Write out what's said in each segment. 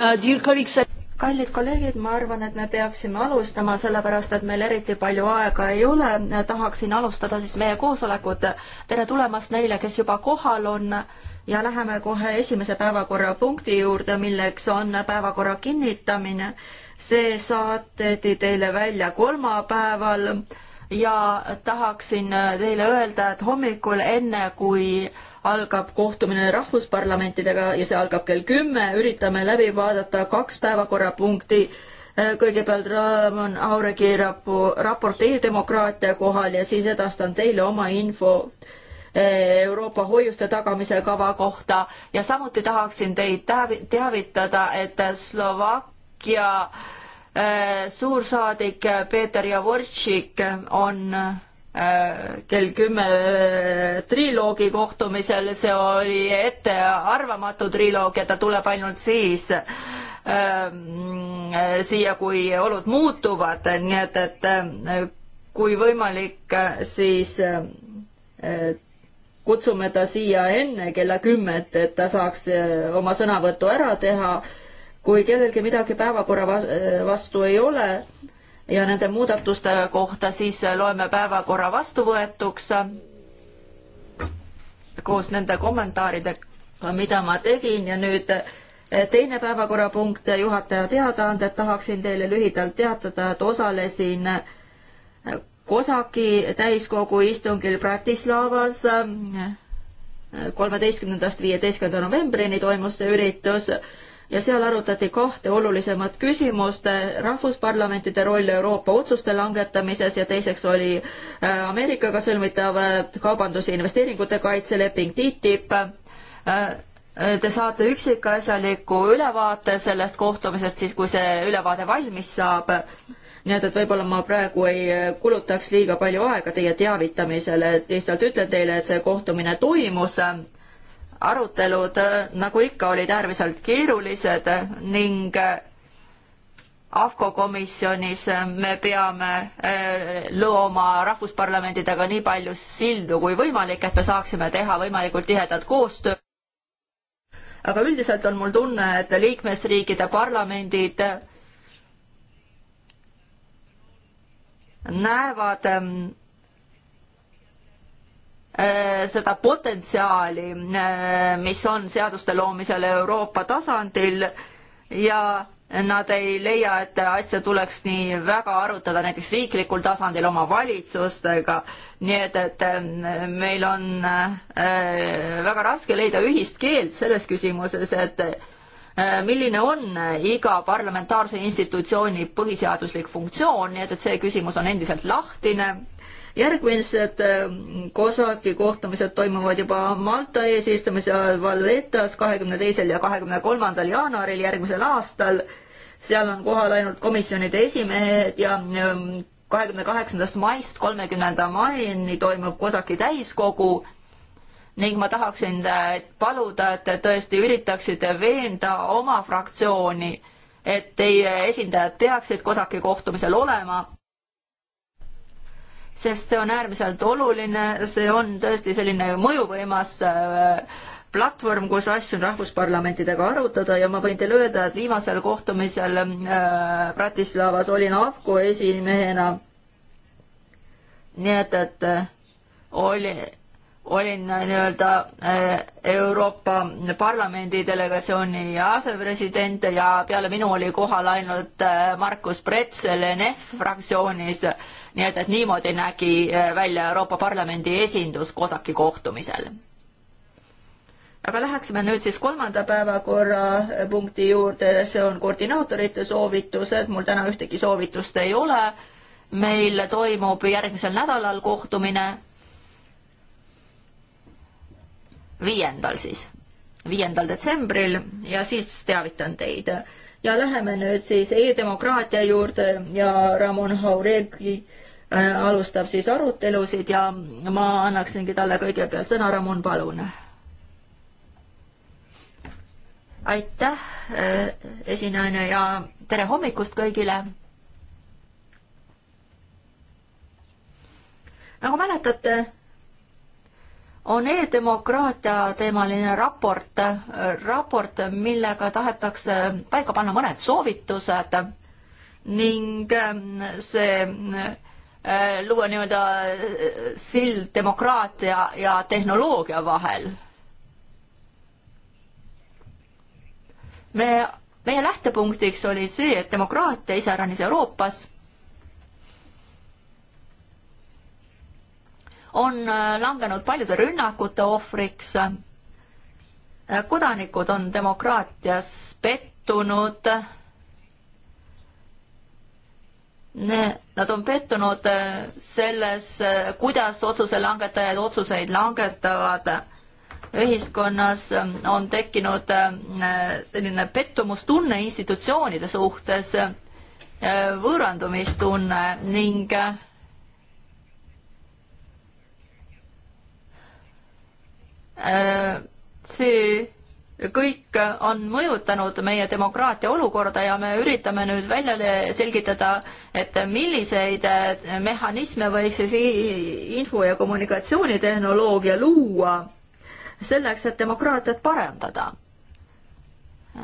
Uh, kallid kolleegid, ma arvan, et me peaksime alustama, sellepärast et meil eriti palju aega ei ole. tahaksin alustada siis meie koosolekut. tere tulemast neile, kes juba kohal on ja läheme kohe esimese päevakorrapunkti juurde, milleks on päevakorra kinnitamine. see saateti teile välja kolmapäeval ja tahaksin teile öelda, et hommikul enne, kui algab kohtumine rahvusparlamentidega ja see algab kell kümme, üritame läbi vaadata kaks päevakorrapunkti äh, kõigepealt Raamon Auregi rapu, raport e-demokraatia kohal ja siis edastan teile oma info äh, Euroopa hoiuste tagamise kava kohta ja samuti tahaksin teid teavitada, et Slovakkia äh, suursaadik Peeter Javortšik on Äh, kell kümme triloogi kohtumisel, see oli ettearvamatu triloog ja ta tuleb ainult siis äh, siia, kui olud muutuvad, nii et, et äh, kui võimalik, siis äh, kutsume ta siia enne kella kümmet, et ta saaks äh, oma sõnavõtu ära teha. kui kellelgi midagi päevakorra äh, vastu ei ole ja nende muudatuste kohta siis loeme päevakorra vastuvõetuks koos nende kommentaaridega, mida ma tegin ja nüüd eh, teine päevakorrapunkt, eh, juhataja teadaanded, tahaksin teile lühidalt teatada, et osalesin eh, Kosaki täiskogu istungil Bratislavas kolmeteistkümnendast viieteistkümnenda novembrini toimus see üritus ja seal arutati kahte olulisemat küsimust, rahvusparlamentide roll Euroopa otsuste langetamises ja teiseks oli äh, Ameerikaga sõlmitav äh, kaubandus- ja investeeringute kaitseleping TTIP. Äh, te saate üksikasjaliku ülevaate sellest kohtumisest siis, kui see ülevaade valmis saab nii et, et võib-olla ma praegu ei kulutaks liiga palju aega teie teavitamisele, lihtsalt ütlen teile, et see kohtumine toimus arutelud, äh, nagu ikka, olid äärmiselt keerulised ning äh, AFCO komisjonis äh, me peame looma rahvusparlamentidega nii palju sildu kui võimalik, et me saaksime teha võimalikult tihedat koostööd. aga üldiselt on mul tunne, et liikmesriikide parlamendid näevad ähm, Äh, seda potentsiaali, äh, mis on seaduste loomisel Euroopa tasandil ja nad ei leia, et asja tuleks nii väga arutada näiteks riiklikul tasandil oma valitsustega, nii et, et äh, meil on väga raske leida ühist keelt selles küsimuses, et milline on iga parlamentaarse institutsiooni põhiseaduslik funktsioon, nii et, et see küsimus on endiselt lahtine järgmised COSAC-i ähm, kohtumised toimuvad juba Malta eesistumise ajal Valletas kahekümne teisel ja kahekümne kolmandal jaanuaril järgmisel aastal. seal on kohal ainult komisjonide esimehed ja ähm, kahekümne kaheksandast maist kolmekümnenda maini toimub COSAC-i täiskogu ning ma tahaksin äh, paluda, et te tõesti üritaksite veenda oma fraktsiooni, et teie esindajad peaksid COSAC-i kohtumisel olema sest see on äärmiselt oluline, see on tõesti selline mõjuvõimas äh, platvorm, kus asju on rahvusparlamentidega arutada ja ma võin teile öelda, et viimasel kohtumisel äh, Bratislavas olin AFCO esimehena. nii et, et äh, oli olin äh, nii-öelda äh, Euroopa Parlamendi delegatsiooni asepresident ja peale minu oli kohal ainult äh, Markus Pretzel NF fraktsioonis, nii et, et niimoodi nägi välja Euroopa Parlamendi esindus COSAC-i kohtumisel. aga läheksime nüüd siis kolmanda päevakorrapunkti juurde, see on koordinaatorite soovitused, mul täna ühtegi soovitust ei ole, meil toimub järgmisel nädalal kohtumine viiendal siis, viiendal detsembril ja siis teavitan teid. ja läheme nüüd siis e-demokraatia juurde ja Ramon Hauregi äh, alustab siis arutelusid ja ma annaksingi talle kõigepealt sõna, Ramon, palun. aitäh, äh, esinaine ja tere hommikust kõigile. nagu mäletate, on e-demokraatia teemaline raport, raport, millega tahetakse paika panna mõned soovitused ning ähm, see äh, luua nii-öelda äh, sild demokraatia ja tehnoloogia vahel. me, meie lähtepunktiks oli see, et demokraatia iseäranis Euroopas on äh, langenud paljude rünnakute ohvriks. Äh, kodanikud on demokraatias pettunud. Nad on pettunud äh, selles, kuidas otsuse langetajad otsuseid langetavad. ühiskonnas on tekkinud selline pettumustunne institutsioonide suhtes, võõrandumistunne ning Äh, see kõik on mõjutanud meie demokraatia olukorda ja me üritame nüüd välja selgitada, et milliseid äh, mehhanisme võiks siis info- ja kommunikatsioonitehnoloogia luua selleks, et demokraatiat parendada.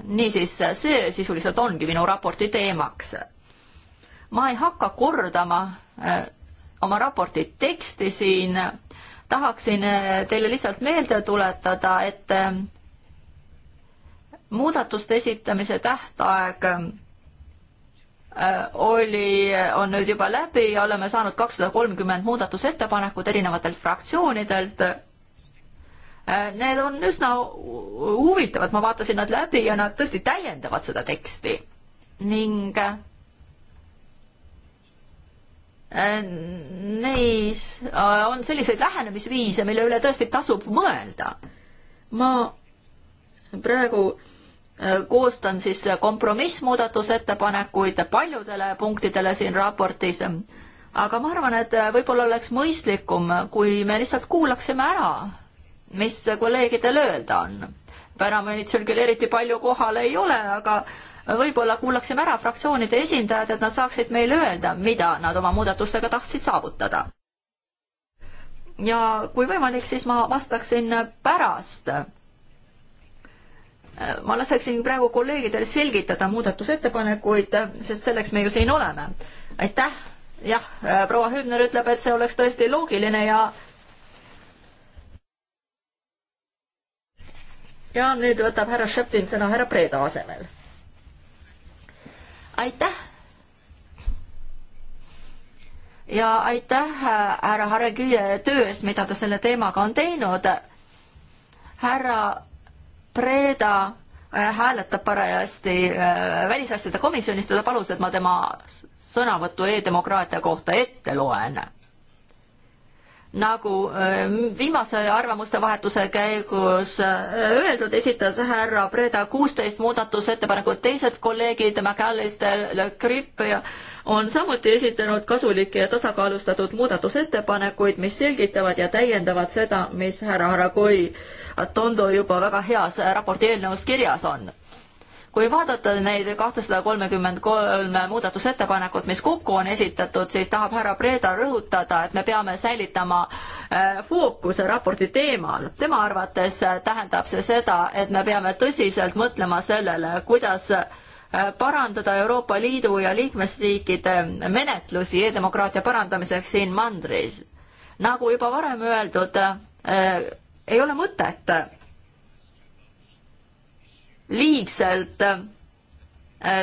niisiis, see sisuliselt ongi minu raporti teemaks. ma ei hakka kordama äh, oma raporti teksti siin tahaksin äh, teile lihtsalt meelde tuletada, et äh, muudatuste esitamise tähtaeg äh, oli, on nüüd juba läbi ja oleme saanud kakssada kolmkümmend muudatusettepanekut erinevatelt fraktsioonidelt. Need on üsna huvitavad, ma vaatasin nad läbi ja nad tõesti täiendavad seda teksti ning Äh, neis äh, on selliseid lähenemisviise, mille üle tõesti tasub mõelda. ma praegu äh, koostan siis kompromissmuudatusettepanekuid paljudele punktidele siin raportis, aga ma arvan, et võib-olla oleks mõistlikum, kui me lihtsalt kuulaksime ära, mis kolleegidel öelda on. täna meid seal küll eriti palju kohal ei ole, aga võib-olla kuulaksime ära fraktsioonide esindajad, et nad saaksid meile öelda, mida nad oma muudatustega tahtsid saavutada. ja kui võimalik, siis ma vastaksin pärast. ma laseksin praegu kolleegidel selgitada muudatusettepanekuid, sest selleks me ju siin oleme. aitäh, jah, proua Hübner ütleb, et see oleks tõesti loogiline ja ja nüüd võtab härra Šepin sõna härra Preeda asemel aitäh. ja aitäh härra Haregi töö eest, mida ta selle teemaga on teinud. härra Preda äh, hääletab parajasti äh, välisasjade komisjonis, ta palus, et ma tema sõnavõttu e-demokraatia kohta ette loen nagu äh, viimase arvamuste vahetuse käigus äh, öeldud, esitas härra Breda kuusteist muudatusettepanekut, teised kolleegid McAllister, Le Grip ja on samuti esitanud kasulikke ja tasakaalustatud muudatusettepanekuid, mis selgitavad ja täiendavad seda, mis härra Harakoi Tondo juba väga heas raporti eelnõus kirjas on kui vaadata neid kahtesada kolmekümmend kolm muudatusettepanekut, mis kokku on esitatud, siis tahab härra Preda rõhutada, et me peame säilitama äh, fookuse raporti teemal. tema arvates äh, tähendab see seda, et me peame tõsiselt mõtlema sellele, kuidas äh, parandada Euroopa Liidu ja liikmesriikide menetlusi e-demokraatia parandamiseks siin mandris. nagu juba varem öeldud, ei ole mõtet liigselt äh,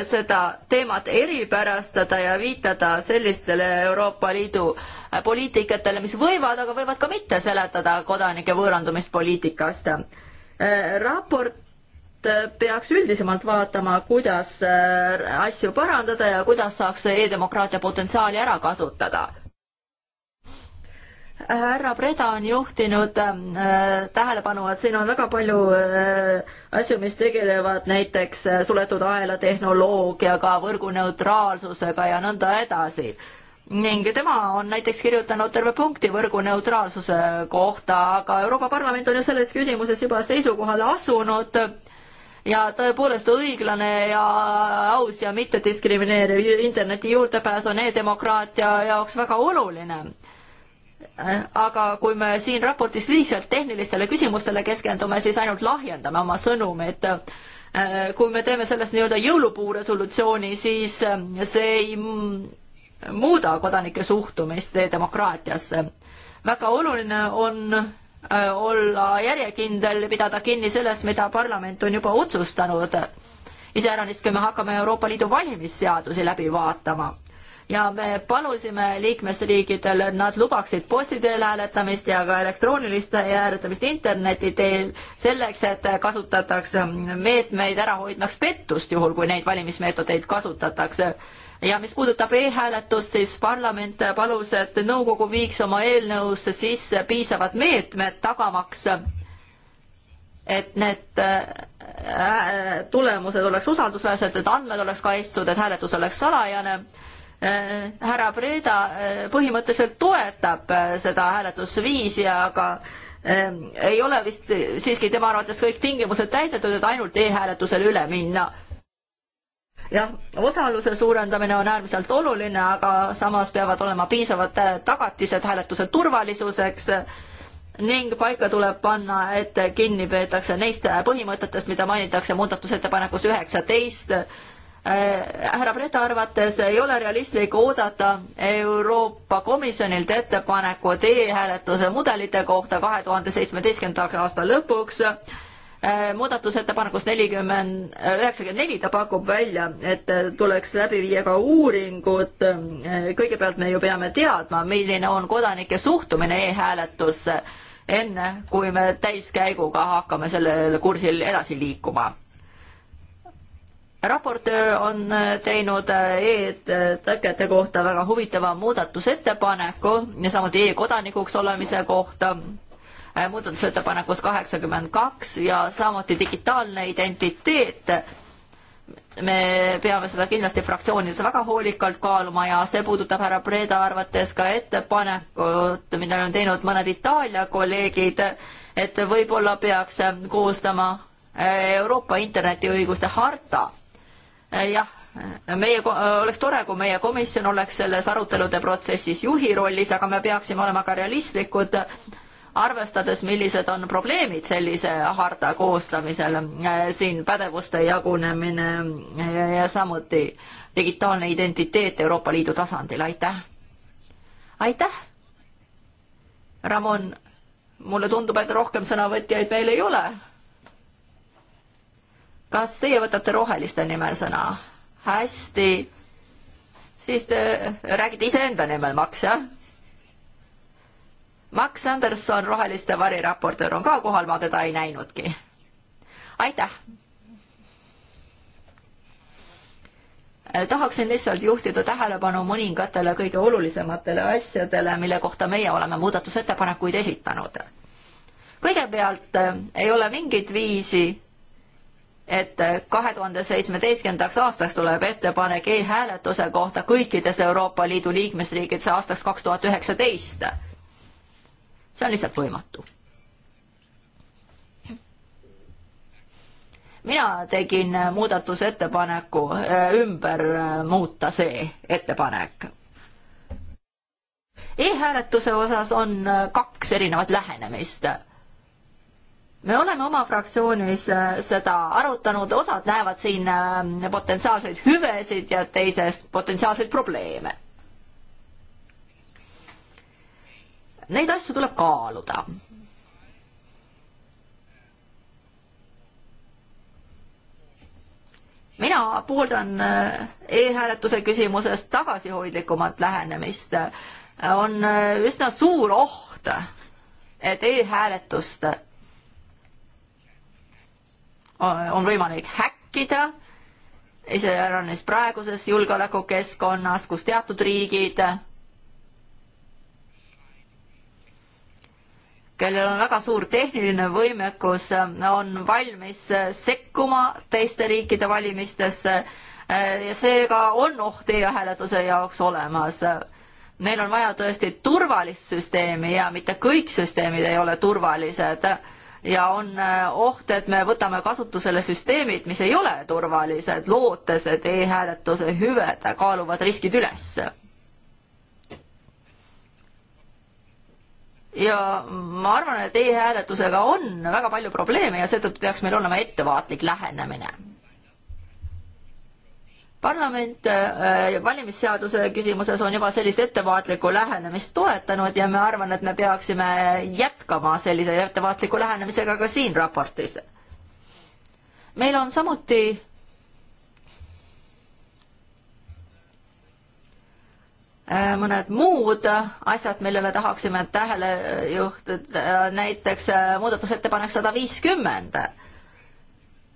seda teemat eripärastada ja viitada sellistele Euroopa Liidu äh, poliitikatele, mis võivad, aga võivad ka mitte seletada kodanike võõrandumist poliitikast. Äh, raport peaks üldisemalt vaatama, kuidas asju parandada ja kuidas saaks e-demokraatia potentsiaali ära kasutada härra Preda on juhtinud äh, tähelepanu, et siin on väga palju äh, asju, mis tegelevad näiteks äh, suletud aela tehnoloogiaga, võrguneutraalsusega ja nõnda edasi. ning tema on näiteks kirjutanud terve punkti võrguneutraalsuse kohta, aga Euroopa Parlament on ju selles küsimuses juba seisukohale asunud ja tõepoolest õiglane ja aus ja mittediskrimineeriv interneti juurdepääs on e-demokraatia jaoks väga oluline aga kui me siin raportis lihtsalt tehnilistele küsimustele keskendume, siis ainult lahjendame oma sõnumit. Äh, kui me teeme sellest nii-öelda jõulupuu resolutsiooni, siis äh, see ei muuda kodanike suhtumist demokraatiasse. väga oluline on äh, olla järjekindel, pidada kinni sellest, mida parlament on juba otsustanud. iseäranis, kui me hakkame Euroopa Liidu valimisseadusi läbi vaatama ja me palusime liikmesriigidel, et nad lubaksid posti teel hääletamist ja ka elektroonilist hääletamist interneti teel, selleks et kasutatakse meetmeid ära hoidmaks pettust, juhul kui neid valimismeetodeid kasutatakse ja mis puudutab e-hääletust, siis parlament palus, et nõukogu viiks oma eelnõusse sisse piisavad meetmed tagamaks, et need äh, tulemused oleks usaldusväärsed, et andmed oleks kaitstud, et hääletus oleks salajane Äh, härra Breda äh, põhimõtteliselt toetab äh, seda hääletusviisi, aga ähm, ei ole vist siiski tema arvates kõik tingimused täidetud, et ainult e-hääletusele üle minna. jah, osaluse suurendamine on äärmiselt oluline, aga samas peavad olema piisavad tagatised hääletuse turvalisuseks ning paika tuleb panna, et kinni peetakse neist põhimõtetest, mida mainitakse muudatusettepanekus üheksateist Äh, härra Breta arvates ei ole realistlik oodata Euroopa Komisjonilt ettepanekut e-hääletuse mudelite kohta kahe tuhande seitsmeteistkümnendaks aasta lõpuks. Äh, muudatusettepanekus nelikümmend, äh, üheksakümmend neli ta pakub välja, et tuleks läbi viia ka uuringud. kõigepealt me ju peame teadma, milline on kodanike suhtumine e-hääletusse, enne kui me täiskäiguga hakkame sellel kursil edasi liikuma raportöör on äh, teinud äh, e-tõkete kohta väga huvitava muudatusettepaneku ja samuti e-kodanikuks olemise kohta äh, muudatusettepanekus kaheksakümmend kaks ja samuti digitaalne identiteet. me peame seda kindlasti fraktsioonides väga hoolikalt kaaluma ja see puudutab härra Preda arvates ka ettepanekut, mida on teinud mõned Itaalia kolleegid, et võib-olla peaks koostama Euroopa internetiõiguste harta Äh, jah, äh, meie, äh, oleks tore, kui meie komisjon oleks selles arutelude protsessis juhi rollis, aga me peaksime olema ka realistlikud, arvestades, millised on probleemid sellise harta koostamisel, siin pädevuste jagunemine ja, ja samuti digitaalne identiteet Euroopa Liidu tasandil, aitäh! aitäh! Ramon, mulle tundub, et rohkem sõnavõtjaid meil ei ole kas teie võtate roheliste nimel sõna? hästi, siis te räägite iseenda nimel, Max, jah? Max Anderson, roheliste variraportöör on ka kohal, ma teda ei näinudki. aitäh! tahaksin lihtsalt juhtida tähelepanu mõningatele kõige olulisematele asjadele, mille kohta meie oleme muudatusettepanekuid esitanud. kõigepealt eh, ei ole mingit viisi et kahe tuhande seitsmeteistkümnendaks aastaks tuleb ettepanek e-hääletuse kohta kõikides Euroopa Liidu liikmesriikides aastaks kaks tuhat üheksateist. see on lihtsalt võimatu. mina tegin muudatusettepaneku äh, ümber äh, muuta see ettepanek e. e-hääletuse osas on äh, kaks erinevat lähenemist me oleme oma fraktsioonis äh, seda arutanud, osad näevad siin äh, potentsiaalseid hüvesid ja teisest potentsiaalseid probleeme. Neid asju tuleb kaaluda. mina pooldan äh, e-hääletuse küsimuses tagasihoidlikumat lähenemist. on üsna suur oht, et e-hääletust Äh, on võimalik häkkida, iseäranis praeguses julgeolekukeskkonnas, kus teatud riigid, kellel on väga suur tehniline võimekus, on valmis sekkuma teiste riikide valimistesse äh, ja seega on oht e-hääletuse jaoks olemas meil on vaja tõesti turvalist süsteemi ja mitte kõik süsteemid ei ole turvalised ja on äh, oht, et me võtame kasutusele süsteemid, mis ei ole turvalised, lootes, et e-hääletuse hüved kaaluvad riskid üles. ja ma arvan, et e-hääletusega on väga palju probleeme ja seetõttu peaks meil olema ettevaatlik lähenemine parlament äh, valimisseaduse küsimuses on juba sellist ettevaatlikku lähenemist toetanud ja ma arvan, et me peaksime jätkama sellise ettevaatliku lähenemisega ka siin raportis. meil on samuti äh, mõned muud asjad, millele tahaksime tähele juhtida, näiteks äh, muudatusettepanek sada viiskümmend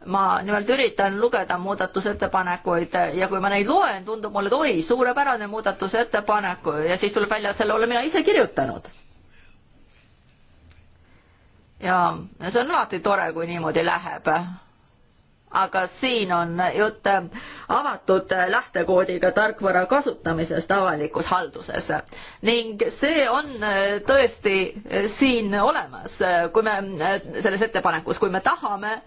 ma nimelt üritan lugeda muudatusettepanekuid ja kui ma neid loen, tundub mulle, et oi, suurepärane muudatusettepanek ja siis tuleb välja, et selle olen mina ise kirjutanud. ja see on alati tore, kui niimoodi läheb. aga siin on jutt äh, avatud lähtekoodiga tarkvara kasutamisest avalikus halduses ning see on äh, tõesti äh, siin olemas, kui me selles ettepanekus, kui me tahame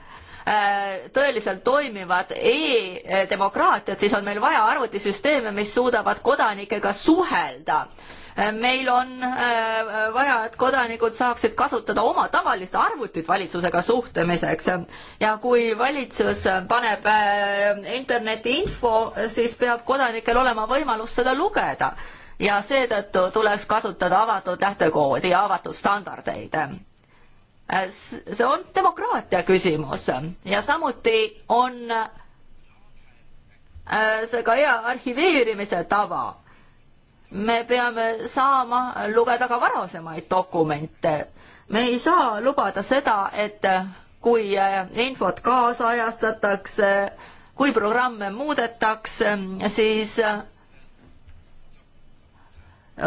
Äh, tõeliselt toimivat e-demokraatiat, siis on meil vaja arvutisüsteeme, mis suudavad kodanikega suhelda äh, meil on äh, vaja, et kodanikud saaksid kasutada oma tavalist arvutit valitsusega suhtlemiseks ja kui valitsus paneb interneti info, siis peab kodanikel olema võimalus seda lugeda ja seetõttu tuleks kasutada avatud lähtekoodi ja avatud standardeid see on demokraatia küsimus ja samuti on äh, see ka hea arhiveerimise tava. me peame saama lugeda ka varasemaid dokumente. me ei saa lubada seda, et kui äh, infot kaasajastatakse, kui programme muudetakse, siis äh,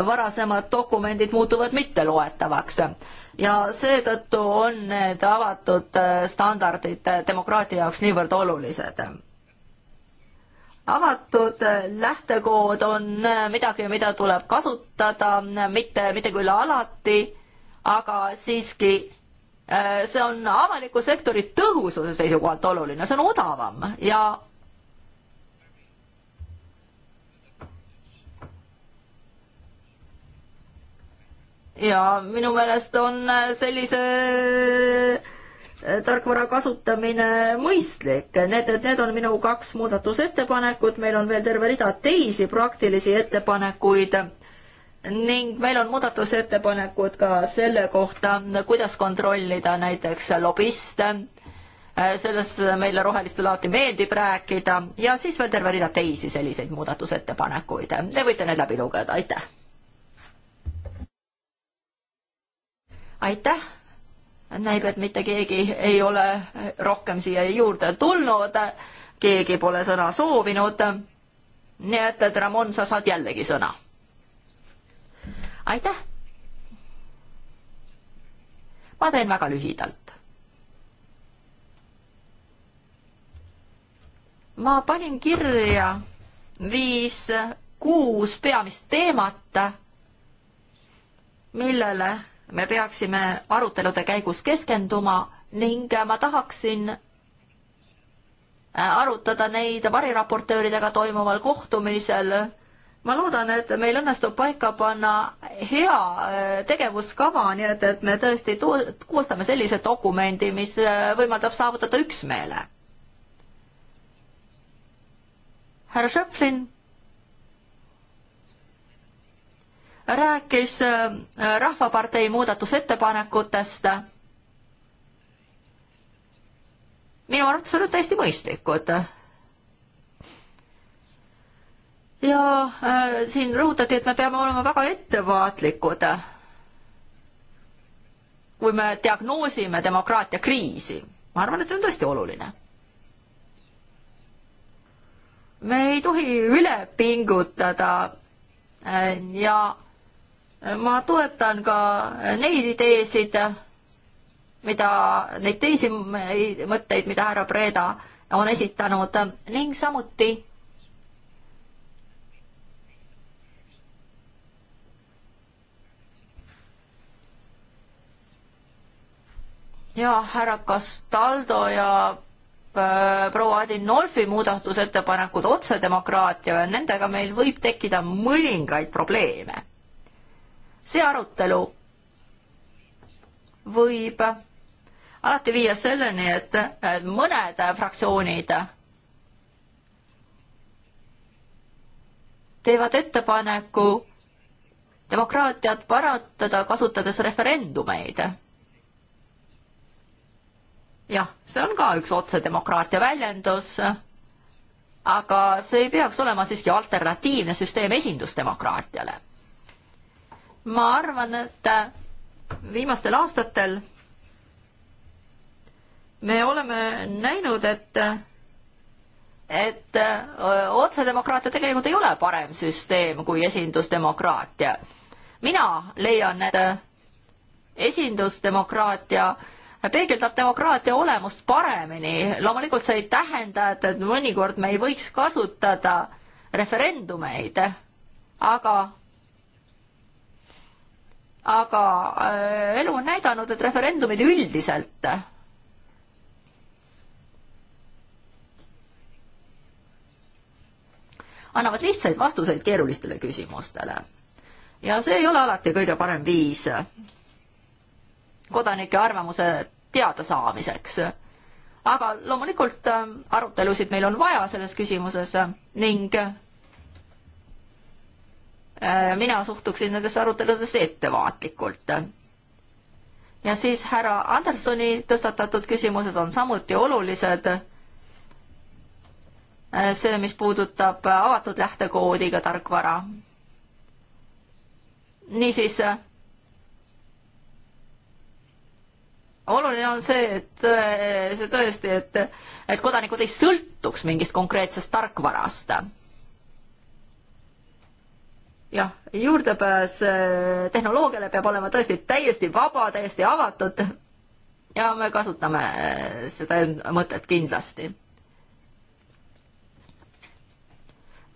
varasemad dokumendid muutuvad mitteloetavaks. ja seetõttu on need avatud äh, standardid äh, demokraatia jaoks niivõrd olulised avatud äh, lähtekood on midagi, mida tuleb kasutada, mitte, mitte küll alati, aga siiski see on avaliku sektori tõhususe seisukohalt oluline, see on odavam ja ja minu meelest on äh, sellise äh, tarkvara kasutamine mõistlik, need, need on minu kaks muudatusettepanekut, meil on veel terve rida teisi praktilisi ettepanekuid ning meil on muudatusettepanekud ka selle kohta, kuidas kontrollida näiteks lobiste, äh, sellest meile rohelistele alati meeldib rääkida ja siis veel terve rida teisi selliseid muudatusettepanekuid, te võite need läbi lugeda, aitäh aitäh! näib, et mitte keegi ei ole rohkem siia juurde tulnud, keegi pole sõna soovinud. nii et, et Ramon, sa saad jällegi sõna. aitäh! ma teen väga lühidalt. ma panin kirja viis, kuus peamist teemat, millele me peaksime arutelude käigus keskenduma ning ma tahaksin äh, arutada neid variraportööridega toimuval kohtumisel. ma loodan, et meil õnnestub paika panna hea äh, tegevuskava, nii et, et me tõesti koostame sellise dokumendi, mis äh, võimaldab saavutada üksmeele. härra Šeflin rääkis äh, Rahvapartei muudatusettepanekutest. minu arvates olid täiesti mõistlikud. ja äh, siin rõhutati, et me peame olema väga ettevaatlikud, kui me diagnoosime demokraatia kriisi. ma arvan, et see on tõesti oluline me ei tohi üle pingutada äh, ja ma toetan ka neid ideesid, mida, neid teisi mõtteid, mida härra Breda on esitanud ning samuti ja härra Castaldo ja äh, proua Adinolfi muudatusettepanekud otsedemokraatia ja nendega meil võib tekkida mõningaid probleeme see arutelu võib alati viia selleni, et mõned fraktsioonid teevad ettepaneku demokraatiat paratada, kasutades referendumeid. jah, see on ka üks otsedemokraatia väljendus, aga see ei peaks olema siiski alternatiivne süsteem esindusdemokraatiale ma arvan, et äh, viimastel aastatel me oleme näinud, et, et äh, otsedemokraatia tegelikult ei ole parem süsteem kui esindusdemokraatia. mina leian, et äh, esindusdemokraatia peegeldab demokraatia olemust paremini. loomulikult see ei tähenda, et, et mõnikord me ei võiks kasutada referendumeid, aga aga äh, elu on näidanud, et referendumid üldiselt annavad lihtsaid vastuseid keerulistele küsimustele. ja see ei ole alati kõige parem viis kodanike arvamuse teadasaamiseks. aga loomulikult ähm, arutelusid meil on vaja selles küsimuses ning Äh, mina suhtuksin nendesse aruteludesse ettevaatlikult. ja siis härra Andersoni tõstatatud küsimused on samuti olulised. Äh, see, mis puudutab avatud lähtekoodiga tarkvara. niisiis oluline on see, et äh, see tõesti, et, et kodanikud ei sõltuks mingist konkreetsest tarkvarast jah, juurdepääs äh, tehnoloogiale peab olema tõesti täiesti vaba, täiesti avatud. ja me kasutame äh, seda mõtet kindlasti.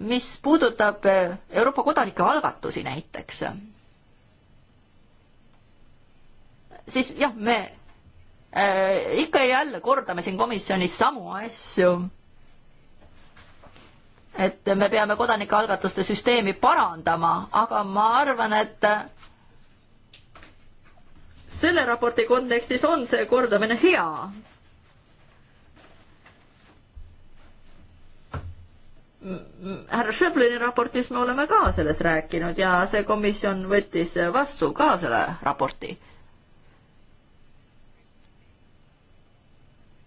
mis puudutab äh, Euroopa kodanike algatusi näiteks, siis jah, me ikka ja jälle kordame siin komisjonis samu asju et me peame kodanikealgatuste süsteemi parandama, aga ma arvan, et selle raporti kontekstis on see kordamine hea. härra Schöblini raportis me oleme ka sellest rääkinud ja see komisjon võttis vastu ka selle raporti.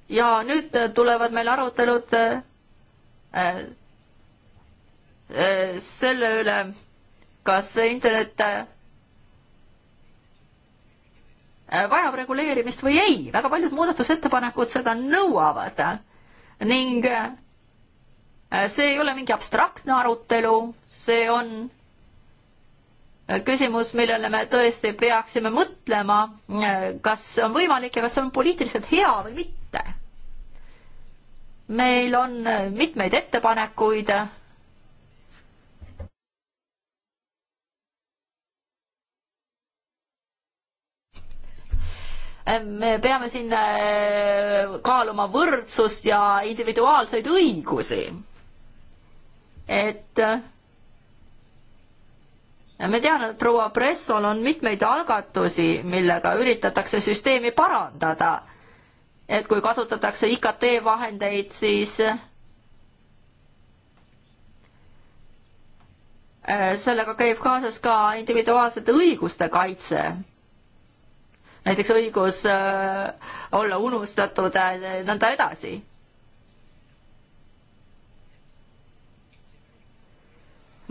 ja nüüd tulevad meil arutelud äh, Äh, selle üle, kas internet äh, vajab reguleerimist või ei, väga paljud muudatusettepanekud seda nõuavad ning äh, see ei ole mingi abstraktne arutelu, see on küsimus, millele me tõesti peaksime mõtlema, kas see on võimalik ja kas see on poliitiliselt hea või mitte. meil on mitmeid ettepanekuid me peame siin äh, kaaluma võrdsust ja individuaalseid õigusi. et äh, me tean, et proua Pressol on mitmeid algatusi, millega üritatakse süsteemi parandada. et kui kasutatakse IKT vahendeid, siis äh, sellega käib kaasas ka individuaalsete õiguste kaitse näiteks õigus äh, olla unustatud, äh, nõnda edasi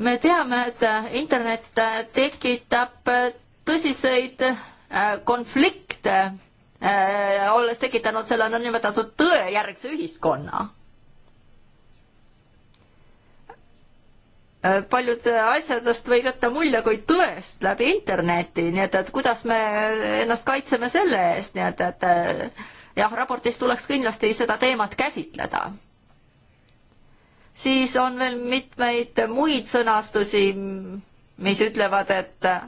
me teame, et äh, internet tekitab tõsiseid konflikte, olles tekitanud selle nõndanimetatud tõejärgse ühiskonna. Äh, paljud asjadest võib jätta mulje kui tõest läbi interneti, nii et, et kuidas me ennast kaitseme selle eest, nii et, et äh, jah, raportis tuleks kindlasti seda teemat käsitleda. siis on veel mitmeid muid sõnastusi, mis ütlevad, et äh,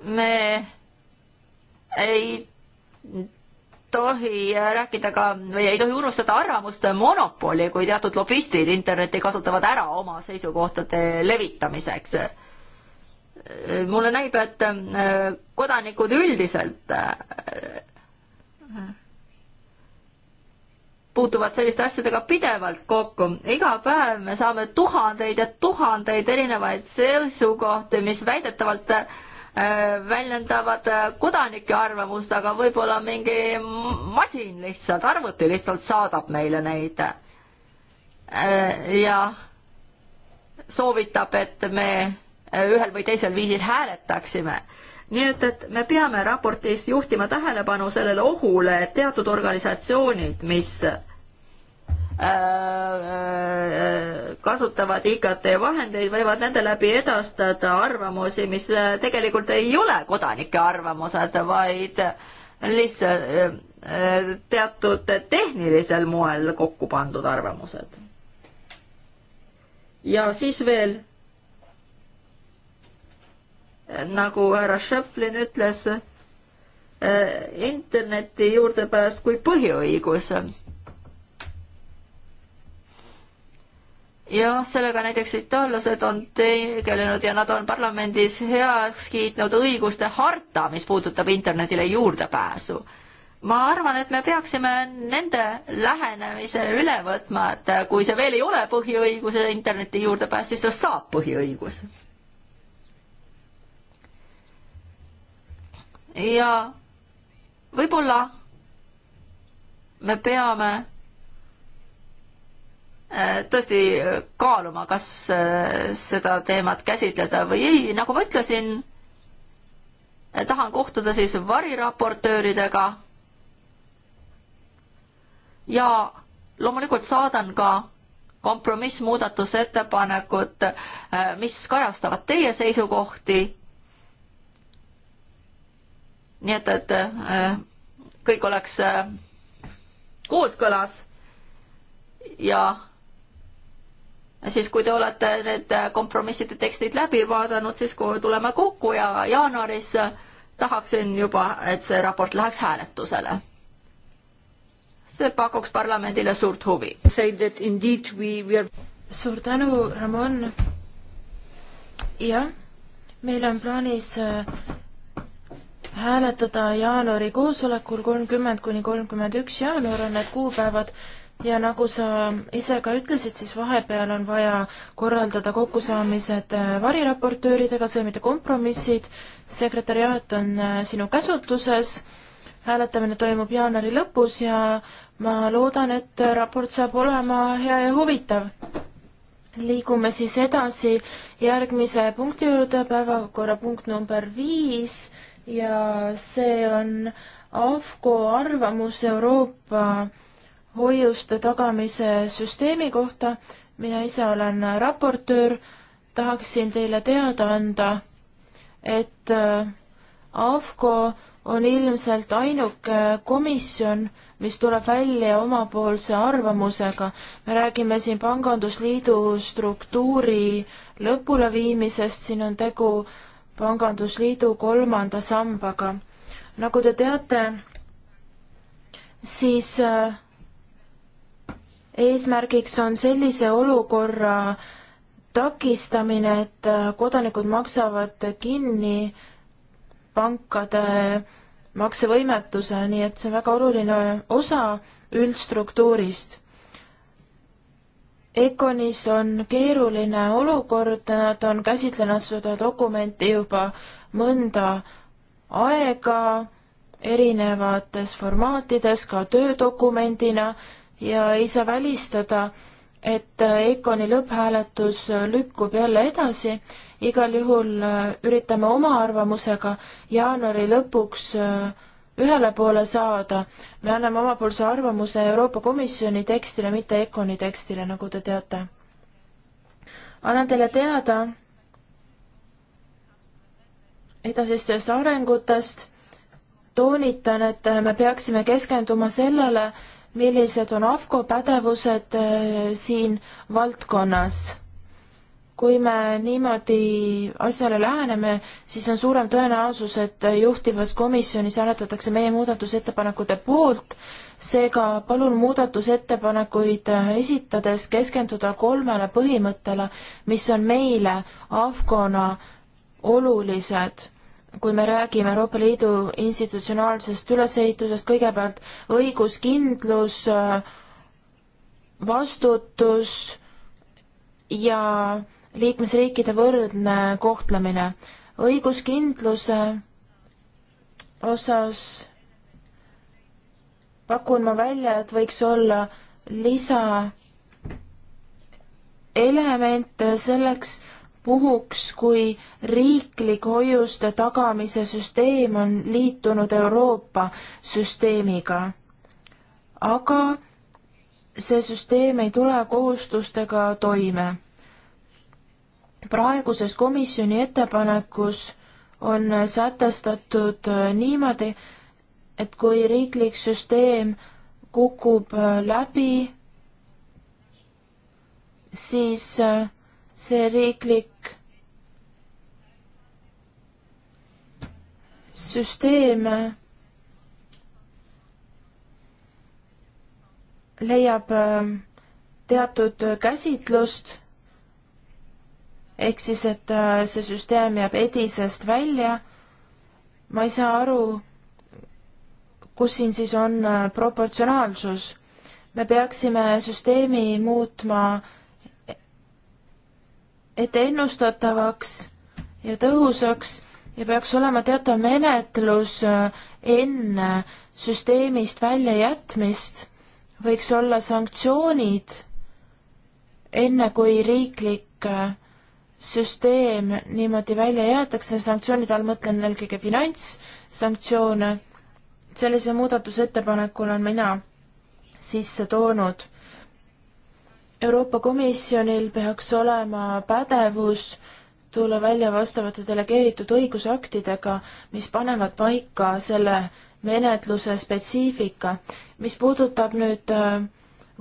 me ei tohi rääkida ka või ei tohi unustada arvamuste monopoli, kui teatud lobistid internetti kasutavad ära oma seisukohtade levitamiseks. mulle näib, et äh, kodanikud üldiselt äh, puutuvad selliste asjadega pidevalt kokku. iga päev me saame tuhandeid ja tuhandeid erinevaid seisukohti, mis väidetavalt äh, Äh, väljendavad äh, kodanike arvamust, aga võib-olla mingi masin lihtsalt, arvuti lihtsalt saadab meile neid. Äh, ja soovitab, et me ühel või teisel viisil hääletaksime. nii et, et me peame raportis juhtima tähelepanu sellele ohule, et teatud organisatsioonid, mis Äh, äh, kasutavad IKT vahendeid, võivad nende läbi edastada arvamusi, mis äh, tegelikult ei ole kodanike arvamused, vaid lihtsalt teatud tehnilisel moel kokku pandud arvamused. ja siis veel, nagu härra Šeflin ütles, interneti juurdepääs kui põhiõigus jah, sellega näiteks itaallased on tegelenud ja nad on parlamendis heaks kiitnud õiguste harta, mis puudutab internetile juurdepääsu. ma arvan, et me peaksime nende lähenemise üle võtma, et kui see veel ei ole põhiõiguse interneti juurdepääs, siis see saab põhiõigus. ja võib-olla me peame Äh, tõesti äh, kaaluma, kas äh, seda teemat käsitleda või ei, nagu ma ütlesin, tahan kohtuda siis variraportööridega ja loomulikult saadan ka kompromissmuudatusettepanekud, mis kajastavad teie seisukohti. nii et, et kõik oleks kooskõlas ja siis kui te olete need kompromisside tekstid läbi vaadanud, siis tuleme kokku ja jaanuaris tahaksin juba, et see raport läheks hääletusele. see pakuks parlamendile suurt huvi. Are... suur tänu, Ramon. jah, meil on plaanis äh, hääletada jaanuari koosolekul kolmkümmend kuni kolmkümmend üks jaanuar on need kuupäevad ja nagu sa ise ka ütlesid, siis vahepeal on vaja korraldada kokkusaamised äh, variraportööridega, sõlmida kompromissid, sekretäriaat on äh, sinu käsutuses, hääletamine toimub jaanuari lõpus ja ma loodan, et raport saab olema hea ja huvitav. liigume siis edasi järgmise punkti juurde, päevakorrapunkt number viis ja see on AFCO arvamus Euroopa hoiuste tagamise süsteemi kohta. mina ise olen raportöör, tahaksin teile teada anda, et äh, AFCO on ilmselt ainuke komisjon, mis tuleb välja omapoolse arvamusega. me räägime siin Pangandusliidu struktuuri lõpuleviimisest, siin on tegu Pangandusliidu kolmanda sambaga. nagu te teate, siis äh, eesmärgiks on sellise olukorra takistamine, et äh, kodanikud maksavad kinni pankade maksevõimetuse, nii et see on väga oluline osa üldstruktuurist. Econis on keeruline olukord, nad on käsitlenud seda dokumenti juba mõnda aega erinevates formaatides, ka töödokumendina ja ei saa välistada, et EKONi lõpphääletus lükkub jälle edasi, igal juhul äh, üritame oma arvamusega jaanuari lõpuks äh, ühele poole saada. me anname omapoolse arvamuse Euroopa Komisjoni tekstile, mitte EKONi tekstile, nagu te teate. annan teile teada edasistest arengutest, toonitan, et me peaksime keskenduma sellele, millised on AFCO pädevused äh, siin valdkonnas. kui me niimoodi asjale läheneme, siis on suurem tõenäosus, et juhtivas komisjonis hääletatakse meie muudatusettepanekute poolt, seega palun muudatusettepanekuid äh, esitades keskenduda kolmele põhimõttele, mis on meile AFCO-na olulised kui me räägime Euroopa Liidu institutsionaalsest ülesehitusest, kõigepealt õiguskindlus, vastutus ja liikmesriikide võrdne kohtlemine. õiguskindluse osas pakun ma välja, et võiks olla lisa elemente selleks, puhuks, kui riiklik hoiuste tagamise süsteem on liitunud Euroopa süsteemiga. aga see süsteem ei tule kohustustega toime. praeguses komisjoni ettepanekus on sätestatud niimoodi, et kui riiklik süsteem kukub läbi, siis see riiklik süsteem leiab ähm, teatud äh, käsitlust, ehk siis, et äh, see süsteem jääb edisest välja. ma ei saa aru, kus siin siis on äh, proportsionaalsus. me peaksime süsteemi muutma äh, et ennustatavaks ja tõhusaks ja peaks olema teatav menetlus äh, enne süsteemist väljajätmist, võiks olla sanktsioonid, enne kui riiklik äh, süsteem niimoodi välja jäetakse, sanktsioonide all mõtlen eelkõige finantssanktsioone, sellise muudatusettepanekule olen mina sisse toonud Euroopa Komisjonil peaks olema pädevus tulla välja vastavate delegeeritud õigusaktidega, mis panevad paika selle menetluse spetsiifika. mis puudutab nüüd äh,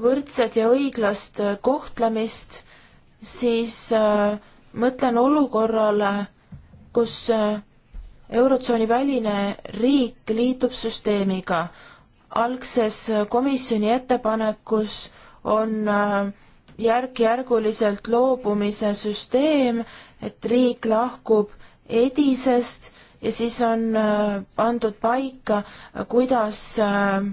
võrdset ja õiglast äh, kohtlemist, siis äh, mõtlen olukorrale, kus Eurotsooni väline riik liitub süsteemiga. algses komisjoni ettepanekus on äh, järk-järguliselt loobumise süsteem, et riik lahkub edisest ja siis on äh, pandud paika, kuidas äh,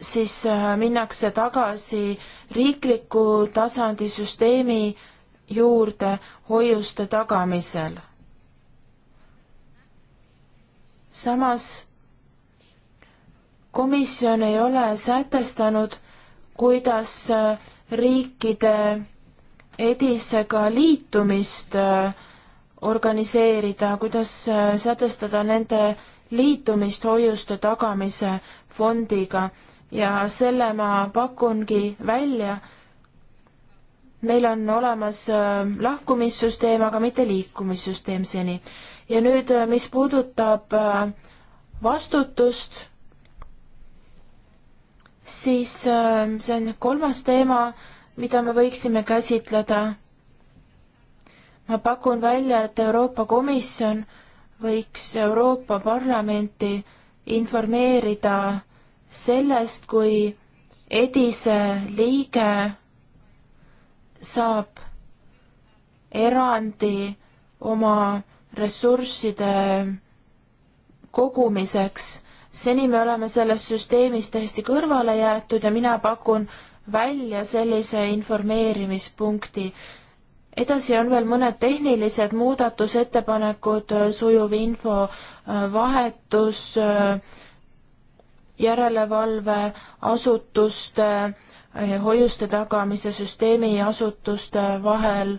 siis äh, minnakse tagasi riikliku tasandi süsteemi juurde hoiuste tagamisel. samas komisjon ei ole sätestanud, kuidas riikide edisega liitumist äh, organiseerida, kuidas äh, sätestada nende liitumist hoiuste tagamise fondiga ja selle ma pakungi välja. meil on olemas äh, lahkumissüsteem, aga mitte liikumissüsteem seni. ja nüüd, mis puudutab vastutust siis ähm, see on kolmas teema, mida me võiksime käsitleda. ma pakun välja, et Euroopa Komisjon võiks Euroopa Parlamenti informeerida sellest, kui edise liige saab erandi oma ressursside kogumiseks seni me oleme sellest süsteemist täiesti kõrvale jäetud ja mina pakun välja sellise informeerimispunkti. edasi on veel mõned tehnilised muudatusettepanekud, äh, sujuv infovahetus, äh, äh, järelevalveasutuste, hoiuste tagamise süsteemi asutuste vahel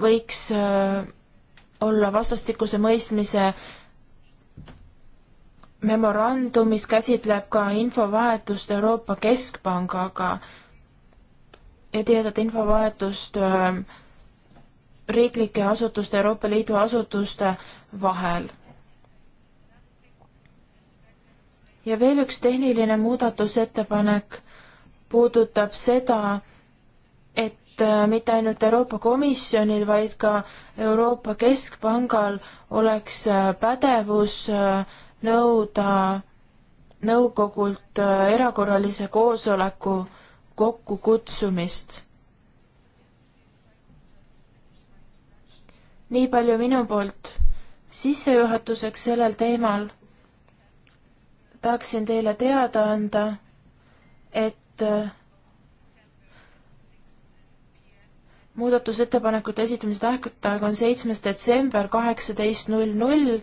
võiks olla vastastikuse mõistmise memorandum, mis käsitleb ka infovahetust Euroopa Keskpangaga ja tihedat infovahetust ähm, riiklike asutuste, Euroopa Liidu asutuste vahel. ja veel üks tehniline muudatusettepanek puudutab seda, et äh, mitte ainult Euroopa Komisjonil, vaid ka Euroopa Keskpangal oleks äh, pädevus äh, nõuda nõukogult äh, erakorralise koosoleku kokkukutsumist. nii palju minu poolt sissejuhatuseks sellel teemal. tahaksin teile teada anda, et äh, muudatusettepanekute esitamise tähtaeg on seitsmes detsember kaheksateist null null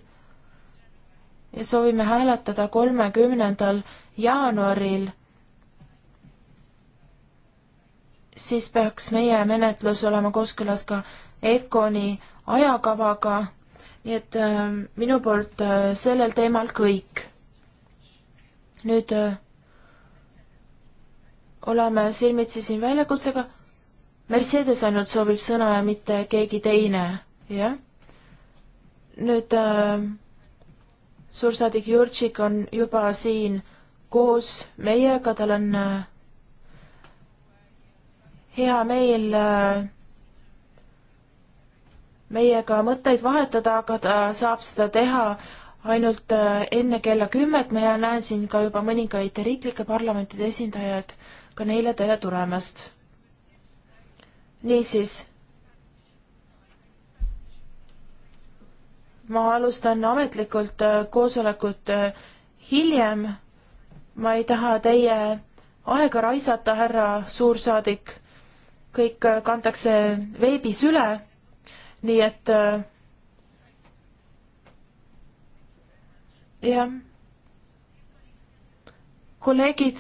ja soovime hääletada kolmekümnendal jaanuaril, siis peaks meie menetlus olema kooskõlas ka EKONi ajakavaga, nii et äh, minu poolt äh, sellel teemal kõik. nüüd äh, oleme silmitsi siin väljakutsega. Mercedes ainult soovib sõna ja mitte keegi teine, jah. nüüd äh, suursaadik Jurtšik on juba siin koos meiega, tal on äh, hea meel äh, meiega mõtteid vahetada, aga ta saab seda teha ainult äh, enne kella kümmet, ma näen siin ka juba mõningaid riiklike parlamentide esindajaid, ka neile tere tulemast. niisiis ma alustan ametlikult äh, koosolekut äh, hiljem. ma ei taha teie aega raisata, härra suursaadik. kõik äh, kantakse veebis üle, nii et jah. kolleegid,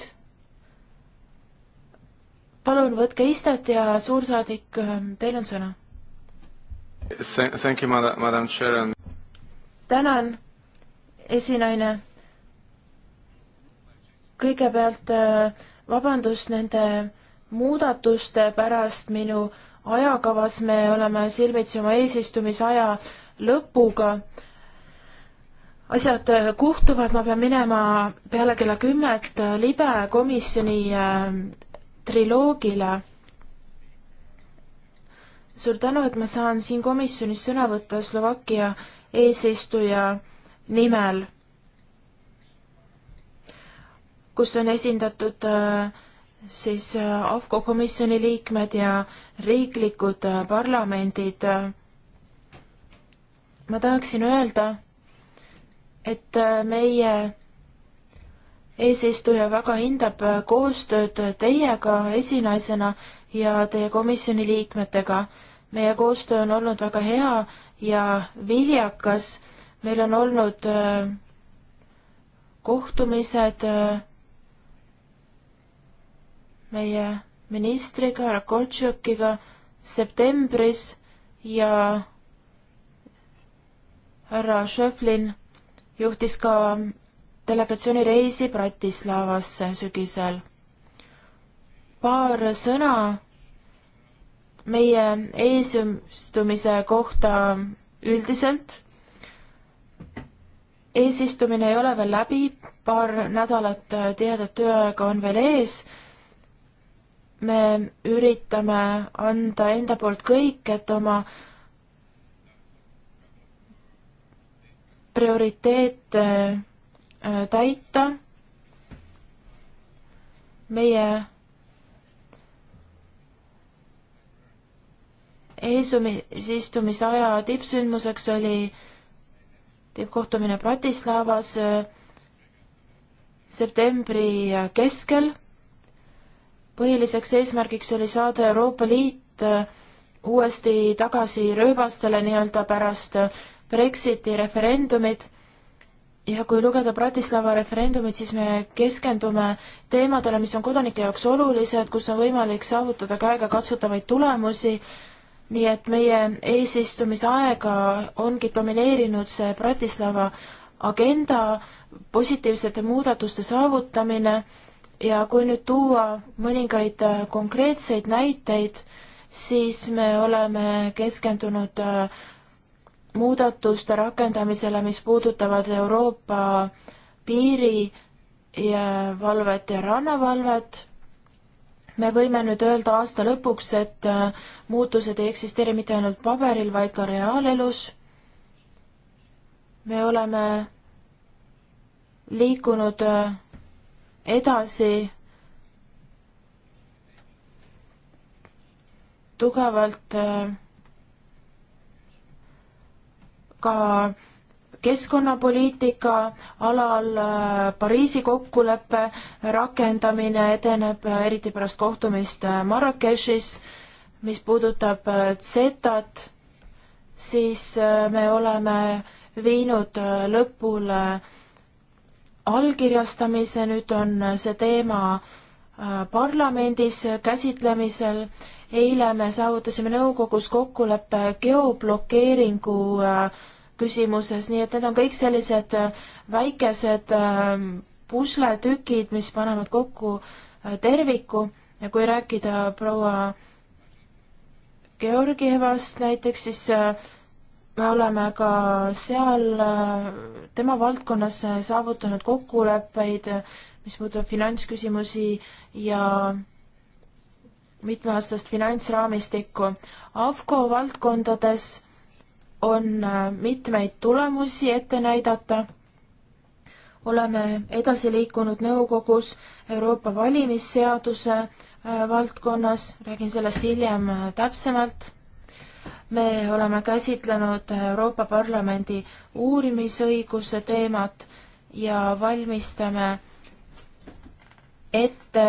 palun võtke istet ja suursaadik, teil on sõna. Thank you, madam, madam chair and tänan, esinaine. kõigepealt äh, vabandust nende muudatuste pärast minu ajakavas, me oleme silmitsi oma eesistumisaja lõpuga. asjad äh, kuhtuvad, ma pean minema peale kella kümmet äh, libe komisjoni äh, triloogile. suur tänu, et ma saan siin komisjonis sõna võtta Slovakkia eesistuja nimel, kus on esindatud äh, siis äh, AFCO komisjoni liikmed ja riiklikud äh, parlamendid. ma tahaksin öelda, et meie eesistuja väga hindab koostööd teiega esinaisena ja teie komisjoni liikmetega. meie koostöö on olnud väga hea ja viljakas. meil on olnud äh, kohtumised äh, meie ministriga, Rakotšukiga septembris ja härra Šeflin juhtis ka delegatsiooni reisi Bratislavasse sügisel. paar sõna meie eesistumise kohta üldiselt. eesistumine ei ole veel läbi, paar nädalat tihedat tööaega on veel ees. me üritame anda enda poolt kõik, et oma prioriteete äh, täita. meie eesistumisaja tippsündmuseks oli tippkohtumine Bratislavas äh, septembri keskel. põhiliseks eesmärgiks oli saada Euroopa Liit äh, uuesti tagasi rööbastele nii-öelda pärast äh, Brexiti referendumit ja kui lugeda Bratislava referendumit, siis me keskendume teemadele, mis on kodanike jaoks olulised, kus on võimalik saavutada käegakatsutavaid tulemusi nii et meie eesistumise aega ongi domineerinud see Bratislava agenda, positiivsete muudatuste saavutamine ja kui nüüd tuua mõningaid äh, konkreetseid näiteid, siis me oleme keskendunud äh, muudatuste rakendamisele, mis puudutavad Euroopa piiri ja valvet ja rannavalvet me võime nüüd öelda aasta lõpuks, et äh, muutused ei eksisteeri mitte ainult paberil, vaid ka reaalelus. me oleme liikunud äh, edasi tugevalt äh, ka keskkonnapoliitika alal äh, Pariisi kokkuleppe rakendamine edeneb äh, eriti pärast kohtumist äh, Marrakechis. mis puudutab Zetat, siis me oleme viinud lõpule allkirjastamise, nüüd on see teema parlamendis käsitlemisel. eile me saavutasime nõukogus kokkuleppe geoblokeeringu äh, küsimuses, nii et need on kõik sellised äh, väikesed ähm, pusletükid, mis panevad kokku äh, terviku ja kui rääkida proua Georgievast näiteks, siis äh, me oleme ka seal tema valdkonnas saavutanud kokkuleppeid, mis puudutab finantsküsimusi ja mitmeaastast finantsraamistikku. AFCO valdkondades on äh, mitmeid tulemusi ette näidata. oleme edasi liikunud nõukogus Euroopa valimisseaduse äh, valdkonnas, räägin sellest hiljem äh, täpsemalt. me oleme käsitlenud Euroopa Parlamendi uurimisõiguse teemat ja valmistame ette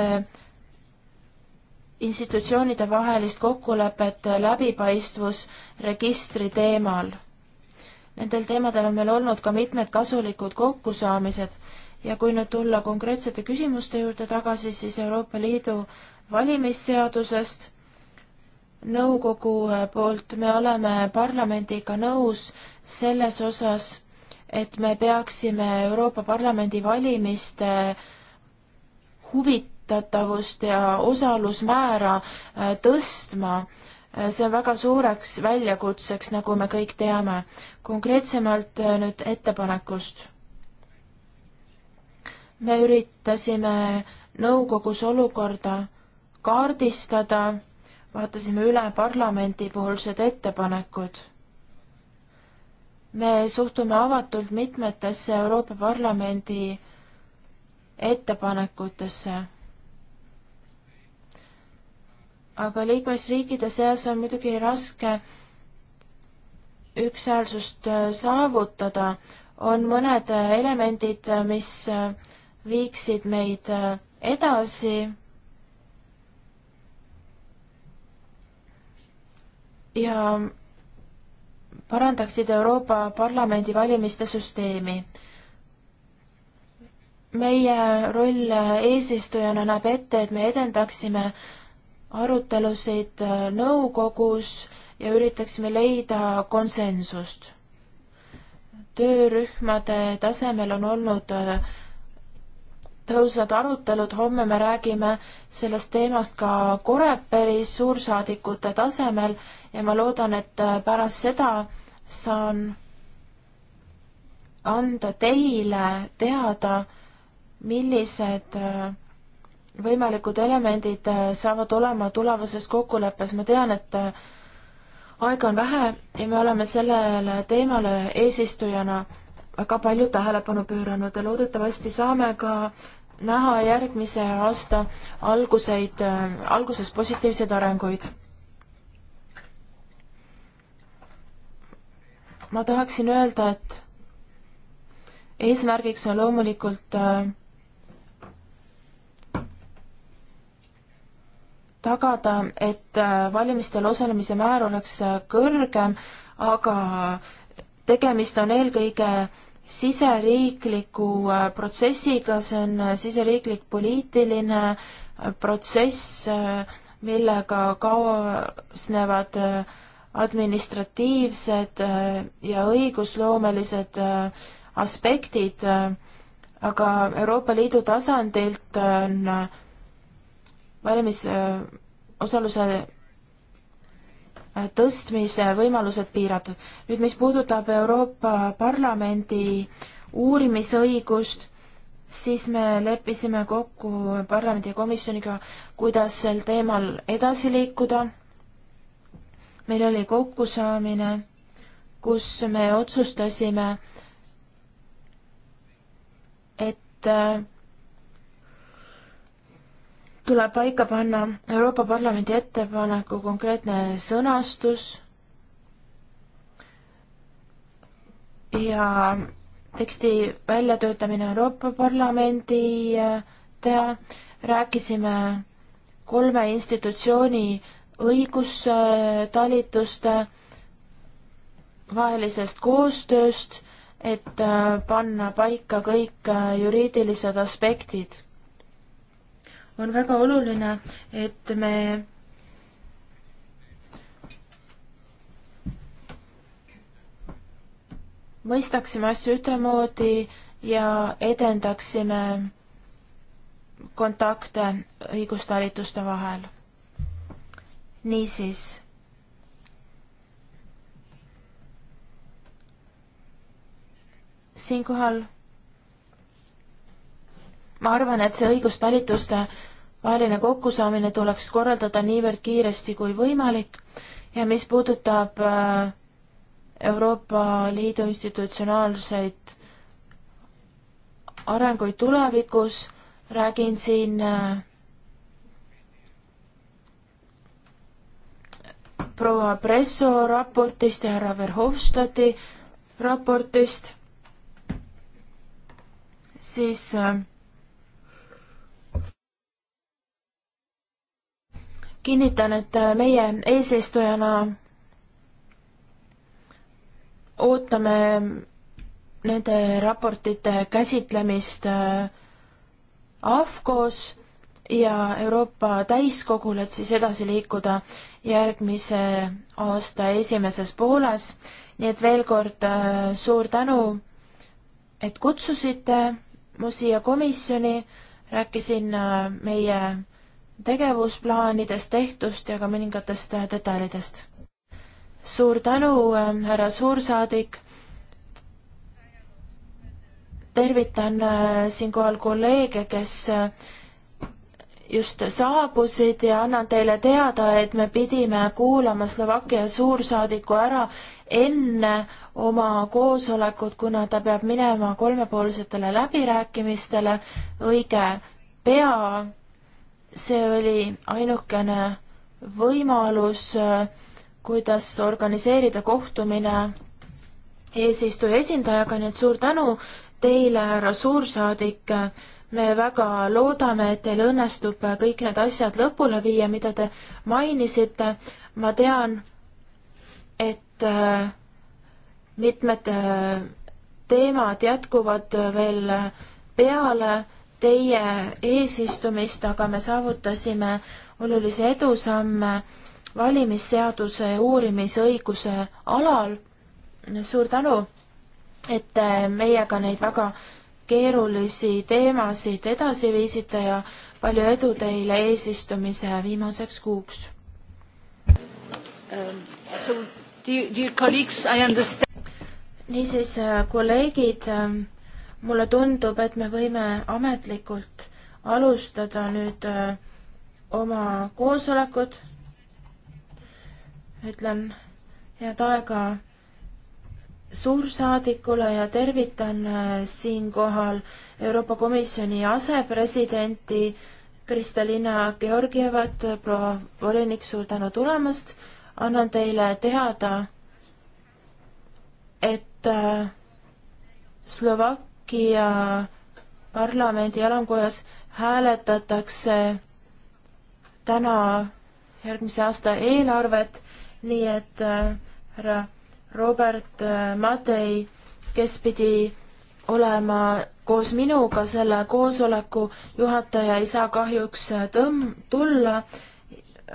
institutsioonide vahelist kokkulepet läbipaistvusregistri teemal. Nendel teemadel on meil olnud ka mitmed kasulikud kokkusaamised ja kui nüüd tulla konkreetsete küsimuste juurde tagasi, siis Euroopa Liidu valimisseadusest nõukogu poolt me oleme parlamendiga nõus selles osas, et me peaksime Euroopa Parlamendi valimiste huvit-, kasutatavust ja osalusmäära äh, tõstma. Äh, see on väga suureks väljakutseks, nagu me kõik teame. konkreetsemalt äh, nüüd ettepanekust. me üritasime nõukogus olukorda kaardistada, vaatasime üle parlamendi poolsed ettepanekud me suhtume avatult mitmetesse Euroopa Parlamendi ettepanekutesse aga liikmesriikide seas on muidugi raske ükshäälsust äh, saavutada. on mõned äh, elemendid, äh, mis viiksid meid edasi. ja parandaksid Euroopa Parlamendi valimiste süsteemi. meie roll eesistujana näeb ette, et me edendaksime arutelusid äh, nõukogus ja üritaksime leida konsensust. töörühmade tasemel on olnud äh, tõusvad arutelud, homme me räägime sellest teemast ka Koreperis suursaadikute tasemel ja ma loodan, et äh, pärast seda saan anda teile teada, millised äh, võimalikud elemendid äh, saavad olema tulevases kokkuleppes, ma tean, et äh, aega on vähe ja me oleme sellele teemale eesistujana väga palju tähelepanu pööranud ja loodetavasti saame ka näha järgmise aasta alguseid, äh, alguses positiivseid arenguid. ma tahaksin öelda, et eesmärgiks on loomulikult äh, tagada, et äh, valimistel osalemise määr oleks äh, kõrgem, aga tegemist on eelkõige siseriikliku äh, protsessiga, see on siseriiklik poliitiline protsess, millega kaasnevad administratiivsed ja õigusloomelised aspektid, aga Euroopa Liidu tasandilt on valimisosaluse äh, tõstmise võimalused piiratud. nüüd, mis puudutab Euroopa Parlamendi uurimisõigust, siis me leppisime kokku parlamendi komisjoniga, kuidas sel teemal edasi liikuda. meil oli kokkusaamine, kus me otsustasime, et äh, tuleb paika panna Euroopa Parlamendi ettepaneku konkreetne sõnastus ja teksti väljatöötamine Euroopa Parlamendi äh, teha, rääkisime kolme institutsiooni õigustalituste vahelisest koostööst, et äh, panna paika kõik äh, juriidilised aspektid on väga oluline, et me mõistaksime asju ühtemoodi ja edendaksime kontakte õigustalituste vahel. niisiis. siinkohal ma arvan, et see õigustalituste vaheline kokkusaamine tuleks korraldada niivõrd kiiresti kui võimalik ja mis puudutab äh, Euroopa Liidu institutsionaalseid arenguid tulevikus, räägin siin äh, proua Presso raportist ja härra Verhofstadti raportist, siis äh, kinnitan, et äh, meie eesistujana ootame nende raportite käsitlemist äh, AFCOs ja Euroopa täiskogul, et siis edasi liikuda järgmise aasta esimeses pooles. nii et veel kord äh, suur tänu, et kutsusite mu siia komisjoni, rääkisin meie tegevusplaanidest, tehtust ja ka mõningatest detailidest. suur tänu, härra suursaadik. tervitan äh, siinkohal kolleege, kes äh, just saabusid ja annan teile teada, et me pidime kuulama Slovakkia suursaadiku ära enne oma koosolekut, kuna ta peab minema kolmepoolsetele läbirääkimistele õige pea see oli ainukene võimalus, kuidas organiseerida kohtumine eesistuja esindajaga, nii et suur tänu teile, härra suursaadik. me väga loodame, et teil õnnestub kõik need asjad lõpule viia, mida te mainisite. ma tean, et äh, mitmed äh, teemad jätkuvad veel peale teie eesistumist, aga me saavutasime olulisi edusamme valimisseaduse uurimisõiguse alal. suur tänu, et te meiega neid väga keerulisi teemasid edasi viisite ja palju edu teile eesistumise viimaseks kuuks um,! niisiis, kolleegid um, mulle tundub, et me võime ametlikult alustada nüüd äh, oma koosolekut. ütlen head aega suursaadikule ja tervitan äh, siinkohal Euroopa Komisjoni asepresidenti Kristalina Georgievat, proua volinik, suur tänu tulemast. annan teile teada, et äh, Slovakkia Slovakkia parlamendi alamkojas hääletatakse täna järgmise aasta eelarvet, nii et äh, härra Robert äh, Matei, kes pidi olema koos minuga selle koosoleku juhataja, ei saa kahjuks äh, tõmm-, tulla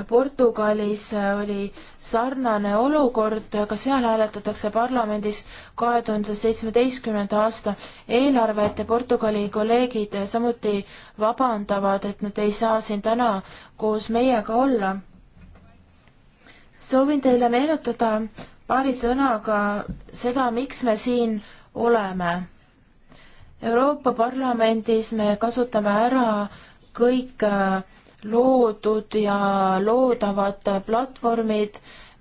Portugalis oli sarnane olukord, ka seal hääletatakse parlamendis kahe tuhande seitsmeteistkümnenda aasta eelarvet ja Portugali kolleegid samuti vabandavad, et nad ei saa siin täna koos meiega olla. soovin teile meenutada paari sõnaga seda, miks me siin oleme. Euroopa Parlamendis me kasutame ära kõik äh, loodud ja loodavad platvormid,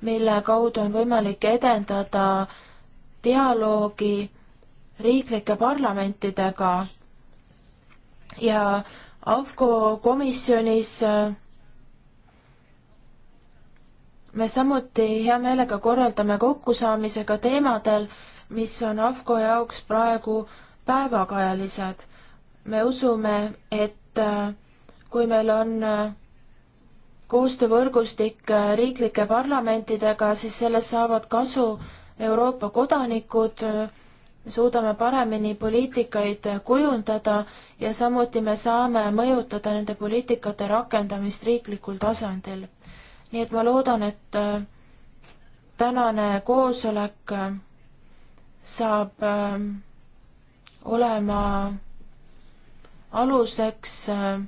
mille kaudu on võimalik edendada dialoogi riiklike parlamentidega ja AFCO komisjonis äh, me samuti hea meelega korraldame kokkusaamisega teemadel, mis on AFCO jaoks praegu päevakajalised. me usume, et äh, kui meil on äh, koostöövõrgustik äh, riiklike parlamentidega, siis sellest saavad kasu Euroopa kodanikud, me äh, suudame paremini poliitikaid kujundada ja samuti me saame mõjutada nende poliitikate rakendamist riiklikul tasandil. nii et ma loodan, et tänane koosolek saab olema aluseks äh,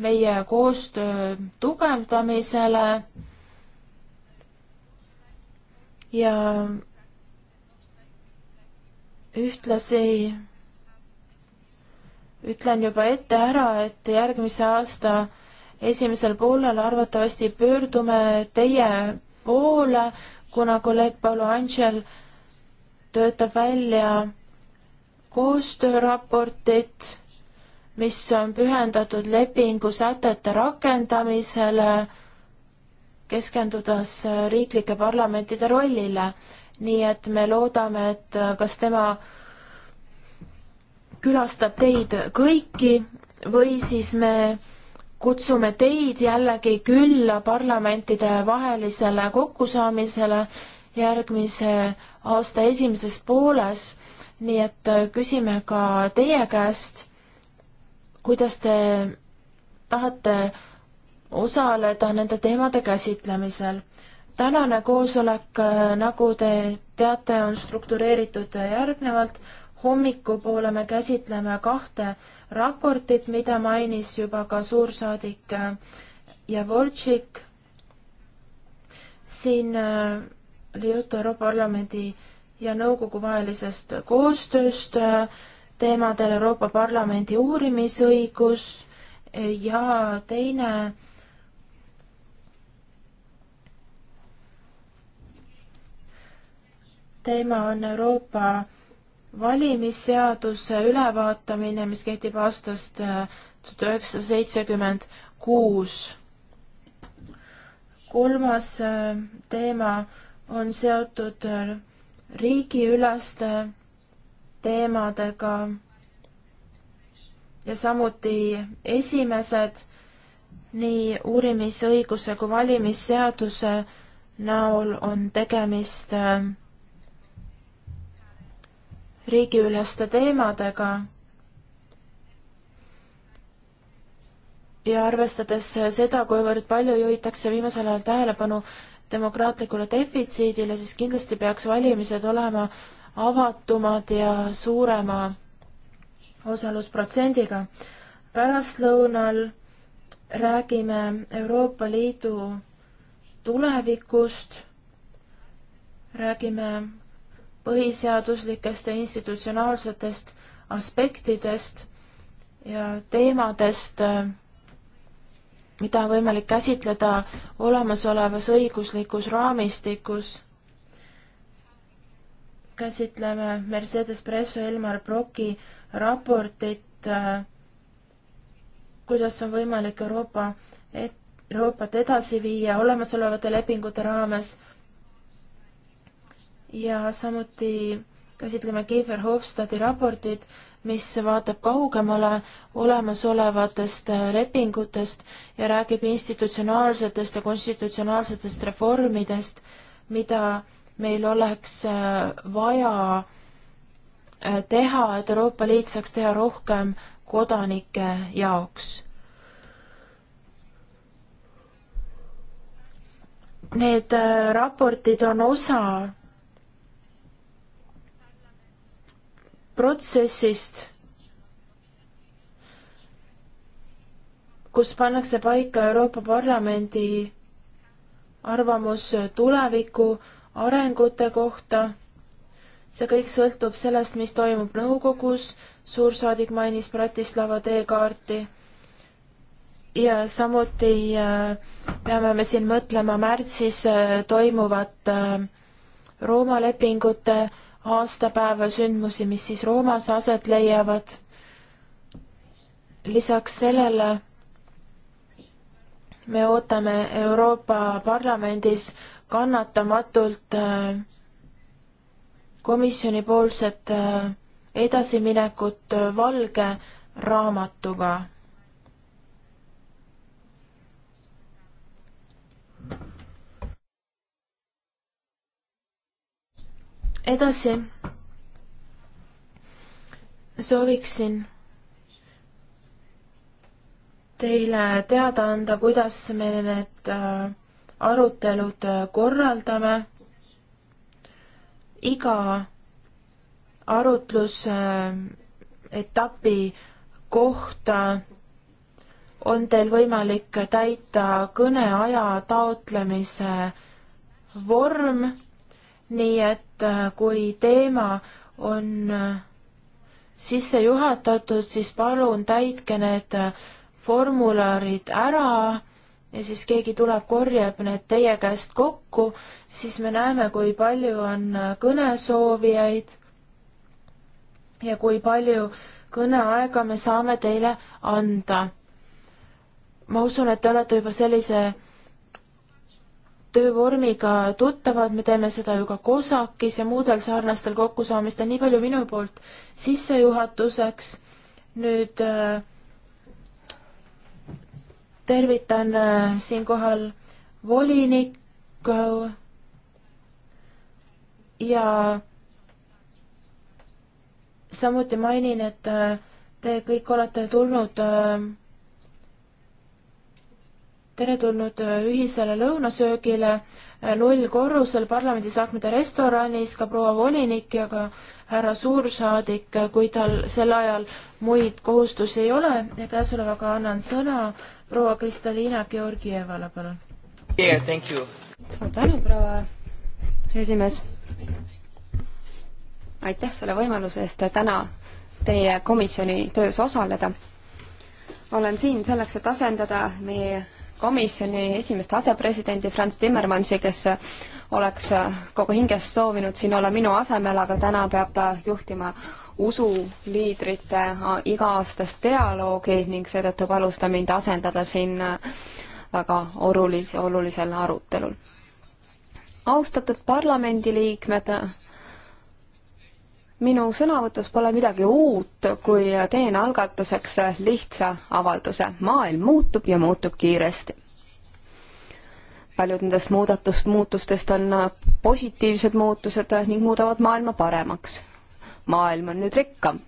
meie koostöö tugevdamisele ja ühtlasi ütlen juba ette ära, et järgmise aasta esimesel poolel arvatavasti pöördume teie poole, kuna kolleeg Paolo Angel töötab välja koostööraportit mis on pühendatud lepingu sätete rakendamisele, keskendudes riiklike parlamentide rollile. nii et me loodame, et kas tema külastab teid kõiki või siis me kutsume teid jällegi külla parlamentide vahelisele kokkusaamisele järgmise aasta esimeses pooles, nii et küsime ka teie käest kuidas te tahate osaleda nende teemade käsitlemisel. tänane koosolek, äh, nagu te teate, on struktureeritud järgnevalt. hommikupoole me käsitleme kahte raportit, mida mainis juba ka suursaadik äh, Javortšik. siin äh, oli juttu Euroopa Parlamendi ja nõukogu vahelisest koostööst äh, teemadel Euroopa Parlamendi uurimisõigus ja teine teema on Euroopa valimisseaduse ülevaatamine, mis kehtib aastast äh, tuhat üheksasada seitsekümmend kuus. kolmas äh, teema on seotud äh, riigiülaste teemadega ja samuti esimesed nii uurimisõiguse kui valimisseaduse näol on tegemist äh, riigiüleste teemadega ja arvestades seda, kuivõrd palju juhitakse viimasel ajal tähelepanu demokraatlikule defitsiidile, siis kindlasti peaks valimised olema avatumad ja suurema osalusprotsendiga. pärastlõunal räägime Euroopa Liidu tulevikust, räägime põhiseaduslikest ja institutsionaalsetest aspektidest ja teemadest, mida on võimalik käsitleda olemasolevas õiguslikus raamistikus käsitleme Mercedes Presso Elmar Broki raportit, äh, kuidas on võimalik Euroopa, Euroopat edasi viia olemasolevate lepingute raames ja samuti käsitleme Kiefer Hofstadi raportit, mis vaatab kaugemale olemasolevatest äh, lepingutest ja räägib institutsionaalsetest ja konstitutsionaalsetest reformidest, mida meil oleks äh, vaja äh, teha, et Euroopa Liit saaks teha rohkem kodanike jaoks. Need äh, raportid on osa protsessist, kus pannakse paika Euroopa Parlamendi arvamus tuleviku arengute kohta. see kõik sõltub sellest, mis toimub nõukogus, suursaadik mainis Bratislava teekaarti ja samuti äh, peame me siin mõtlema märtsis äh, toimuvat äh, Rooma lepingute aastapäeva sündmusi, mis siis Roomas aset leiavad. lisaks sellele me ootame Euroopa Parlamendis kannatamatult äh, komisjonipoolset äh, edasiminekut äh, valge raamatuga. edasi sooviksin teile teada anda, kuidas me need äh, arutelud äh, korraldame. iga arutlusetapi äh, kohta on teil võimalik täita kõneaja taotlemise vorm, nii et äh, kui teema on sisse juhatatud, siis palun täitke need formularid ära ja siis keegi tuleb, korjab need teie käest kokku, siis me näeme, kui palju on äh, kõnesoovijaid ja kui palju kõneaega me saame teile anda. ma usun, et te olete juba sellise töövormiga tuttavad, me teeme seda ju ka COSAC-is ja muudel sarnastel kokkusaamistel, nii palju minu poolt sissejuhatuseks. nüüd äh, tervitan äh, siinkohal volinikku ja samuti mainin, et äh, te kõik olete tulnud, äh, teretulnud ühisele lõunasöögile null korrusel parlamendisaakmete restoranis ka proua volinik ja ka härra suursaadik, kui tal sel ajal muid kohustusi ei ole ja käesolevaga annan sõna proua Kristalina Georgievale, palun yeah,. suur tänu, proua esimees. aitäh selle võimaluse eest täna teie komisjoni töös osaleda. olen siin selleks, et asendada meie komisjoni esimest asepresidenti Franz Timmermansi, kes oleks kogu hingest soovinud siin olla minu asemel, aga täna peab ta juhtima usuliidrite iga-aastast dialoogi ning seetõttu palus ta mind asendada siin äh, väga olulise, olulisel arutelul. austatud parlamendiliikmed, minu sõnavõtus pole midagi uut, kui teen algatuseks lihtsa avalduse. maailm muutub ja muutub kiiresti. paljud nendest muudatust, muutustest on positiivsed muutused ning muudavad maailma paremaks maailm on nüüd rikkam.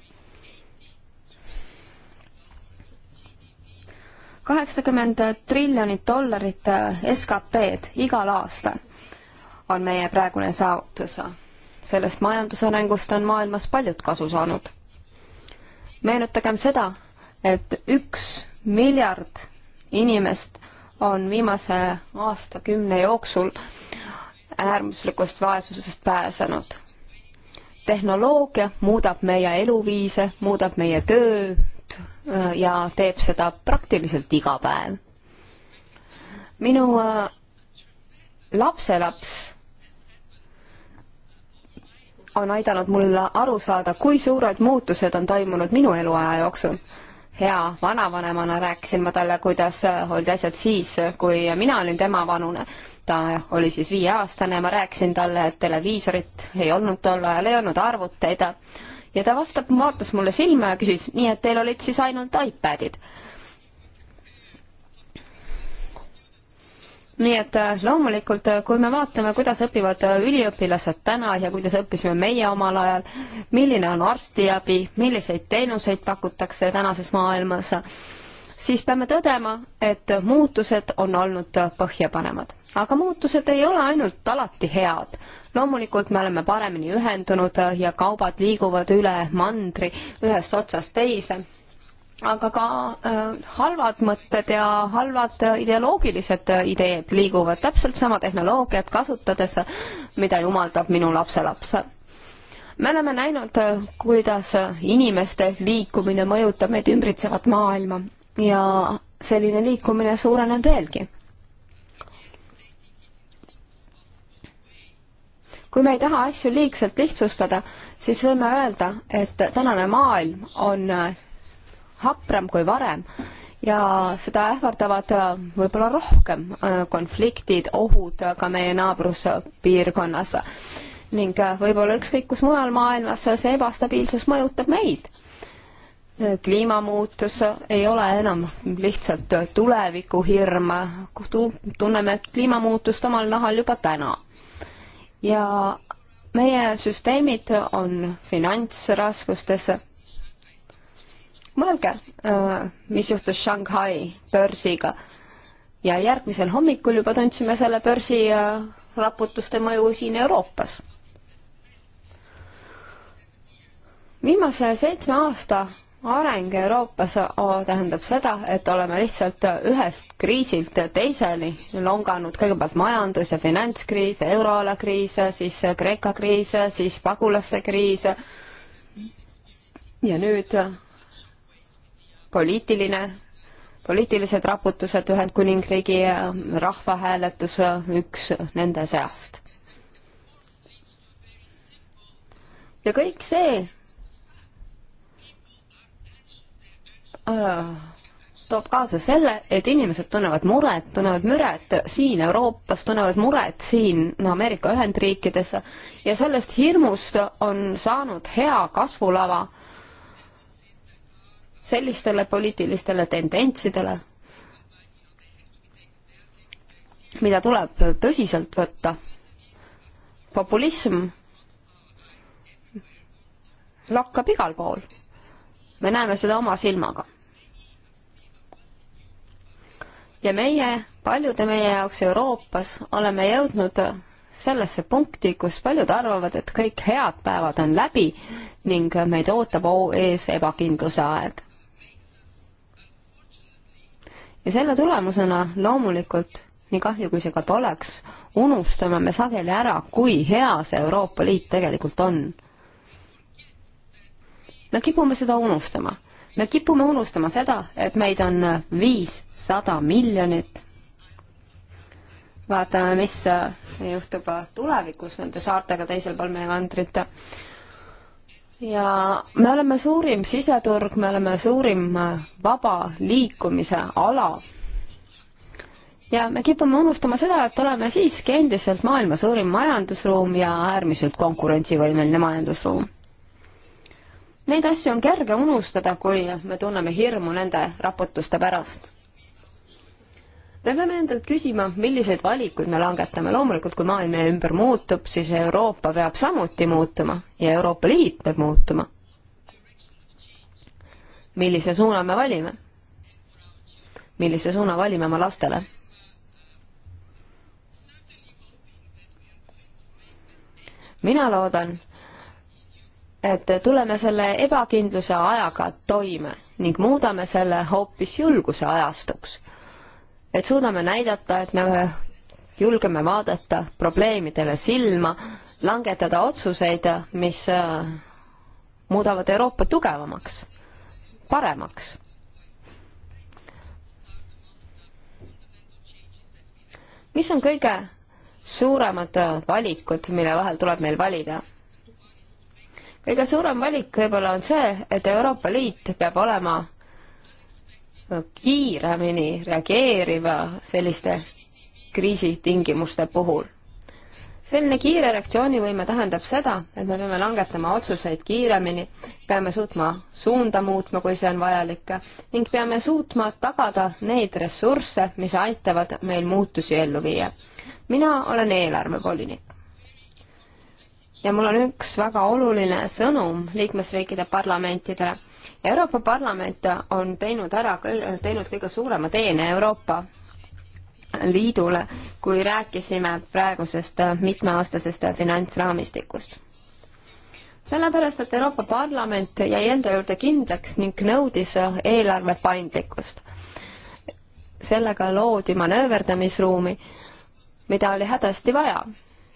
kaheksakümmend triljonit dollarit SKP-d igal aastal on meie praegune saavutus. sellest majandusarengust on maailmas paljud kasu saanud. meenutagem seda, et üks miljard inimest on viimase aastakümne jooksul äärmuslikust vaesusest pääsenud tehnoloogia muudab meie eluviise, muudab meie tööd äh, ja teeb seda praktiliselt iga päev. minu äh, lapselaps on aidanud mul aru saada, kui suured muutused on toimunud minu eluaja jooksul hea vanavanemana rääkisin ma talle, kuidas äh, olid asjad siis, kui mina olin tema vanune ta oli siis viieaastane ja ma rääkisin talle, et televiisorit ei olnud tol ajal, ei olnud arvuteid. ja ta vastab, vaatas mulle silma ja küsis, nii et teil olid siis ainult iPadid? nii et äh, loomulikult, äh, kui me vaatame, kuidas õpivad äh, üliõpilased täna ja kuidas õppisime meie omal ajal, milline on arstiabi, milliseid teenuseid pakutakse tänases maailmas, siis peame tõdema, et muutused on olnud põhjapanevad aga muutused ei ole ainult alati head. loomulikult me oleme paremini ühendunud ja kaubad liiguvad üle mandri ühest otsast teise, aga ka äh, halvad mõtted ja halvad ideoloogilised ideed liiguvad täpselt sama tehnoloogiat kasutades, mida jumaldab minu lapselaps me oleme näinud, äh, kuidas inimeste liikumine mõjutab meid ümbritsevat maailma ja selline liikumine suureneb veelgi kui me ei taha asju liigselt lihtsustada, siis võime öelda, et tänane maailm on äh, hapram kui varem ja seda ähvardavad äh, võib-olla rohkem äh, konfliktid, ohud ka meie naabruspiirkonnas. ning võib-olla ükskõik kus mujal maailmas see ebastabiilsus mõjutab meid. kliimamuutus ei ole enam lihtsalt tulevikuhirm, tunneme kliimamuutust omal nahal juba täna ja meie süsteemid on finantsraskustes. mõelge, äh, mis juhtus Shanghai börsiga ja järgmisel hommikul juba tundsime selle börsi äh, raputuste mõju siin Euroopas. viimase seitsme aasta areng Euroopas tähendab seda, et oleme lihtsalt ühest kriisilt teiseni longanud, kõigepealt majandus- ja finantskriis, euroala kriis, siis Kreeka kriis, siis pagulaste kriis ja nüüd poliitiline, poliitilised raputused Ühendkuningriigi rahvahääletus üks nende seast. ja kõik see Äh, toob kaasa selle, et inimesed tunnevad muret, tunnevad müret siin Euroopas, tunnevad muret siin no, Ameerika Ühendriikides ja sellest hirmust on saanud hea kasvulava sellistele poliitilistele tendentsidele, mida tuleb tõsiselt võtta. populism lakkab igal pool me näeme seda oma silmaga. ja meie, paljude meie jaoks Euroopas oleme jõudnud sellesse punkti, kus paljud arvavad, et kõik head päevad on läbi ning meid ootab ees ebakindluse aeg. ja selle tulemusena loomulikult, nii kahju kui see ka poleks, unustame me sageli ära, kui hea see Euroopa Liit tegelikult on me kipume seda unustama. me kipume unustama seda, et meid on viissada miljonit. vaatame, mis äh, juhtub äh, tulevikus nende saartega teisel pool meie kandrit. ja me oleme suurim siseturg, me oleme suurim äh, vaba liikumise ala ja me kipume unustama seda, et oleme siiski endiselt maailma suurim majandusruum ja äärmiselt konkurentsivõimeline majandusruum Neid asju on kerge unustada, kui me tunneme hirmu nende raputuste pärast. me peame endalt küsima, milliseid valikuid me langetame. loomulikult, kui maailm meie ümber muutub, siis Euroopa peab samuti muutuma ja Euroopa Liit peab muutuma. millise suuna me valime? millise suuna valime oma lastele? mina loodan, et tuleme selle ebakindluse ajaga toime ning muudame selle hoopis julguse ajastuks. et suudame näidata, et me julgeme vaadata probleemidele silma, langetada otsuseid, mis äh, muudavad Euroopa tugevamaks, paremaks. mis on kõige suuremad valikud, mille vahel tuleb meil valida? kõige suurem valik võib-olla on see, et Euroopa Liit peab olema kiiremini reageeriva selliste kriisitingimuste puhul. selline kiire reaktsioonivõime tähendab seda, et me peame langetama otsuseid kiiremini, peame suutma suunda muutma, kui see on vajalik, ning peame suutma tagada neid ressursse, mis aitavad meil muutusi ellu viia. mina olen eelarvevolinik ja mul on üks väga oluline sõnum liikmesriikide parlamentidele. Euroopa Parlament on teinud ära, teinud kõige suurema teene Euroopa Liidule, kui rääkisime praegusest mitmeaastasest finantsraamistikust. sellepärast, et Euroopa Parlament jäi enda juurde kindlaks ning nõudis eelarve paindlikkust. sellega loodi manööverdamisruumi, mida oli hädasti vaja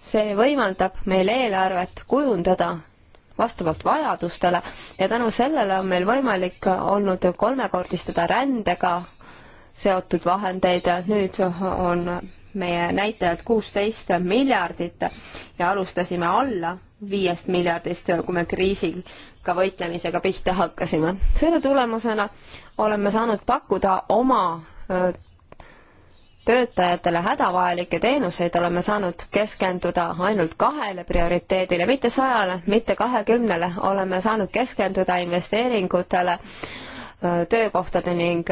see võimaldab meil eelarvet kujundada vastavalt vajadustele ja tänu sellele on meil võimalik olnud kolmekordistada rändega seotud vahendeid, nüüd on meie näitajad kuusteist miljardit ja alustasime alla viiest miljardist, kui me kriisiga võitlemisega pihta hakkasime. selle tulemusena oleme saanud pakkuda oma töötajatele hädavajalikke teenuseid, oleme saanud keskenduda ainult kahele prioriteedile, mitte sajale, mitte kahekümnele, oleme saanud keskenduda investeeringutele, töökohtade ning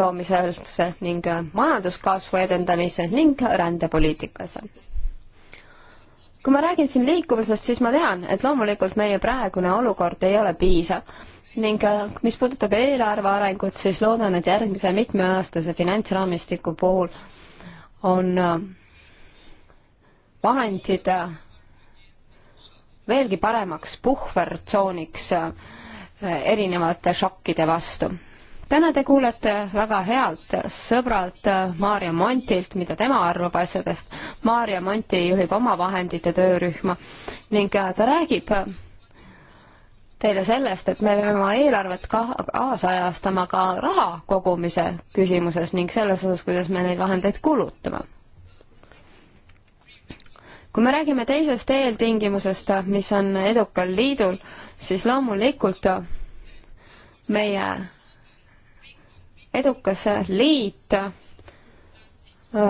loomisesse ning majanduskasvu edendamise ning rändepoliitikasse kui ma räägin siin liikuvusest, siis ma tean, et loomulikult meie praegune olukord ei ole piisav ning äh, mis puudutab eelarve arengut, siis loodan, et järgmise mitmeaastase finantsraamistiku puhul on äh, vahendid äh, veelgi paremaks puhvertsooniks erinevate šokkide vastu. täna te kuulete väga healt sõbralt Maarja Montilt, mida tema arvab asjadest. Maarja Monti juhib oma vahendite töörühma ning ta räägib teile sellest, et me peame oma eelarvet ka kaasajastama ka raha kogumise küsimuses ning selles osas, kuidas me neid vahendeid kulutame. kui me räägime teisest eeltingimusest, mis on edukal liidul, siis loomulikult meie edukas liit äh,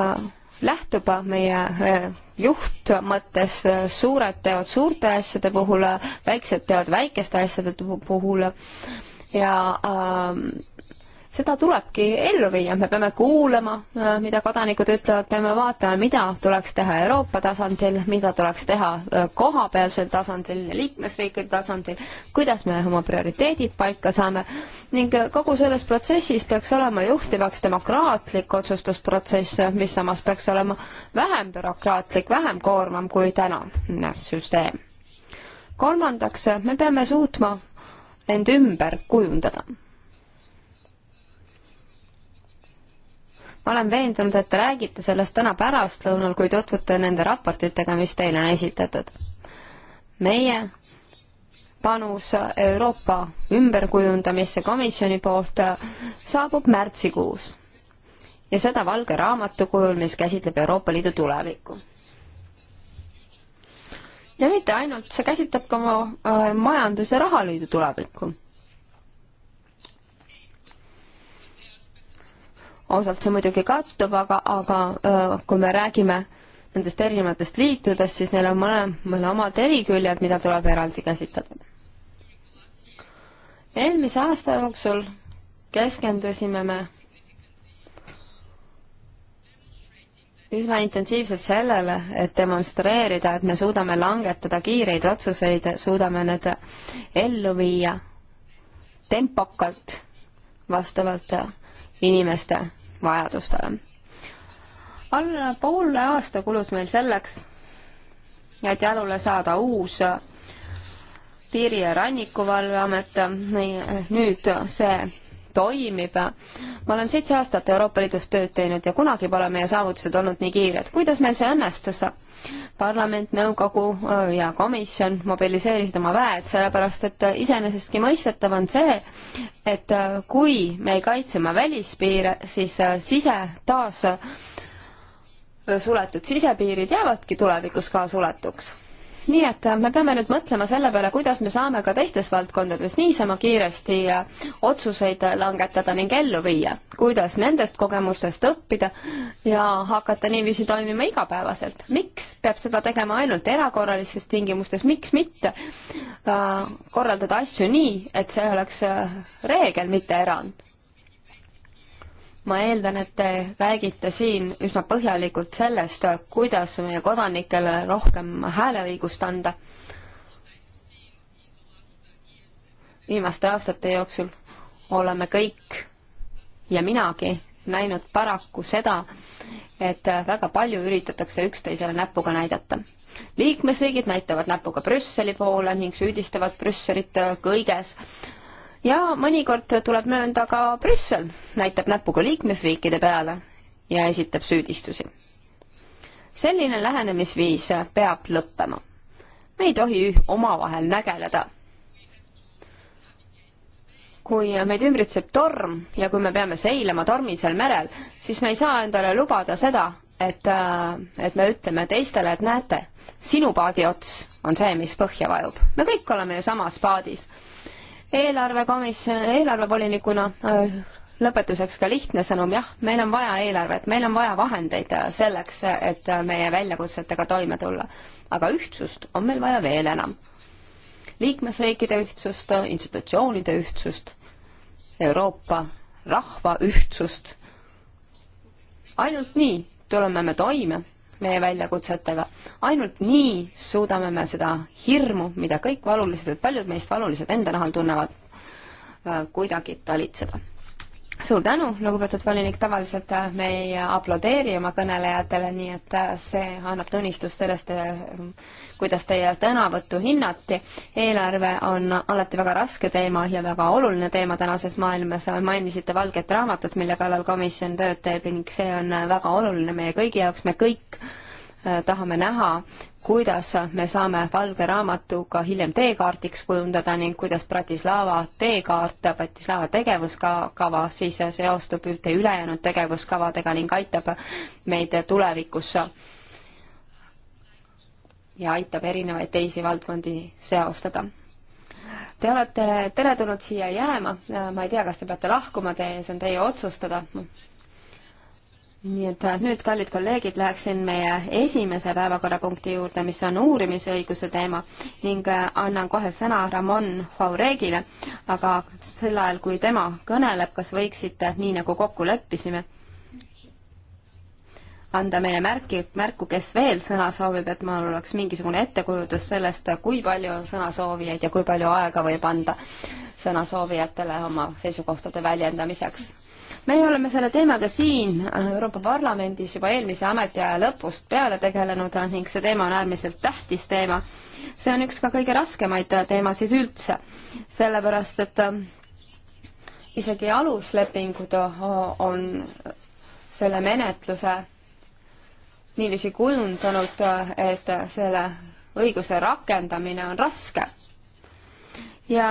lähtub meie eh, juhtmõttes eh, suured teod suurte asjade puhul, väiksed teod väikeste asjade puhul ja äh, seda tulebki ellu viia, me peame kuulama, äh, mida kodanikud ütlevad, peame vaatama, mida tuleks teha Euroopa tasandil, mida tuleks teha äh, kohapealsel tasandil, liikmesriikide tasandil, kuidas me oma prioriteedid paika saame ning äh, kogu selles protsessis peaks olema juhtivaks demokraatlik otsustusprotsess, mis samas peaks olema vähem bürokraatlik, vähem koormav kui tänane süsteem. kolmandaks, me peame suutma end ümber kujundada ma olen veendunud, et te räägite sellest täna pärastlõunal, kui tutvute nende raportitega, mis teile on esitatud. meie panus Euroopa ümberkujundamisse komisjoni poolt saabub märtsikuus ja seda valge raamatu kujul, mis käsitleb Euroopa Liidu tulevikku. ja mitte ainult, see käsitleb ka oma äh, majandus- ja rahaliidu tulevikku osalt see muidugi kattub, aga, aga äh, kui me räägime nendest erinevatest liitudest, siis neil on mõlemal omad eriküljed, mida tuleb eraldi käsitleda. eelmise aasta jooksul keskendusime me üsna intensiivselt sellele, et demonstreerida, et me suudame langetada kiireid otsuseid, suudame need ellu viia tempokalt vastavalt inimeste vajadustele. alla poole aasta kulus meil selleks, et jalule saada uus piiri- ja rannikuvalveamet, nüüd see toimib. ma olen seitse aastat Euroopa Liidus tööd teinud ja kunagi pole meie saavutused olnud nii kiired. kuidas meil see õnnestus? parlament, nõukogu äh, ja komisjon mobiliseerisid oma väed, sellepärast et äh, iseenesestmõistetav on see, et äh, kui me ei kaitse oma välispiire, siis sise taas suletud sisepiirid jäävadki tulevikus ka suletuks nii et äh, me peame nüüd mõtlema selle peale, kuidas me saame ka teistes valdkondades niisama kiiresti äh, otsuseid äh, langetada ning ellu viia, kuidas nendest kogemustest õppida ja hakata niiviisi toimima igapäevaselt. miks peab seda tegema ainult erakorralistes tingimustes, miks mitte korraldada asju nii, et see oleks reegel, mitte erand? ma eeldan, et te räägite siin üsna põhjalikult sellest, kuidas meie kodanikele rohkem hääleõigust anda viimaste aastate jooksul oleme kõik ja minagi näinud paraku seda, et väga palju üritatakse üksteisele näpuga näidata. liikmesriigid näitavad näpuga Brüsseli poole ning süüdistavad Brüsselit kõiges ja mõnikord tuleb möönda ka Brüssel, näitab näpuga liikmesriikide peale ja esitab süüdistusi. selline lähenemisviis peab lõppema. me ei tohi omavahel nägeleda. kui meid ümbritseb torm ja kui me peame seilama tormisel merel, siis me ei saa endale lubada seda, et, äh, et me ütleme teistele, et näete, sinu paadi ots on see, mis põhja vajub. me kõik oleme ju samas paadis eelarvekomisjon, eelarvevolinikuna äh, lõpetuseks ka lihtne sõnum, jah, meil on vaja eelarvet, meil on vaja vahendeid äh, selleks, et äh, meie väljakutsetega toime tulla. aga ühtsust on meil vaja veel enam. liikmesriikide ühtsust, institutsioonide ühtsust, Euroopa rahva ühtsust. ainult nii tuleme me toime meie väljakutsetega. ainult nii suudame me seda hirmu, mida kõik valulised, paljud meist valulised enda nahal tunnevad, äh, kuidagi talitseda suur tänu, lugupeetud volinik, tavaliselt äh, me ei äh, aplodeeri oma kõnelejatele, nii et äh, see annab tunnistust sellest, kuidas teie tänavõttu hinnati. eelarve on alati väga raske teema ja väga oluline teema tänases maailmas. mainisite valget raamatut, mille kallal komisjon tööd teeb ning see on väga oluline meie kõigi jaoks, me kõik tahame näha, kuidas me saame valge raamatuga hiljem teekaardiks kujundada ning kuidas Bratislava teekaart, Bratislava tegevuskava siis seostub ühte ülejäänud tegevuskavadega ning aitab meid tulevikus ja aitab erinevaid teisi valdkondi seostada. Te olete teretulnud siia jääma, ma ei tea, kas te peate lahkuma, te, see on teie otsustada nii et äh, nüüd, kallid kolleegid, läheksin meie esimese päevakorrapunkti juurde, mis on uurimisõiguse teema ning äh, annan kohe sõna Ramon Jauregile, aga sel ajal, kui tema kõneleb, kas võiksite, nii nagu kokku leppisime, anda meile märki, märku, kes veel sõna soovib, et mul oleks mingisugune ettekujutus sellest, kui palju on sõnasoovijaid ja kui palju aega võib anda sõnasoovijatele oma seisukohtade väljendamiseks meie oleme selle teemaga siin äh, Euroopa Parlamendis juba eelmise ametiaja lõpust peale tegelenud äh, ning see teema on äärmiselt tähtis teema. see on üks ka kõige raskemaid äh, teemasid üldse, sellepärast et isegi aluslepingud on selle menetluse niiviisi kujundanud, et selle õiguse rakendamine on raske. ja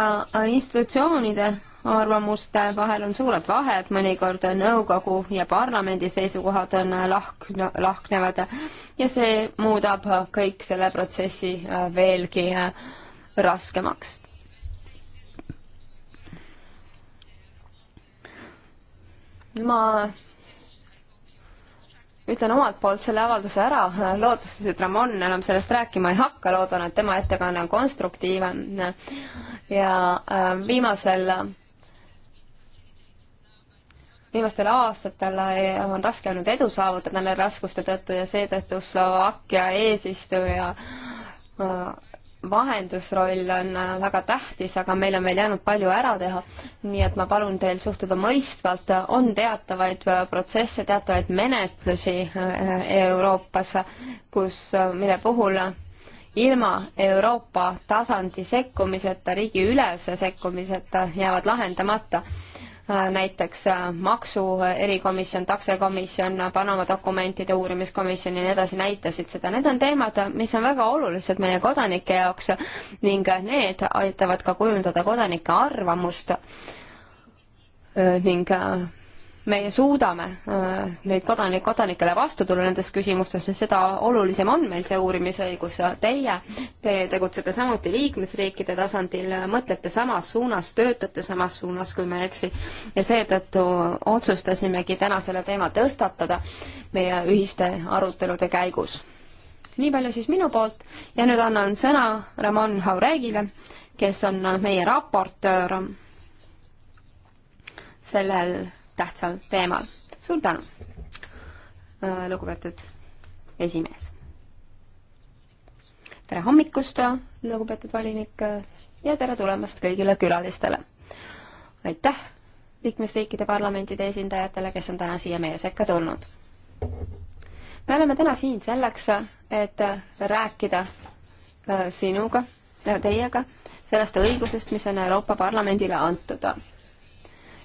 institutsioonide arvamuste vahel on suured vahed, mõnikord nõukogu ja parlamendi seisukohad on lahk-, lahknevad ja see muudab kõik selle protsessi äh, veelgi äh, raskemaks. ma ütlen omalt poolt selle avalduse ära, lootuses, et Ramon enam sellest rääkima ei hakka, loodan, et tema ettekanne on konstruktiivne ja äh, viimasel viimastel aastatel on raske olnud edu saavutada nende raskuste tõttu ja seetõttu Slovakkia eesistuja äh, vahendusroll on äh, väga tähtis, aga meil on veel jäänud palju ära teha. nii et ma palun teil suhtuda mõistvalt, on teatavaid äh, protsesse, teatavaid menetlusi Euroopas, kus, mille puhul ilma Euroopa tasandi sekkumiseta, riigiülese sekkumiseta jäävad lahendamata Äh, näiteks äh, maksu äh, erikomisjon, taksekomisjon, Panama dokumentide uurimiskomisjon ja nii edasi näitasid seda. Need on teemad, mis on väga olulised meie kodanike jaoks ning need aitavad ka kujundada kodanike arvamust ning meie suudame äh, neid kodanik, kodanikele vastu tulla nendes küsimustes ja seda olulisem on meil see uurimisõigus. Teie, te tegutsete samuti liikmesriikide tasandil, mõtlete samas suunas, töötate samas suunas, kui ma ei eksi, ja seetõttu otsustasimegi täna selle teema tõstatada meie ühiste arutelude käigus. nii palju siis minu poolt ja nüüd annan sõna Ramon Jauregile, kes on meie raportöör sellel tähtsal teemal. suur tänu, äh, lugupeetud esimees. tere hommikust, lugupeetud volinik ja tere tulemast kõigile külalistele. aitäh liikmesriikide parlamentide esindajatele, kes on täna siia meie sekka tulnud. me oleme täna siin selleks, et rääkida äh, sinuga, teiega sellest õigusest, mis on Euroopa Parlamendile antud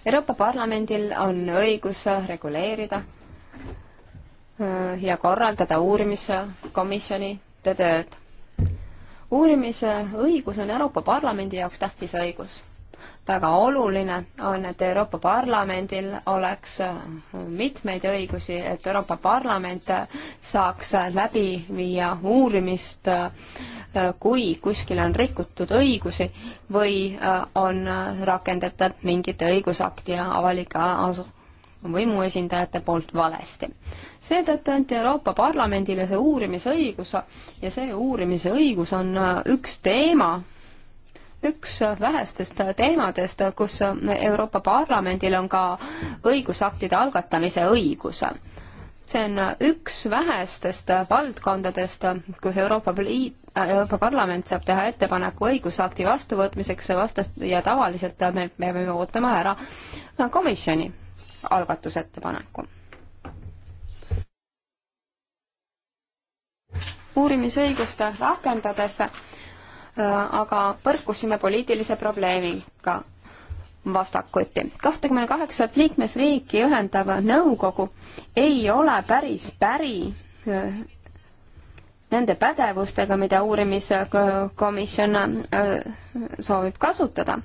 Euroopa Parlamendil on õigus reguleerida äh, ja korraldada uurimiskomisjoni tööd. uurimise õigus on Euroopa Parlamendi jaoks tähtis õigus väga oluline on, et Euroopa Parlamendil oleks äh, mitmeid õigusi, et Euroopa Parlament äh, saaks äh, läbi viia uurimist, kui kuskil on rikutud õigusi või on rakendatud mingit õigusakti avalike asu-, võimuesindajate poolt valesti. seetõttu anti Euroopa Parlamendile see uurimisõigus ja see uurimisõigus on üks teema, üks vähestest teemadest, kus Euroopa Parlamendil on ka õigusaktide algatamise õigus. see on üks vähestest valdkondadest, kus Euroopa Liit Euroopa Parlament saab teha ettepaneku õigusakti vastuvõtmiseks vastas ja tavaliselt me peame ootama ära komisjoni algatusettepaneku. uurimisõigust rakendades Äh, aga põrkusime poliitilise probleemiga vastakuti. kahtekümne kaheksat liikmesriiki ühendav nõukogu ei ole päris päri äh, nende pädevustega, mida uurimiskomisjon äh, soovib kasutada.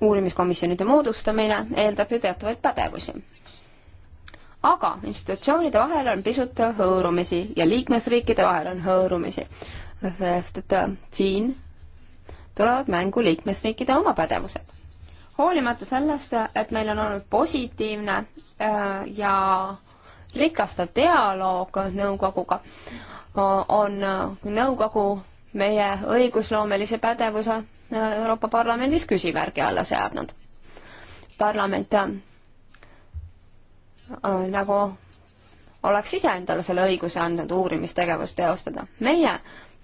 uurimiskomisjonide moodustamine eeldab ju teatavaid pädevusi. aga institutsioonide vahel on pisut hõõrumisi ja liikmesriikide vahel on hõõrumisi sest et äh, siin tulevad mängu liikmesriikide oma pädevused. hoolimata sellest, et meil on olnud positiivne äh, ja rikastav dialoog nõukoguga, on äh, nõukogu meie õigusloomelise pädevuse Euroopa Parlamendis küsimärgi alla seadnud. parlament nagu oleks iseendale selle õiguse andnud uurimistegevust teostada. meie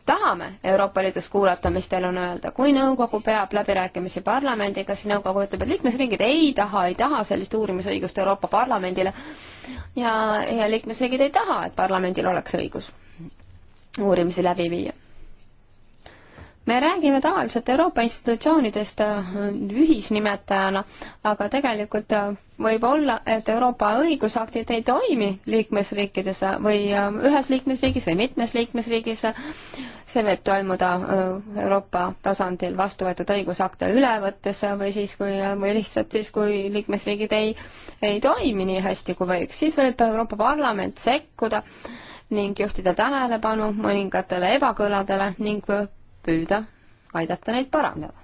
tahame Euroopa Liidus kuulata, mis teil on öelda. kui nõukogu peab läbirääkimisi parlamendiga, siis nõukogu ütleb, et liikmesriigid ei taha, ei taha sellist uurimisõigust Euroopa Parlamendile. ja, ja liikmesriigid ei taha, et parlamendil oleks õigus uurimisi läbi viia me räägime tavaliselt Euroopa institutsioonidest äh, ühisnimetajana, aga tegelikult äh, võib olla, et Euroopa õigusaktid ei toimi liikmesriikides või äh, ühes liikmesriigis või mitmes liikmesriigis. see võib toimuda Euroopa tasandil vastu võetud õigusakte üle võttes või siis, kui, või lihtsalt siis, kui liikmesriigid ei, ei toimi nii hästi kui võiks, siis võib Euroopa Parlament sekkuda ning juhtida tähelepanu mõningatele ebakõladele ning püüda aidata neid parandada.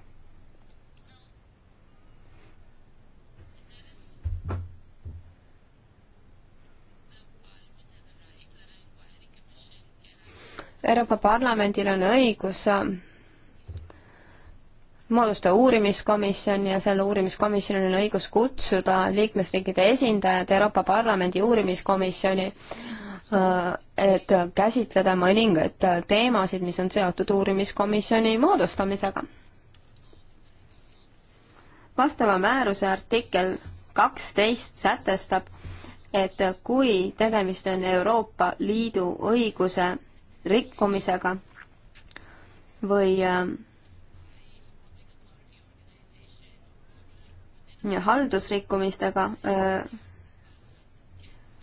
Euroopa Parlamendil on õigus äh, moodustada uurimiskomisjon ja selle uurimiskomisjonil on õigus kutsuda liikmesriikide esindajad Euroopa Parlamendi uurimiskomisjoni Äh, et käsitleda mõningaid äh, teemasid, mis on seotud uurimiskomisjoni moodustamisega. vastava määruse artikkel kaksteist sätestab, et kui tegemist on Euroopa Liidu õiguse rikkumisega või äh, haldusrikkumistega,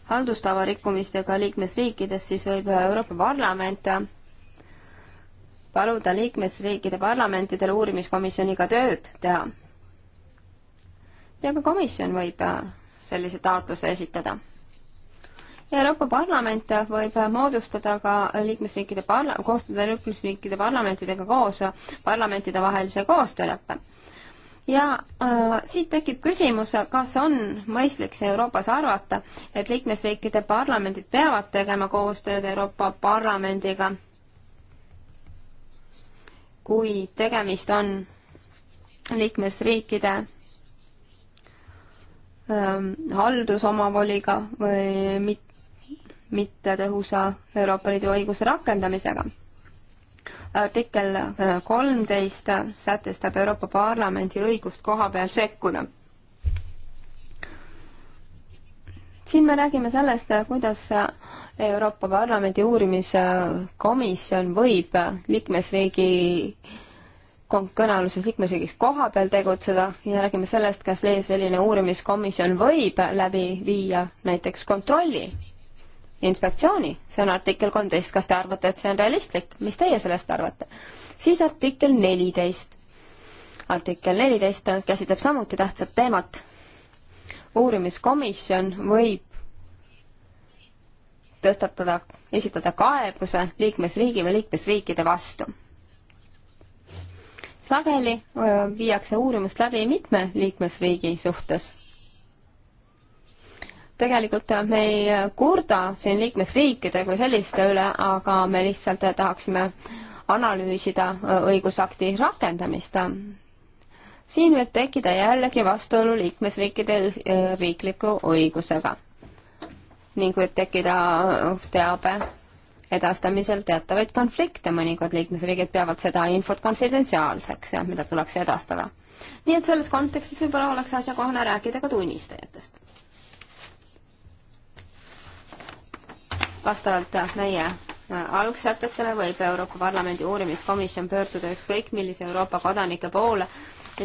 haldustava rikkumistega liikmesriikides, siis võib Euroopa Parlament paluda liikmesriikide parlamentidel uurimiskomisjoniga tööd teha. ja ka komisjon võib äh, sellise taotluse esitada. Euroopa Parlament võib moodustada ka liikmesriikide parla-, koostada liikmesriikide parlamentidega koos parlamentidevahelise koostööleppe ja äh, siit tekib küsimus, kas on mõistlik see Euroopas arvata, et liikmesriikide parlamendid peavad tegema koostööd Euroopa Parlamendiga, kui tegemist on liikmesriikide ähm, haldusomavoliga või mit-, mittetõhusa Euroopa Liidu õiguse rakendamisega artikkel äh, kolmteist sätestab Euroopa Parlamendi õigust koha peal sekkuda. siin me räägime sellest, äh, kuidas äh, Euroopa Parlamendi uurimiskomisjon võib liikmesriigi kõnealuses liikmesriigis koha peal tegutseda ja räägime sellest, kas selline uurimiskomisjon võib läbi viia näiteks kontrolli inspektsiooni, see on artikkel kolmteist, kas te arvate, et see on realistlik, mis teie sellest arvate? siis artikkel neliteist. artikkel neliteist käsitleb samuti tähtsat teemat. uurimiskomisjon võib tõstatada, esitada kaebuse liikmesriigi või liikmesriikide vastu. sageli viiakse uurimust läbi mitme liikmesriigi suhtes tegelikult me ei kurda siin liikmesriikide kui selliste üle, aga me lihtsalt tahaksime analüüsida äh, õigusakti rakendamist. siin võib tekkida jällegi vastuolu liikmesriikide äh, riikliku õigusega ning võib tekkida äh, teabe edastamisel teatavaid konflikte, mõnikord liikmesriigid peavad seda infot konfidentsiaalseks, mida tuleks edastada. nii et selles kontekstis võib-olla oleks asjakohane rääkida ka tunnistajatest vastavalt meie äh, algsätetele võib Euroopa Parlamendi uurimiskomisjon pöörduda ükskõik millise Euroopa kodanike poole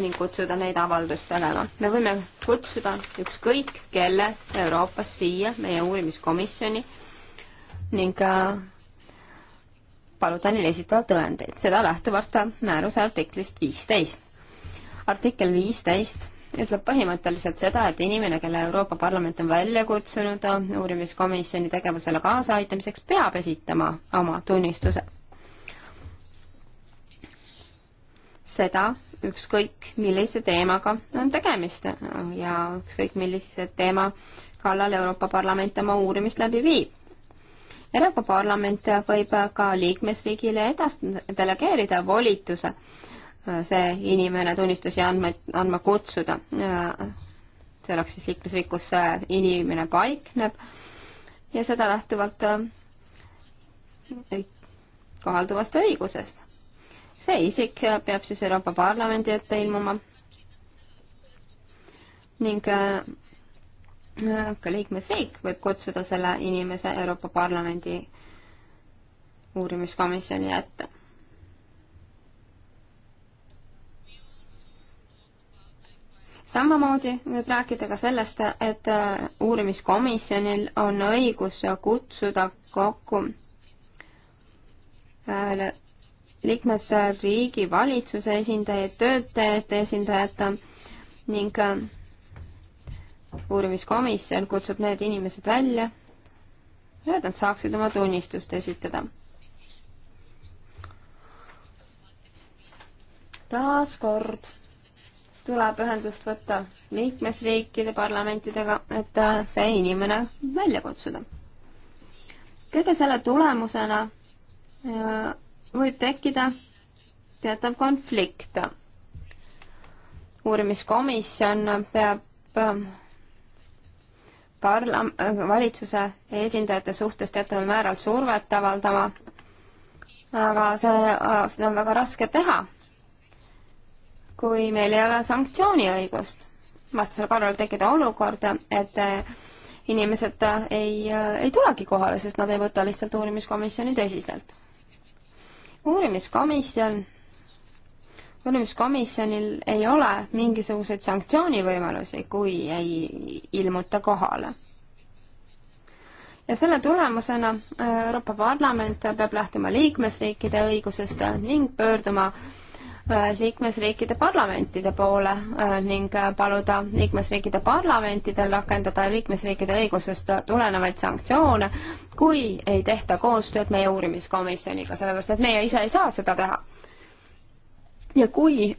ning kutsuda neid avaldust tegema. me võime kutsuda ükskõik kelle Euroopas siia meie uurimiskomisjoni ning äh, paluda neil esitada tõendeid, seda lähtuvalt määruse artiklist viisteist. artikkel viisteist ütleb põhimõtteliselt seda, et inimene, kelle Euroopa Parlament on välja kutsunud äh, uurimiskomisjoni tegevusele kaasaaitamiseks, peab esitama oma tunnistuse. seda ükskõik millise teemaga on tegemist äh, ja ükskõik millise teema kallal Euroopa Parlament oma uurimist läbi viib. Euroopa Parlament võib ka liikmesriigile edast-, delegeerida volituse äh, Äh, see inimene tunnistusi andmeid andma kutsuda. Äh, see oleks siis liikmesriik, kus see inimene paikneb ja seda lähtuvalt äh, kohalduvast õigusest. see isik peab siis Euroopa Parlamendi ette ilmuma ning ka liikmesriik võib kutsuda selle inimese Euroopa Parlamendi uurimiskomisjoni ette samamoodi võib rääkida ka sellest, et äh, uurimiskomisjonil on õigus kutsuda kokku äh, liikmesriigi valitsuse esindajaid, töötajate esindajad ning äh, uurimiskomisjon kutsub need inimesed välja, et nad saaksid oma tunnistust esitada. taaskord tuleb ühendust võtta liikmesriikide parlamentidega, et äh, see inimene välja kutsuda. kõige selle tulemusena äh, võib tekkida teatav konflikt. uurimiskomisjon peab ähm, parla-, äh, valitsuse esindajate suhtes teataval määral survet avaldama, aga see, seda on väga raske teha kui meil ei ole sanktsiooniõigust. vastasel korral tekkida olukorda, et äh, inimesed äh, ei, äh, ei tulegi kohale, sest nad ei võta lihtsalt uurimiskomisjoni tõsiselt. uurimiskomisjon, uurimiskomisjonil ei ole mingisuguseid sanktsioonivõimalusi, kui ei ilmuta kohale ja selle tulemusena Euroopa Parlament peab lähtuma liikmesriikide õigusest ning pöörduma äh, Äh, liikmesriikide parlamentide poole äh, ning äh, paluda liikmesriikide parlamentidel rakendada liikmesriikide õigusest tulenevaid sanktsioone, kui ei tehta koostööd meie uurimiskomisjoniga, sellepärast et meie ise ei saa seda teha. ja kui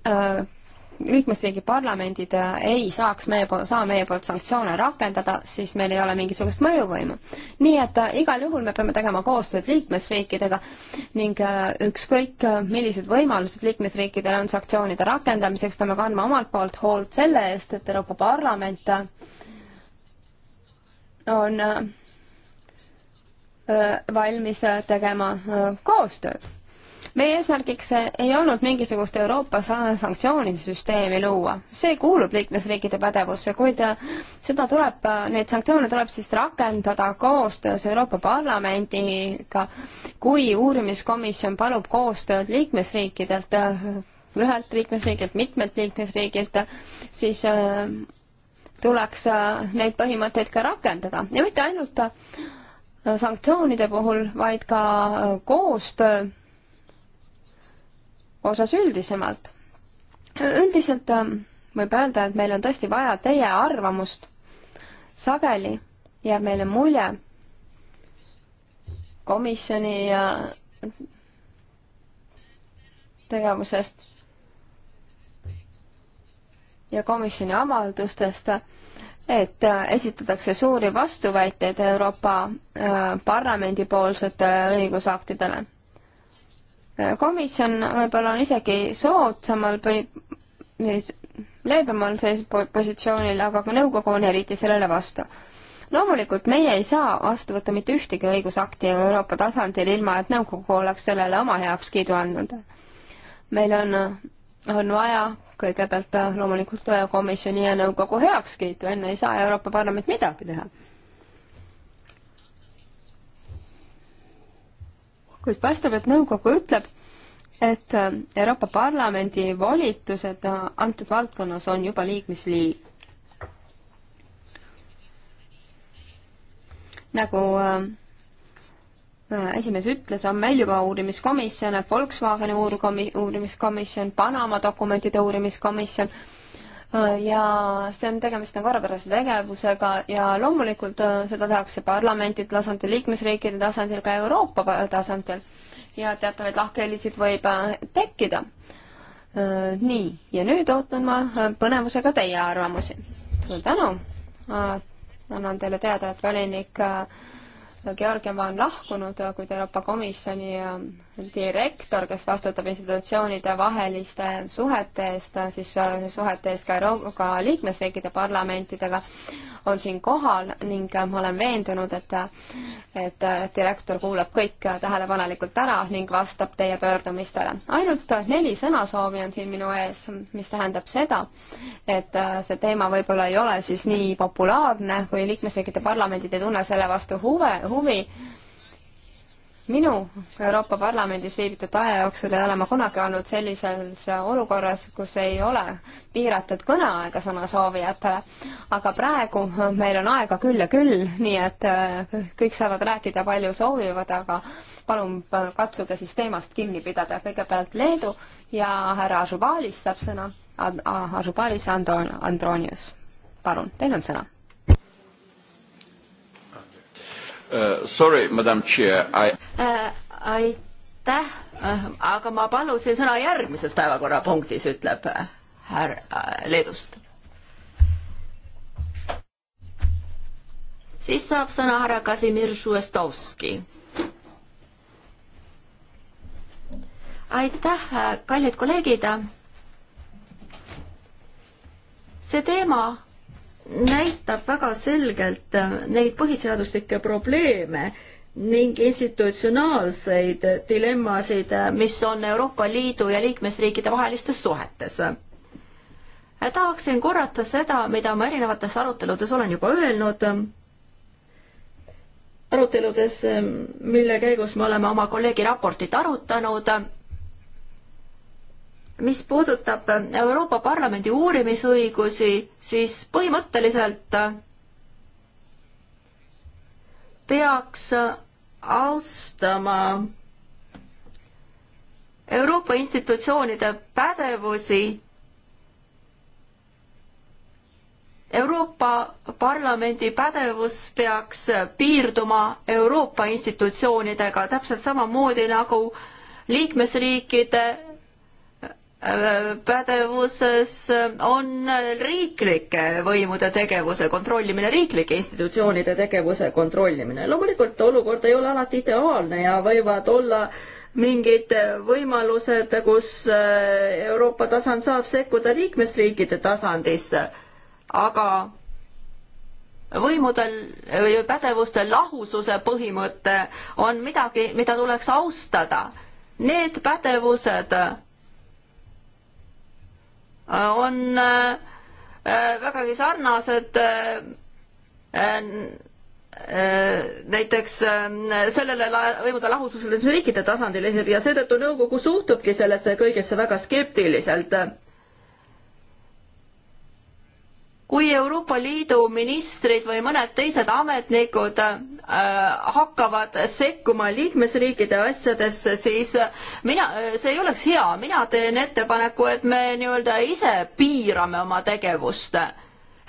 liikmesriigi parlamendid äh, ei saaks meie poolt, saa meie poolt sanktsioone rakendada, siis meil ei ole mingisugust mõjuvõimu. nii et äh, igal juhul me peame tegema koostööd liikmesriikidega ning äh, ükskõik, millised võimalused liikmesriikidel on sanktsioonide rakendamiseks, peame kandma omalt poolt hoolt selle eest, et Euroopa Parlament on valmis tegema koostööd meie eesmärgiks ei olnud mingisugust Euroopa sanktsioonide süsteemi luua, see kuulub liikmesriikide pädevusse, kuid äh, seda tuleb, äh, neid sanktsioone tuleb siis rakendada koostöös Euroopa Parlamendiga, kui uurimiskomisjon palub koostööd liikmesriikidelt, äh, ühelt liikmesriigilt, mitmelt liikmesriigilt, siis tuleks neid põhimõtteid ka rakendada ja mitte ainult sanktsioonide puhul, vaid ka koostöö osas üldisemalt. üldiselt ähm, võib öelda, et meil on tõesti vaja teie arvamust. sageli jääb meile mulje komisjoni ja äh, tegevusest ja komisjoni avaldustest, et äh, esitatakse suuri vastuväiteid Euroopa äh, Parlamendi poolsete õigusaktidele komisjon võib-olla on isegi soodsamal või leebemal sees positsioonil, aga ka nõukogu on eriti sellele vastu. loomulikult meie ei saa vastu võtta mitte ühtegi õigusakti Euroopa tasandil, ilma et nõukogu oleks sellele oma heakskiidu andnud. meil on, on vaja kõigepealt loomulikult komisjoni ja nõukogu heakskiitu, enne ei saa Euroopa Parlament midagi teha kuid paistab, et nõukogu ütleb, et äh, Euroopa Parlamendi volitused äh, antud valdkonnas on juba liikmesliit. nagu äh, äh, esimees ütles, on meil juba uurimiskomisjone, Volkswageni uurkomi-, uurimiskomisjon, Panama dokumentide uurimiskomisjon äh,, ja see on, tegemist on nagu korrapärase tegevusega ja loomulikult äh, seda tehakse parlamendi tasandil, liikmesriikide tasandil, ka Euroopa tasandil ja teatavaid lahkhelisid võib äh, tekkida. Äh, nii, ja nüüd ootan ma põnevusega teie arvamusi. suur tänu, annan teile teada, et volinik äh, Georgiama on lahkunud, kuid Euroopa Komisjoni ähm, direktor, kes vastutab institutsioonide vaheliste suhete eest, äh, siis äh, suhete eest ka Euroopa liikmesriikide parlamentidega, on siin kohal ning äh, ma olen veendunud, et, et direktor kuulab kõik tähelepanelikult ära ning vastab teie pöördumistele. ainult neli sõnasoovi on siin minu ees, mis tähendab seda, et see teema võib-olla ei ole siis nii populaarne või liikmesriikide parlamendid ei tunne selle vastu huve, huvi. minu Euroopa Parlamendis viibitud aja jooksul ei ole ma kunagi olnud sellises olukorras, kus ei ole piiratud kõneaega sõnasoovijatele, aga praegu meil on aega küll ja küll, nii et äh, kõik saavad rääkida, palju soovivad, aga palun äh, katsuge siis teemast kinni pidada. kõigepealt Leedu ja härra Ažubalis saab sõna. Ažubalis Andron-, Andronius, palun, teil on sõna Uh, sorry, madam chair, I uh,. aitäh uh,, aga ma palusin sõna järgmises päevakorrapunktis, ütleb uh, härra uh, Leedust. siis saab sõna härra Kasimir Žuestovski. aitäh, uh, kallid kolleegid. Uh, see teema näitab väga selgelt äh, neid põhiseaduslikke probleeme ning institutsionaalseid dilemmasid, äh, mis on Euroopa Liidu ja liikmesriikide vahelistes suhetes. Äh, tahaksin korrata seda, mida ma erinevates aruteludes olen juba öelnud, aruteludes, mille käigus me oleme oma kolleegi raportit arutanud mis puudutab Euroopa Parlamendi uurimisõigusi, siis põhimõtteliselt peaks austama Euroopa institutsioonide pädevusi. Euroopa Parlamendi pädevus peaks piirduma Euroopa institutsioonidega täpselt samamoodi nagu liikmesriikide pädevuses on riiklike võimude tegevuse kontrollimine, riiklike institutsioonide tegevuse kontrollimine. loomulikult olukord ei ole alati ideaalne ja võivad olla mingid võimalused, kus äh, Euroopa tasand saab sekkuda liikmesriikide tasandisse, aga võimudel või pädevuste lahususe põhimõte on midagi, mida tuleks austada. Need pädevused Äh, on äh, äh, vägagi sarnased näiteks sellele võimude lahususele riikide tasandil ja seetõttu nõukogu suhtubki sellesse kõigesse väga skeptiliselt kui Euroopa Liidu ministrid või mõned teised ametnikud äh, hakkavad sekkuma liikmesriikide asjadesse, siis mina, see ei oleks hea, mina teen ettepaneku, et me nii-öelda ise piirame oma tegevust.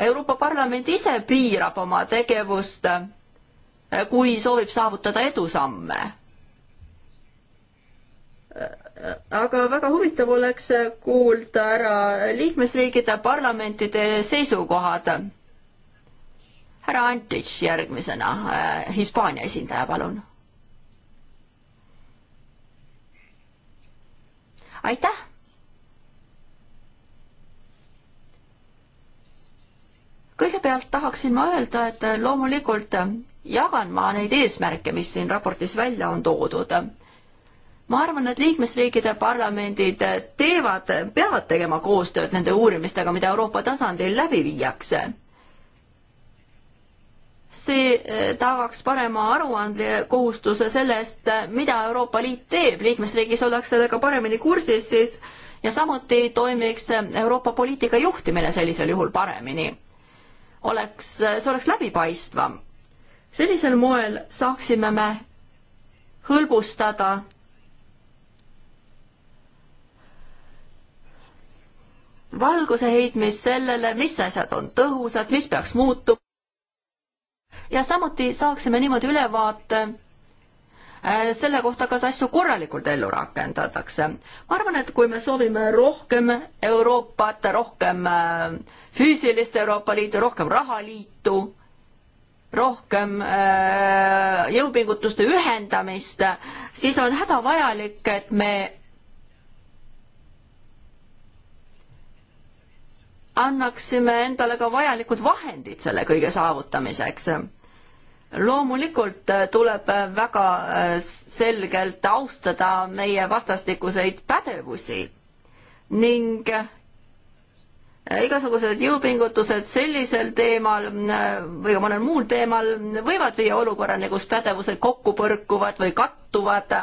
Euroopa Parlament ise piirab oma tegevust, äh, kui soovib saavutada edusamme aga väga huvitav oleks kuulda ära liikmesriikide parlamentide seisukohad. härra Antits järgmisena, äh, Hispaania esindaja, palun. aitäh. kõigepealt tahaksin ma öelda, et loomulikult jagan ma neid eesmärke, mis siin raportis välja on toodud ma arvan, et liikmesriikide parlamendid teevad, peavad tegema koostööd nende uurimistega, mida Euroopa tasandil läbi viiakse. see eh, tagaks parema aruandekohustuse sellest, mida Euroopa Liit teeb, liikmesriigis ollakse sellega paremini kursis siis ja samuti toimiks Euroopa poliitika juhtimine sellisel juhul paremini. oleks, see oleks läbipaistvam. sellisel moel saaksime me hõlbustada valguse heitmist sellele, mis asjad on tõhusad, mis peaks muutuma. ja samuti saaksime niimoodi ülevaate äh, selle kohta, kas asju korralikult ellu rakendatakse. ma arvan, et kui me soovime rohkem Euroopat, rohkem äh, füüsilist Euroopa Liitu, rohkem rahaliitu, rohkem äh, jõupingutuste ühendamist, siis on hädavajalik, et me annaksime endale ka vajalikud vahendid selle kõige saavutamiseks. loomulikult tuleb väga äh, selgelt austada meie vastastikuseid pädevusi ning äh, igasugused jõupingutused sellisel teemal äh, või ka mõnel muul teemal võivad viia olukorrani, kus pädevused kokku põrkuvad või kattuvad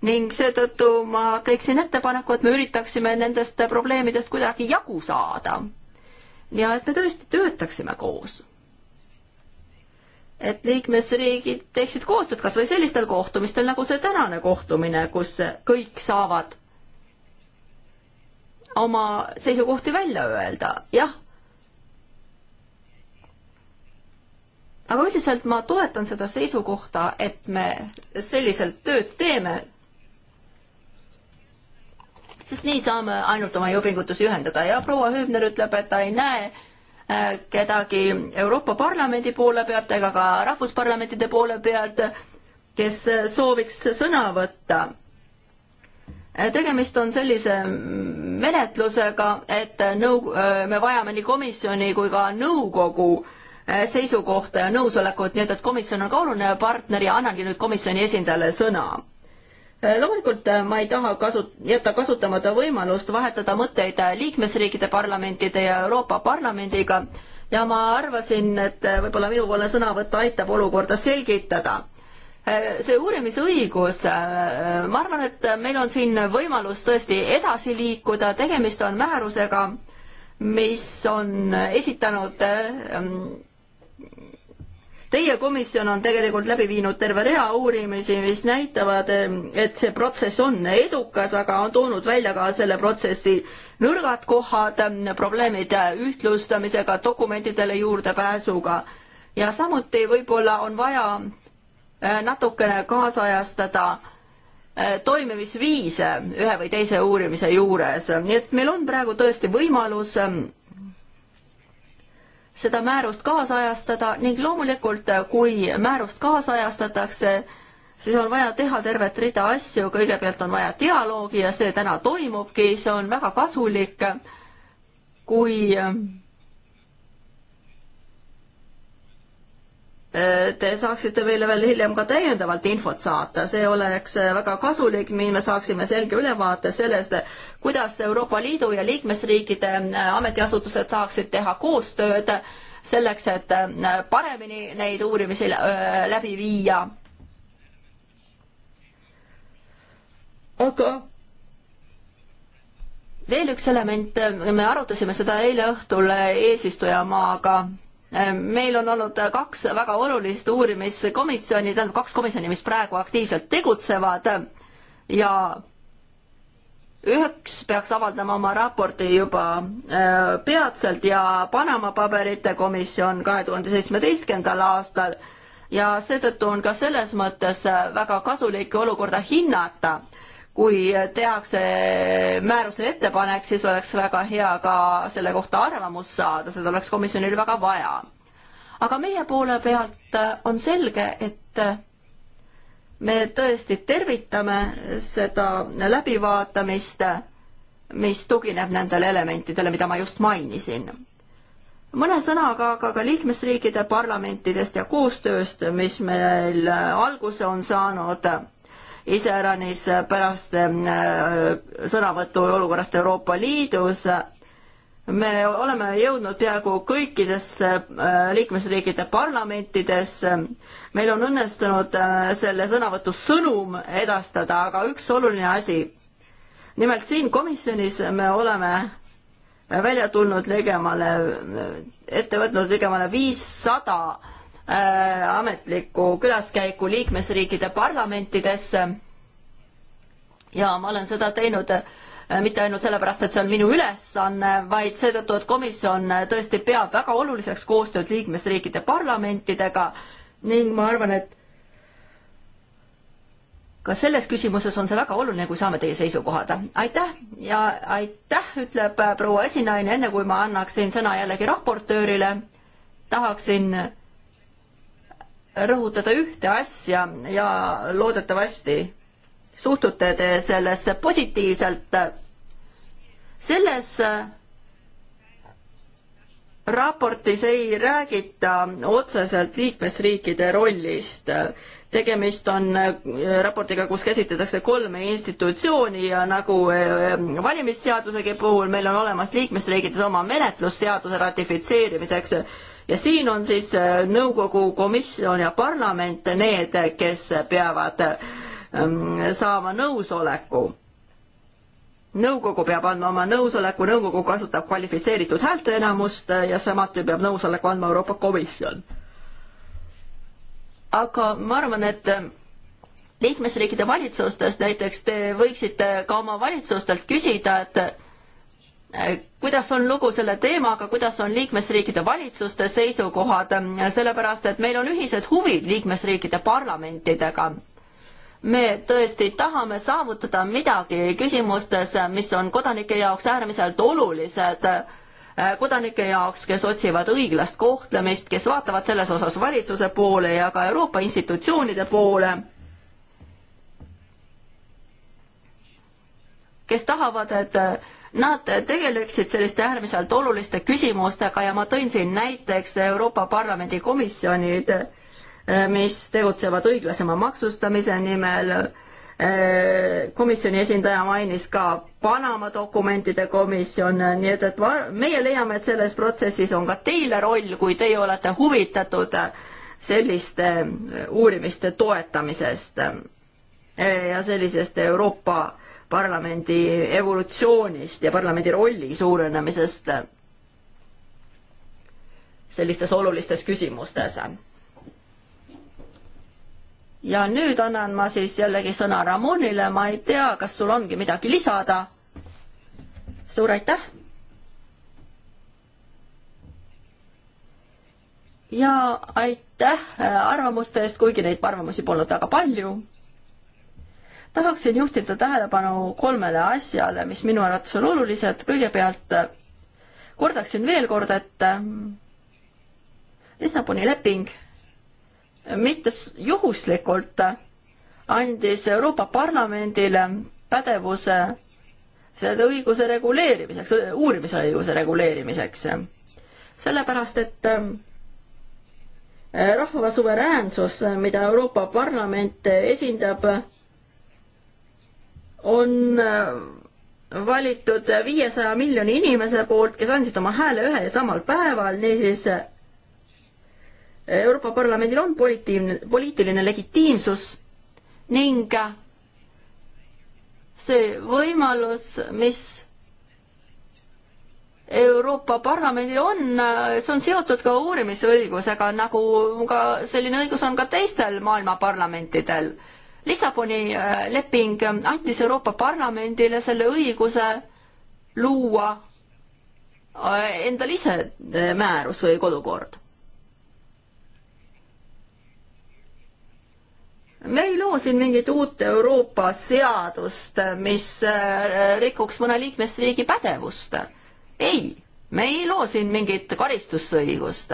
ning seetõttu ma teeksin ettepaneku, et me üritaksime nendest probleemidest kuidagi jagu saada ja et me tõesti töötaksime koos. et liikmesriigid teeksid koostööd kas või sellistel kohtumistel, nagu see tänane kohtumine, kus kõik saavad oma seisukohti välja öelda, jah. aga üldiselt ma toetan seda seisukohta, et me selliselt tööd teeme sest nii saame ainult oma jõupingutusi ühendada ja proua Hübner ütleb, et ta ei näe äh, kedagi Euroopa Parlamendi poole pealt ega ka rahvusparlamentide poole pealt, kes äh, sooviks sõna võtta äh, tegemist on sellise menetlusega, et nõu-, me vajame nii komisjoni kui ka nõukogu seisukohta ja nõusolekut, nii et, et komisjon on ka oluline partner ja annangi nüüd komisjoni esindajale sõna Äh, loomulikult äh, ma ei taha kasu-, jätta kasutamata võimalust vahetada mõtteid äh, liikmesriikide parlamentide ja Euroopa Parlamendiga ja ma arvasin, et võib-olla minupoolne sõnavõtt aitab olukorda selgitada see uurimisõigus, ma arvan, et meil on siin võimalus tõesti edasi liikuda, tegemist on määrusega, mis on esitanud Teie komisjon on tegelikult läbi viinud terve rea uurimisi, mis näitavad, et see protsess on edukas, aga on toonud välja ka selle protsessi nõrgad kohad, probleemid ühtlustamisega, dokumentidele juurdepääsuga ja samuti võib-olla on vaja eh, natukene kaasajastada eh, toimimisviise ühe või teise uurimise juures, nii et meil on praegu tõesti võimalus seda määrust kaasajastada ning loomulikult, kui määrust kaasajastatakse, siis on vaja teha tervet rida asju, kõigepealt on vaja dialoogi ja see täna toimubki, see on väga kasulik, kui Äh, te saaksite meile veel hiljem ka täiendavalt infot saata, see oleks äh, väga kasulik, nii me saaksime selge ülevaate sellest, kuidas Euroopa Liidu ja liikmesriikide äh, ametiasutused saaksid teha koostööd selleks, et paremini neid uurimisi läbi viia. aga veel üks element, me arutasime seda eile õhtul eesistujamaaga Ehm, meil on olnud kaks väga olulist uurimiskomisjoni, tähendab kaks komisjoni, mis praegu aktiivselt tegutsevad ja üheks peaks avaldama oma raporti juba äh, peatselt ja Panama paberite komisjon kahe tuhande seitsmeteistkümnendal aastal ja seetõttu on ka selles mõttes väga kasulik olukorda hinnata kui tehakse määruse ettepanek, siis oleks väga hea ka selle kohta arvamust saada, seda oleks komisjonil väga vaja. aga meie poole pealt on selge, et me tõesti tervitame seda läbivaatamist, mis tugineb nendele elementidele, mida ma just mainisin. mõne sõnaga aga ka, ka liikmesriikide parlamentidest ja koostööst, mis meil alguse on saanud iseäranis pärast äh, sõnavõttu olukorrast Euroopa Liidus. me oleme jõudnud peaaegu kõikidesse äh, liikmesriikide parlamentidesse. meil on õnnestunud äh, selle sõnavõtu sõnum edastada, aga üks oluline asi. nimelt siin komisjonis me oleme välja tulnud ligemale, ette võtnud ligemale viissada Äh, ametlikku külaskäiku liikmesriikide parlamentidesse. ja ma olen seda teinud äh, mitte ainult sellepärast, et see on minu ülesanne, vaid seetõttu, et komisjon äh, tõesti peab väga oluliseks koostööd liikmesriikide parlamentidega ning ma arvan, et ka selles küsimuses on see väga oluline, kui saame teie seisukohad. aitäh ja aitäh, ütleb proua esinaine, enne kui ma annaksin sõna jällegi raportöörile, tahaksin rõhutada ühte asja ja loodetavasti suhtute te sellesse positiivselt. selles äh, raportis ei räägita otseselt liikmesriikide rollist. tegemist on äh, raportiga, kus käsitletakse kolme institutsiooni ja nagu äh, valimisseadusegi puhul meil on olemas liikmesriikides oma menetlusseaduse ratifitseerimiseks ja siin on siis äh, nõukogu, komisjon ja parlament need, kes peavad ähm, saama nõusoleku. nõukogu peab andma oma nõusoleku, nõukogu kasutab kvalifitseeritud häälteenamust ja samuti peab nõusoleku andma Euroopa Komisjon. aga ma arvan, et ähm, liikmesriikide valitsustest näiteks te võiksite ka oma valitsustelt küsida, et Äh, kuidas on lugu selle teemaga, kuidas on liikmesriikide valitsuste seisukohad, sellepärast et meil on ühised huvid liikmesriikide parlamentidega. me tõesti tahame saavutada midagi küsimustes, mis on kodanike jaoks äärmiselt olulised, äh, kodanike jaoks, kes otsivad õiglast kohtlemist, kes vaatavad selles osas valitsuse poole ja ka Euroopa institutsioonide poole kes tahavad, et äh, nad tegeleksid selliste äärmiselt oluliste küsimustega ja ma tõin siin näiteks Euroopa Parlamendi komisjonid, eh, mis tegutsevad õiglasema maksustamise nimel. Eh, komisjoni esindaja mainis ka Panama dokumentide komisjon, nii et, et ma, meie leiame, et selles protsessis on ka teile roll, kui teie olete huvitatud selliste eh, uurimiste toetamisest ja sellisest Euroopa parlamendi evolutsioonist ja parlamendi rolli suurenemisest sellistes olulistes küsimustes. ja nüüd annan ma siis jällegi sõna Ramonile, ma ei tea, kas sul ongi midagi lisada? suur aitäh! ja aitäh arvamuste eest, kuigi neid arvamusi polnud väga palju tahaksin juhtida tähelepanu kolmele asjale, mis minu arvates on olulised. kõigepealt äh, kordaksin veel kord, et äh, Lissaboni leping äh, mitte juhuslikult andis Euroopa Parlamendile pädevuse selle õiguse reguleerimiseks, uurimisõiguse reguleerimiseks. sellepärast, et rahva suveräänsus, mida Euroopa Parlament esindab, on äh, valitud viiesaja miljoni inimese poolt, kes andsid oma hääle ühel ja samal päeval, niisiis äh, Euroopa Parlamendil on poliitiline, poliitiline legitiimsus ning äh, see võimalus, mis Euroopa Parlamendil on, see on seotud ka uurimisõigusega, nagu ka selline õigus on ka teistel maailma parlamentidel Lissaboni äh, leping andis Euroopa Parlamendile selle õiguse luua äh, endal ise äh, määrus või kodukord. me ei loo siin mingit uut Euroopa seadust, mis rikuks mõne liikmesriigi pädevust. ei, me ei loo siin mingit karistusõigust,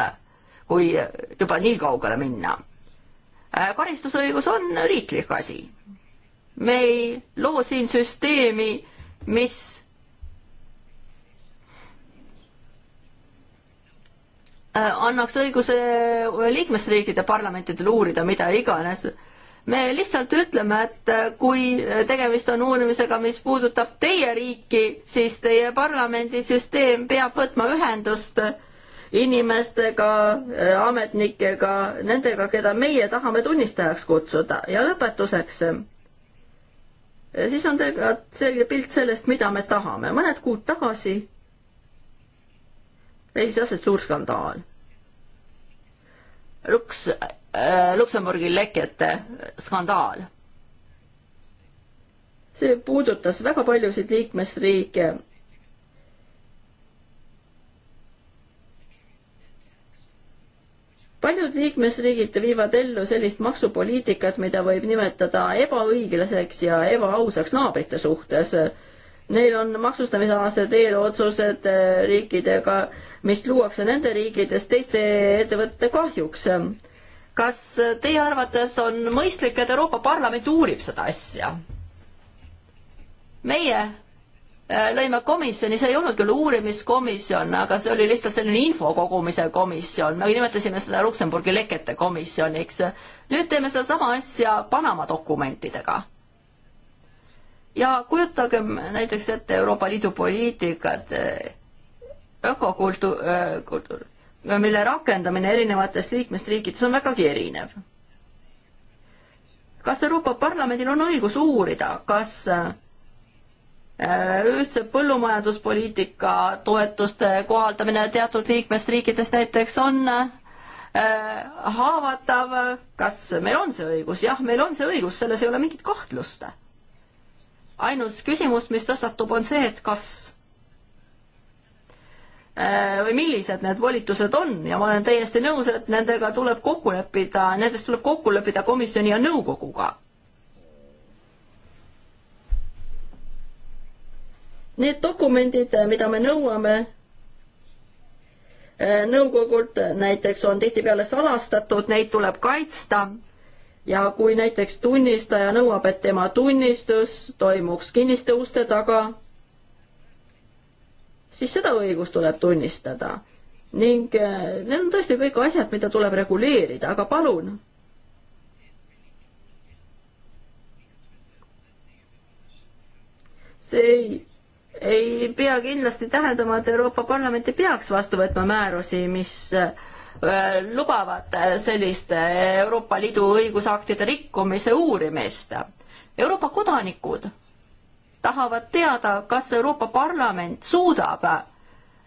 kui juba nii kaugele minna Äh, karistusõigus on riiklik asi. me ei loo siin süsteemi, mis äh, annaks õiguse liikmesriikide parlamentidel uurida mida iganes. me lihtsalt ütleme, et äh, kui tegemist on uurimisega, mis puudutab teie riiki, siis teie parlamendisüsteem peab võtma ühendust äh, inimestega, äh, ametnikega, nendega, keda meie tahame tunnistajaks kutsuda ja lõpetuseks äh, siis on tegelikult selge pilt sellest, mida me tahame. mõned kuud tagasi leidis aset suur skandaal. Luks äh,, Luksemburgi lekete skandaal. see puudutas väga paljusid liikmesriike paljud liikmesriigid viivad ellu sellist maksupoliitikat, mida võib nimetada ebaõiglaseks ja ebaausaks naabrite suhtes. Neil on maksustamisalased eelotsused eh, riikidega, mis luuakse nende riikides teiste ettevõtete kahjuks. kas teie arvates on mõistlik, et Euroopa Parlament uurib seda asja? meie Äh, lõime komisjoni, see ei olnud küll uurimiskomisjon, aga see oli lihtsalt selline info kogumise komisjon, me nimetasime seda Luksemburgi lekete komisjoniks. nüüd teeme sedasama asja Panama dokumentidega. ja kujutagem näiteks ette Euroopa Liidu poliitikat, äh, ökokultu-, äh, kultuur, mille rakendamine erinevates liikmesriikides on vägagi erinev. kas Euroopa Parlamendil on õigus uurida, kas Äh, ühtse põllumajanduspoliitika toetuste kohaldamine teatud liikmesriikides näiteks on äh, haavatav, kas meil on see õigus? jah, meil on see õigus, selles ei ole mingit kahtlust. ainus küsimus, mis tõstatub, on see, et kas äh, või millised need volitused on ja ma olen täiesti nõus, et nendega tuleb kokku leppida, nendest tuleb kokku leppida komisjoni ja nõukoguga. Need dokumendid, äh, mida me nõuame äh, nõukogult, äh, näiteks on tihtipeale salastatud, neid tuleb kaitsta ja kui näiteks tunnistaja nõuab, et tema tunnistus toimuks kinniste uste taga, siis seda õigust tuleb tunnistada. ning need on tõesti kõik asjad, mida tuleb reguleerida, aga palun. see ei ei pea kindlasti täheldama, et Euroopa Parlament ei peaks vastu võtma määrusi, mis äh, lubavad selliste Euroopa Liidu õigusaktide rikkumise uurimist. Euroopa kodanikud tahavad teada, kas Euroopa Parlament suudab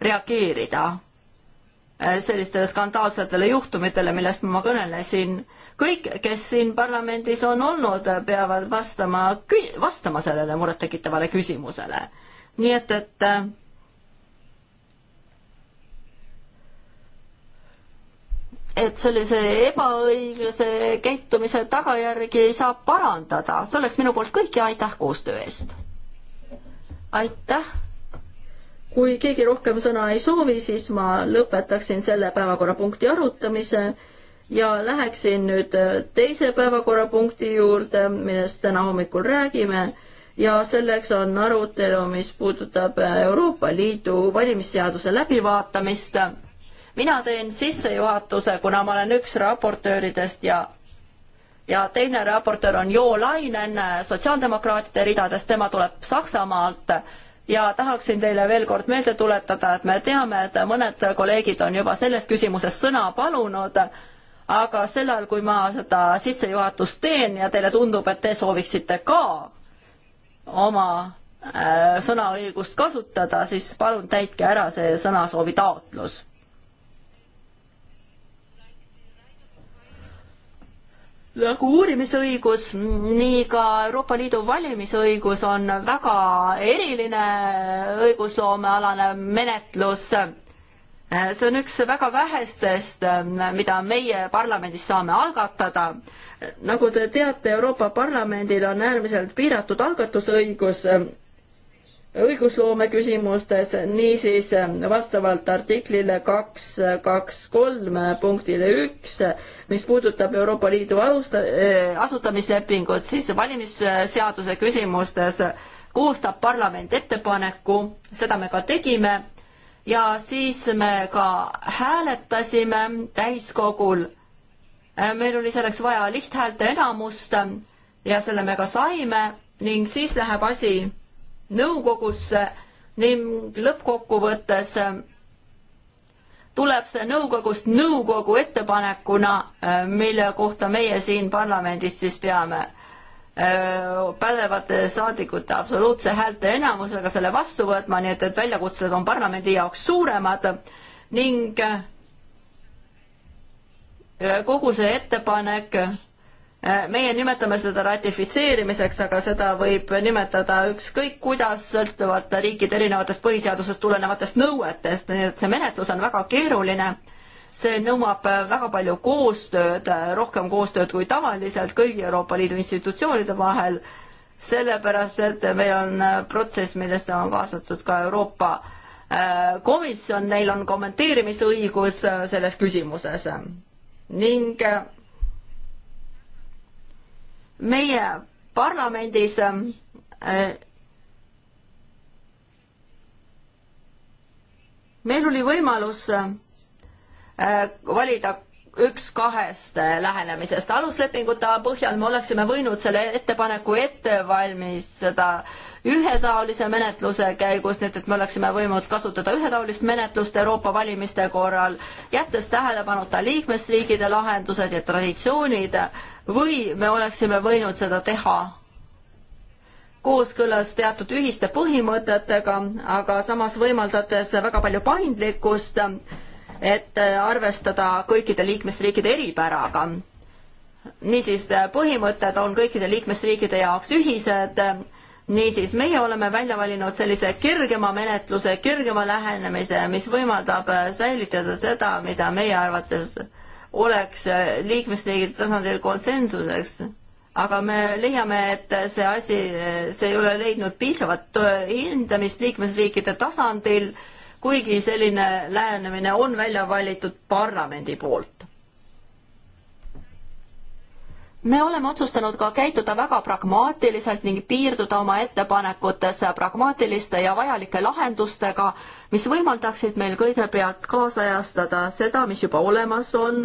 reageerida äh, sellistele skandaalsetele juhtumitele, millest ma kõnelesin. kõik, kes siin parlamendis on olnud, peavad vastama, vastama sellele murettekitavale küsimusele nii et, et äh, et sellise ebaõiglase käitumise tagajärgi saab parandada, see oleks minu poolt kõik ja aitäh koostöö eest! aitäh! kui keegi rohkem sõna ei soovi, siis ma lõpetaksin selle päevakorrapunkti arutamise ja läheksin nüüd teise päevakorrapunkti juurde, millest täna hommikul räägime ja selleks on arutelu, mis puudutab äh, Euroopa Liidu valimisseaduse läbivaatamist. mina teen sissejuhatuse, kuna ma olen üks raportööridest ja ja teine raportöör on Jo Lainen äh, sotsiaaldemokraatide ridadest, tema tuleb Saksamaalt ja tahaksin teile veel kord meelde tuletada, et me teame, et mõned kolleegid on juba selles küsimuses sõna palunud, aga sel ajal, kui ma seda sissejuhatust teen ja teile tundub, et te sooviksite ka oma äh, sõnaõigust kasutada, siis palun täitke ära see sõnasoovi taotlus. nagu uurimisõigus, nii ka Euroopa Liidu valimisõigus on väga eriline õigusloomealane menetlus Äh, see on üks väga vähestest, ähm, mida meie parlamendis saame algatada. Äh, nagu te teate, Euroopa Parlamendil on äärmiselt piiratud algatusõigus ähm, õigusloome küsimustes, niisiis ähm, vastavalt artiklile kaks, kaks, kolm äh, punktile üks, mis puudutab Euroopa Liidu alusta-, asutamislepingut, siis valimisseaduse küsimustes koostab parlament ettepaneku, seda me ka tegime ja siis me ka hääletasime täiskogul. Äh, meil oli selleks vaja lihthäälte enamust ja selle me ka saime ning siis läheb asi nõukogusse ning lõppkokkuvõttes äh, tuleb see nõukogust nõukogu ettepanekuna, äh, mille kohta meie siin parlamendis siis peame Äh, pädevate saadikute absoluutse häälte enamusega selle vastu võtma, nii et, et väljakutsed on parlamendi jaoks suuremad ning äh, kogu see ettepanek, äh, meie nimetame seda ratifitseerimiseks, aga seda võib nimetada ükskõik kuidas, sõltuvalt riikide erinevatest põhiseadusest tulenevatest nõuetest, nii et see menetlus on väga keeruline see nõuab äh, väga palju koostööd, äh, rohkem koostööd kui tavaliselt kõigi Euroopa Liidu institutsioonide vahel, sellepärast et meil on äh, protsess, millesse on kaasatud ka Euroopa Komisjon, neil on kommenteerimisõigus selles küsimuses ning meie parlamendis meil oli võimalus Äh, valida üks kahest äh, lähenemisest. aluslepingute põhjal me oleksime võinud selle ettepaneku ette valmistada ühetaolise menetluse käigus, nii et, et me oleksime võinud kasutada ühetaolist menetlust Euroopa valimiste korral, jättes tähelepanuta liikmesriikide lahendused ja traditsioonid või me oleksime võinud seda teha kooskõlas teatud ühiste põhimõtetega, aga samas võimaldades väga palju paindlikkust et äh, arvestada kõikide liikmesriikide eripäraga. niisiis, äh, põhimõtted on kõikide liikmesriikide jaoks ühised, niisiis meie oleme välja valinud sellise kergema menetluse, kergema lähenemise, mis võimaldab äh, säilitada seda, mida meie arvates oleks liikmesriigi tasandil konsensuseks aga me leiame, et see asi, see ei ole leidnud piisavat hindamist liikmesriikide tasandil kuigi selline lähenemine on välja valitud parlamendi poolt. me oleme otsustanud ka käituda väga pragmaatiliselt ning piirduda oma ettepanekutes pragmaatiliste ja vajalike lahendustega, mis võimaldaksid meil kõigepealt kaasajastada seda, mis juba olemas on,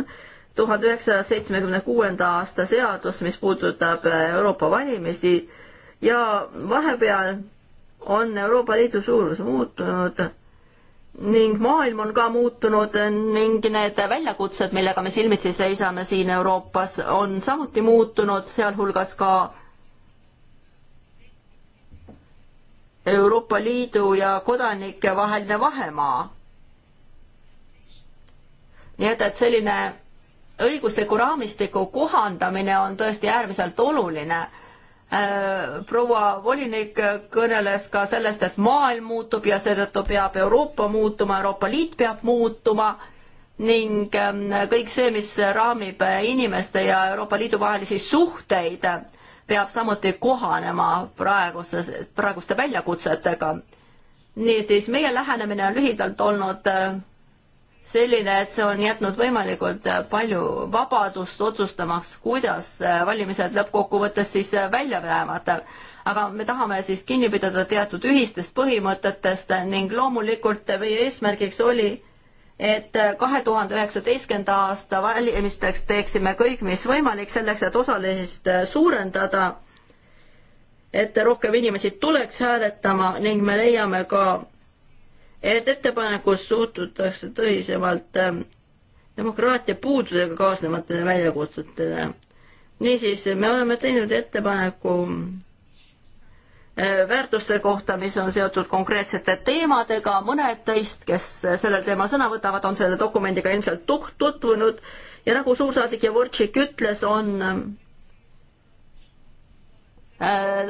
tuhande üheksasaja seitsmekümne kuuenda aasta seadus, mis puudutab Euroopa valimisi ja vahepeal on Euroopa Liidu suurus muutunud ning maailm on ka muutunud ning need väljakutsed, millega me silmitsi seisame siin Euroopas, on samuti muutunud, sealhulgas ka Euroopa Liidu ja kodanike vaheline vahemaa. nii et, et selline õigusliku raamistiku kohandamine on tõesti äärmiselt oluline Äh, proua volinik kõneles ka sellest, et maailm muutub ja seetõttu peab Euroopa muutuma, Euroopa Liit peab muutuma ning ähm, kõik see, mis raamib inimeste ja Euroopa Liidu vahelisi suhteid, peab samuti kohanema praeguses, praeguste väljakutsetega. niisiis, meie lähenemine on lühidalt olnud äh, selline, et see on jätnud võimalikult äh, palju vabadust otsustamaks, kuidas äh, valimised lõppkokkuvõttes siis äh, välja näevad. aga me tahame siis kinni pidada teatud ühistest põhimõtetest ning loomulikult meie eesmärgiks oli et kahe tuhande üheksateistkümnenda aasta valimisteks teeksime kõik, mis võimalik selleks, et osalist suurendada, et rohkem inimesi tuleks hääletama ning me leiame ka, et ettepanekus suhtutakse tõsisemalt ähm, demokraatia puudusega kaasnevatele väljakutsetele. niisiis, me oleme teinud ettepaneku äh, väärtuste kohta, mis on seotud konkreetsete teemadega, mõned teist, kes sellel teemal sõna võtavad, on selle dokumendiga ilmselt tutvunud ja nagu suursaadik Javortšik ütles, on ähm, Äh,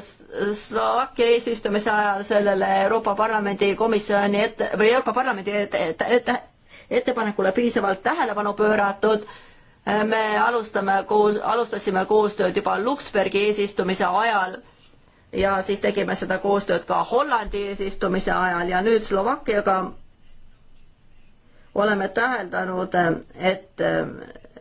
Slovakkia eesistumise ajal sellele Euroopa Parlamendi komisjoni ette või Euroopa Parlamendi ette, ette, ette, ettepanekule piisavalt tähelepanu pööratud. Äh, me alustame koos, alustasime koostööd juba Luksbergi eesistumise ajal ja siis tegime seda koostööd ka Hollandi eesistumise ajal ja nüüd Slovakkiaga oleme täheldanud, et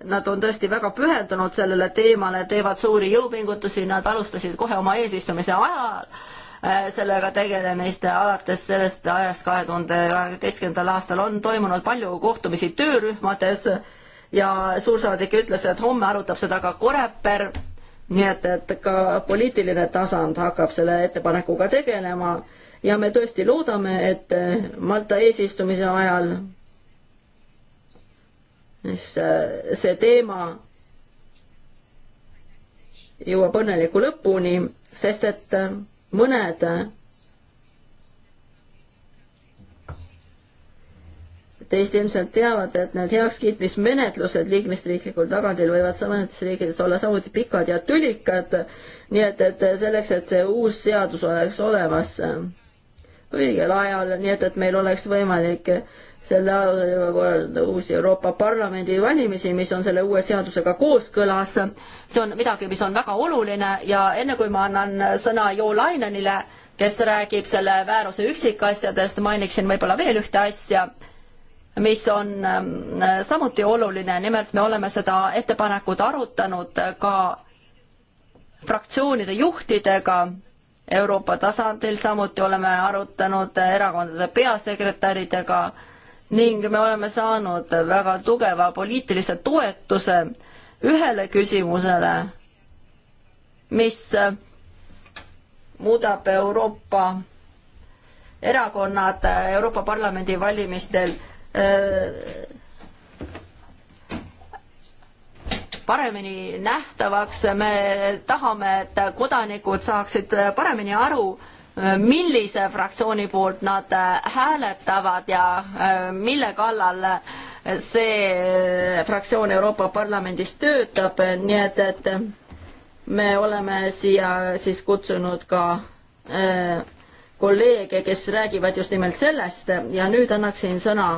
nad on tõesti väga pühendunud sellele teemale, teevad suuri jõupingutusi, nad alustasid kohe oma eesistumise ajal äh, sellega tegelemist alates sellest ajast kahe tuhande kaheksateistkümnendal aastal on toimunud palju kohtumisi töörühmades ja suursaadik ütles, et homme arutab seda ka Koreper, nii et, et ka poliitiline tasand hakkab selle ettepanekuga tegelema ja me tõesti loodame, et Malta eesistumise ajal Äh, see teema jõuab õnneliku lõpuni, sest et äh, mõned äh, teist ilmselt teavad, et need heakskiitmismenetlused liikmesriiklikul tagandil võivad mõnedes riikides olla samuti pikad ja tülikad, nii et, et selleks, et see uus seadus oleks olemas õigel ajal, nii et, et meil oleks võimalik selle korraldada uusi Euroopa Parlamendi valimisi, mis on selle uue seadusega kooskõlas. see on midagi, mis on väga oluline ja enne kui ma annan sõna Jo Lainenile, kes räägib selle vääruse üksikasjadest, mainiksin võib-olla veel ühte asja, mis on ähm, samuti oluline, nimelt me oleme seda ettepanekut arutanud ka fraktsioonide juhtidega Euroopa tasandil, samuti oleme arutanud erakondade peasekretäridega ning me oleme saanud väga tugeva poliitilise toetuse ühele küsimusele, mis muudab Euroopa erakonnad Euroopa Parlamendi valimistel äh, paremini nähtavaks, me tahame, et kodanikud saaksid paremini aru, millise fraktsiooni poolt nad äh, hääletavad ja äh, mille kallal äh, see fraktsioon Euroopa Parlamendis töötab, nii et, et me oleme siia siis kutsunud ka kolleege, kes räägivad just nimelt sellest ja nüüd annaksin sõna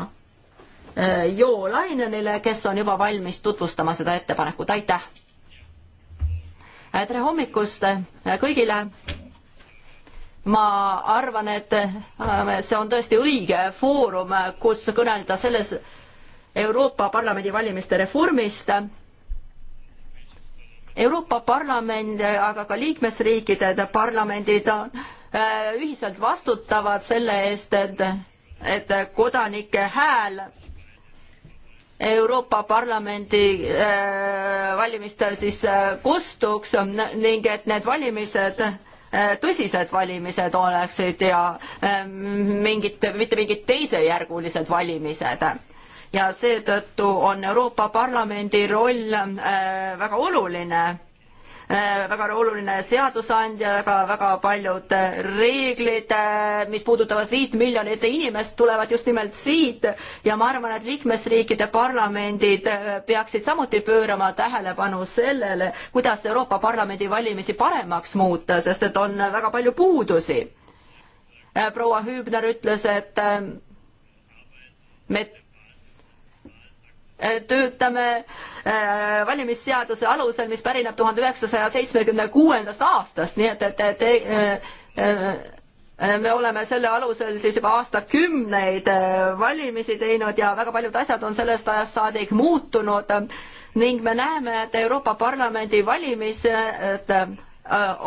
Jo Lainenile, kes on juba valmis tutvustama seda ettepanekut, aitäh! tere hommikust kõigile! ma arvan, et äh, see on tõesti õige foorum, kus kõneleda selles Euroopa Parlamendi valimiste reformist. Euroopa Parlament, aga ka liikmesriikide parlamendid äh, ühiselt vastutavad selle eest, et, et kodanike hääl Euroopa Parlamendi äh, valimistel siis kostuks ning et need valimised Äh, tõsised valimised oleksid ja äh, mingid, mitte mingid teisejärgulised valimised ja seetõttu on Euroopa Parlamendi roll äh, väga oluline Äh, väga oluline seadusandja, väga, väga paljud äh, reeglid, äh, mis puudutavad viit miljonit inimest, tulevad just nimelt siit ja ma arvan, et liikmesriikide parlamendid peaksid samuti pöörama tähelepanu sellele, kuidas Euroopa Parlamendi valimisi paremaks muuta, sest et on väga palju puudusi. proua Hüübner ütles, et me töötame äh, valimisseaduse alusel, mis pärineb tuhande üheksasaja seitsmekümne kuuendast aastast, nii et, et te, äh, äh, me oleme selle alusel siis juba aastakümneid valimisi teinud ja väga paljud asjad on sellest ajast saadik muutunud ning me näeme, et Euroopa Parlamendi valimised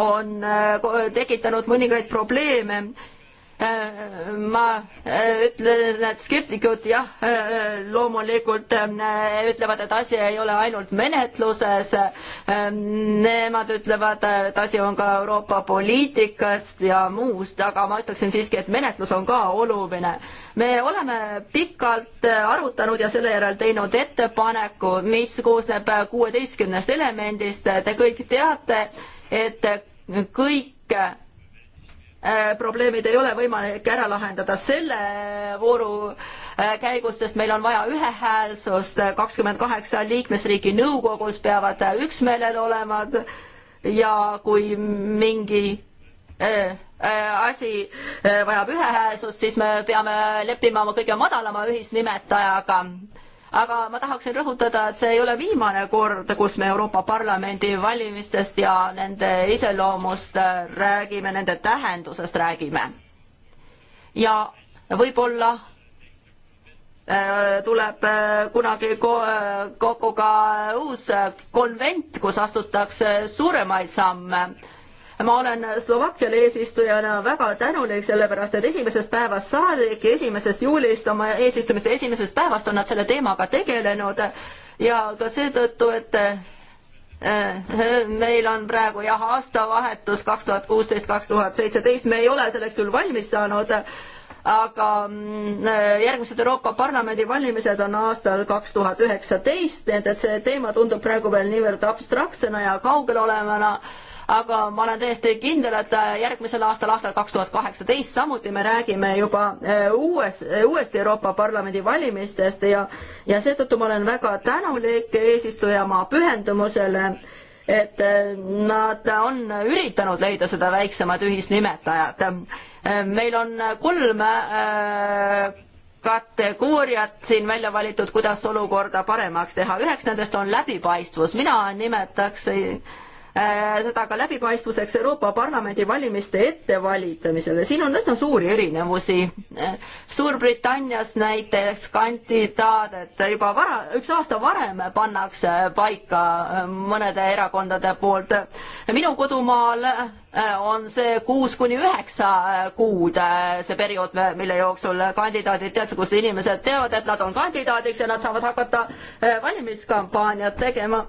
on tekitanud mõningaid probleeme ma äh, ütlen, et skeptikud jah, äh, loomulikult äh, ütlevad, et asi ei ole ainult menetluses. Ähm, nemad ütlevad, et asi on ka Euroopa poliitikast ja muust, aga ma ütleksin siiski, et menetlus on ka oluline. me oleme pikalt arutanud ja selle järel teinud ettepaneku, mis koosneb kuueteistkümnest elemendist. Te kõik teate, et kõik Äh, probleemid ei ole võimalik ära lahendada selle äh, vooru äh, käigus, sest meil on vaja ühehäälsust, kakskümmend kaheksa liikmesriigi nõukogus peavad üksmeelel olema ja kui mingi asi vajab ühehäälsust, siis me peame leppima oma kõige madalama ühisnimetajaga aga ma tahaksin rõhutada, et see ei ole viimane kord, kus me Euroopa Parlamendi valimistest ja nende iseloomust äh, räägime, nende tähendusest räägime. ja võib-olla äh, tuleb äh, kunagi kokku ka uus konvent, kus astutakse suuremaid samme ma olen Slovakkiale eesistujana väga tänulik, sellepärast et esimesest päevast saadik, esimesest juulist oma eesistumise esimesest päevast on nad selle teemaga tegelenud ja ka seetõttu, et eh, meil on praegu jah, aastavahetus kaks tuhat kuusteist, kaks tuhat seitseteist, me ei ole selleks küll valmis saanud, aga mm, järgmised Euroopa Parlamendi valimised on aastal kaks tuhat üheksateist, nii et, et see teema tundub praegu veel niivõrd abstraktsena ja kaugel olevana aga ma olen täiesti kindel, et äh, järgmisel aastal, aastal kaks tuhat kaheksateist, samuti me räägime juba äh, uues, äh, uuest Euroopa Parlamendi valimistest ja ja seetõttu ma olen väga tänulik eesistujamaa pühendumusele, et nad on üritanud leida seda väiksemat ühisnimetajat. meil on kolm kategooriat siin välja valitud, kuidas olukorda paremaks teha. üheks nendest on läbipaistvus, mina nimetaks Äh, seda ka läbipaistvuseks Euroopa Parlamendi valimiste ettevalitamisele. siin on üsna suuri erinevusi. Äh, Suurbritannias näiteks kandidaadid juba vara, üks aasta varem pannakse paika äh, mõnede erakondade poolt. minu kodumaal on see kuus kuni üheksa kuud, see periood, mille jooksul kandidaadid teadsid, kus inimesed teavad, et nad on kandidaadiks ja nad saavad hakata valimiskampaaniat tegema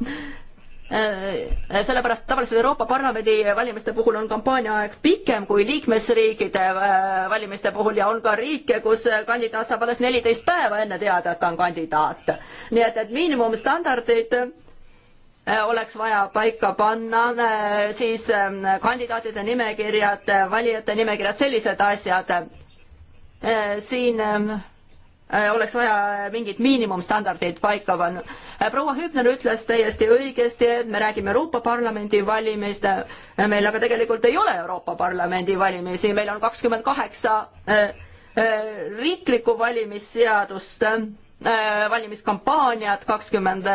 Äh, sellepärast tavaliselt Euroopa Parlamendi valimiste puhul on kampaania aeg pikem kui liikmesriikide äh, valimiste puhul ja on ka riike, kus kandidaat saab alles neliteist päeva enne teada, et ta on kandidaat. nii et, et miinimumstandardid äh, oleks vaja paika panna, siis kandidaatide nimekirjad, valijate nimekirjad, sellised asjad. siin ähm, Äh, oleks vaja mingid miinimumstandardid paika panna. Äh, proua Hübner ütles täiesti õigesti, et me räägime Euroopa Parlamendi valimist, äh, meil aga tegelikult ei ole Euroopa Parlamendi valimisi, meil on kakskümmend kaheksa riiklikku valimisseadust, valimiskampaaniat, kakskümmend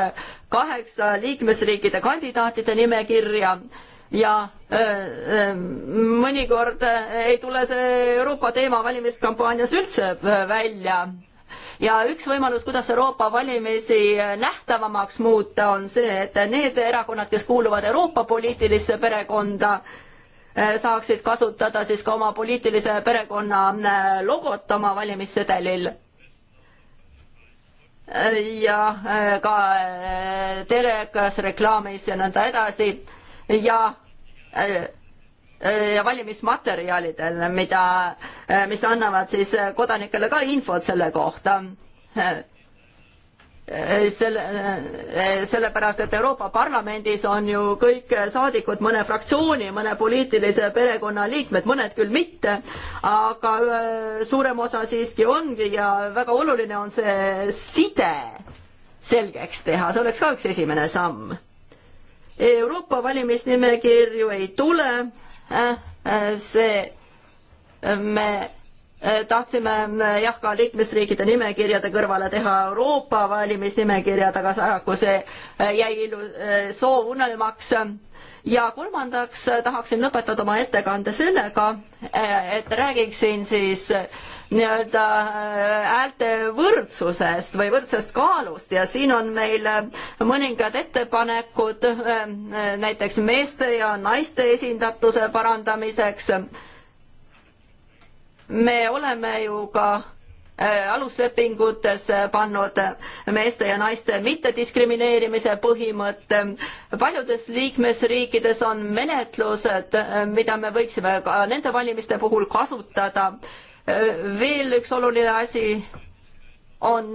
kaheksa liikmesriikide kandidaatide nimekirja ja mõnikord ei tule see Euroopa teema valimiskampaanias üldse välja ja üks võimalus, kuidas Euroopa valimisi eh, nähtavamaks muuta, on see, et need erakonnad, kes kuuluvad Euroopa poliitilisse perekonda, eh, saaksid kasutada siis ka oma poliitilise perekonna eh, logot oma valimissedelil ja ka telekas, reklaamis ja nõnda edasi ja Äh, ja valimismaterjalidel, mida, äh, mis annavad siis äh, kodanikele ka infot selle kohta selle, sellepärast, et Euroopa Parlamendis on ju kõik saadikud mõne fraktsiooni, mõne poliitilise perekonna liikmed, mõned küll mitte, aga suurem osa siiski ongi ja väga oluline on see side selgeks teha, see oleks ka üks esimene samm. Euroopa valimisnimekirju ei tule Äh, äh, see, äh, me tahtsime jah, ka liikmesriikide nimekirjade kõrvale teha Euroopa valimisnimekirjad, aga paraku see jäi ilu-, soovunelmaks. ja kolmandaks tahaksin lõpetada oma ettekande sellega, et räägiksin siis äh, nii-öelda äh, häälte võrdsusest või võrdsest kaalust ja siin on meil äh, mõningad ettepanekud äh, näiteks meeste ja naiste esindatuse parandamiseks. me oleme ju ka aluslepingutes pannud meeste ja naiste mittediskrimineerimise põhimõtte. paljudes liikmesriikides on menetlused, mida me võiksime ka nende valimiste puhul kasutada veel üks oluline asi on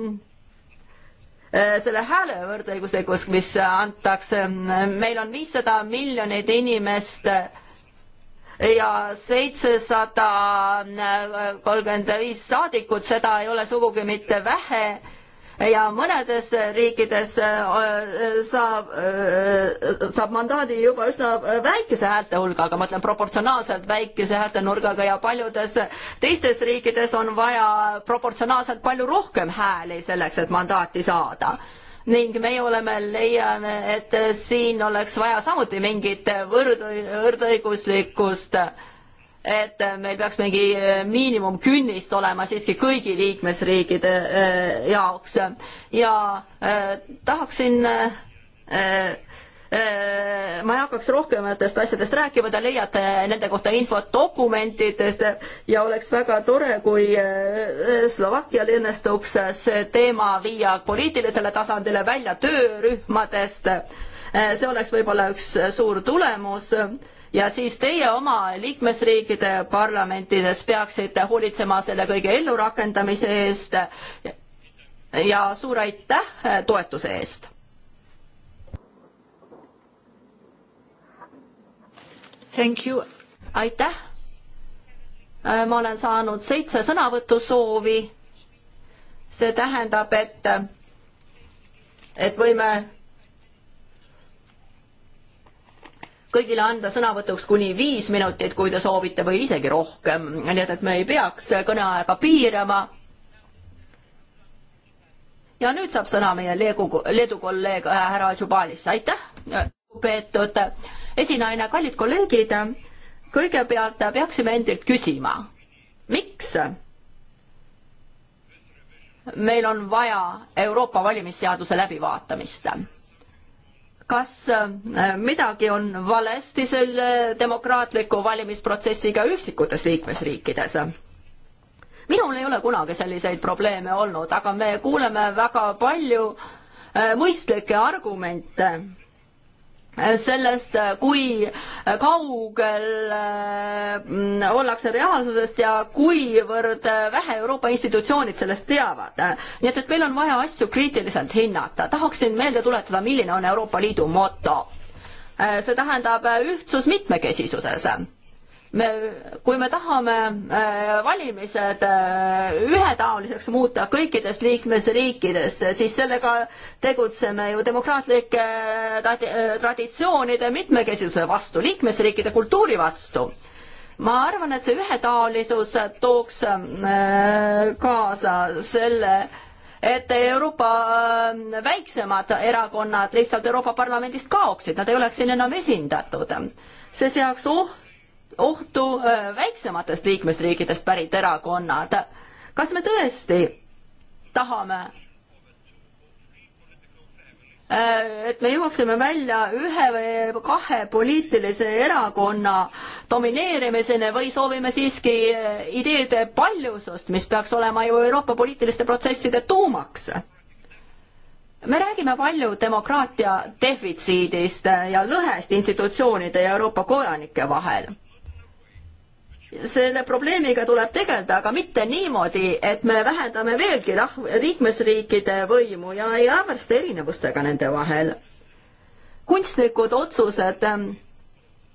äh, selle hääle võrdõiguslikkus, mis antakse, meil on viissada miljonit inimest ja seitsesada kolmkümmend viis saadikut, seda ei ole sugugi mitte vähe ja mõnedes riikides äh, äh, saab, äh, saab mandaadi juba üsna väikese häälte hulgaga, ma ütlen proportsionaalselt väikese häältenurgaga ja paljudes teistes riikides on vaja proportsionaalselt palju rohkem hääli selleks, et mandaati saada ning meie oleme leiame, et siin oleks vaja samuti mingit võrd-, võrdõiguslikkust äh, et äh, meil peaks mingi äh, miinimumkünnist olema siiski kõigi liikmesriikide äh, jaoks ja tahaksin ma ei hakkaks rohkematest asjadest rääkima, te leiate nende kohta infot dokumentidest ja oleks väga tore, kui Slovakkial õnnestuks see teema viia poliitilisele tasandile välja töörühmadest. see oleks võib-olla üks suur tulemus ja siis teie oma liikmesriikide parlamentides peaksite hoolitsema selle kõige ellurakendamise eest ja suur aitäh toetuse eest. aitäh. ma olen saanud seitse sõnavõtusoovi. see tähendab, et, et võime kõigile anda sõnavõtuks kuni viis minutit, kui te soovite, või isegi rohkem, nii et, et me ei peaks kõneaega piirama. ja nüüd saab sõna meie Leedu, Leedu kolleeg äh, härra Žubalis, aitäh, äh, lugupeetud esinaine, kallid kolleegid, kõigepealt peaksime endilt küsima, miks meil on vaja Euroopa valimisseaduse läbivaatamist kas äh, midagi on valesti selle demokraatliku valimisprotsessiga üksikutes liikmesriikides? minul ei ole kunagi selliseid probleeme olnud, aga me kuuleme väga palju äh, mõistlikke argumente sellest, kui kaugel äh, ollakse reaalsusest ja kuivõrd vähe Euroopa institutsioonid sellest teavad. nii et, et meil on vaja asju kriitiliselt hinnata. tahaksin meelde tuletada, milline on Euroopa Liidu moto. Äh, see tähendab ühtsus mitmekesisuses me, kui me tahame äh, valimised äh, ühetaoliseks muuta kõikides liikmesriikides, siis sellega tegutseme ju demokraatlike äh, traditsioonide mitmekesisuse vastu, liikmesriikide kultuuri vastu. ma arvan, et see ühetaolisus tooks kaasa selle, et Euroopa väiksemad erakonnad lihtsalt Euroopa Parlamendist kaoksid, nad ei oleks siin enam esindatud. see seaks ohtu ohtu väiksematest liikmesriikidest pärit erakonnad. kas me tõesti tahame, et me jõuaksime välja ühe või kahe poliitilise erakonna domineerimiseni või soovime siiski ideede paljusust, mis peaks olema ju Euroopa poliitiliste protsesside tuumaks? me räägime palju demokraatia defitsiidist ja lõhest institutsioonide ja Euroopa kodanike vahel selle probleemiga tuleb tegeleda, aga mitte niimoodi, et me vähendame veelgi rah-, liikmesriikide võimu ja ei arvesta erinevustega nende vahel. kunstlikud otsused ähm,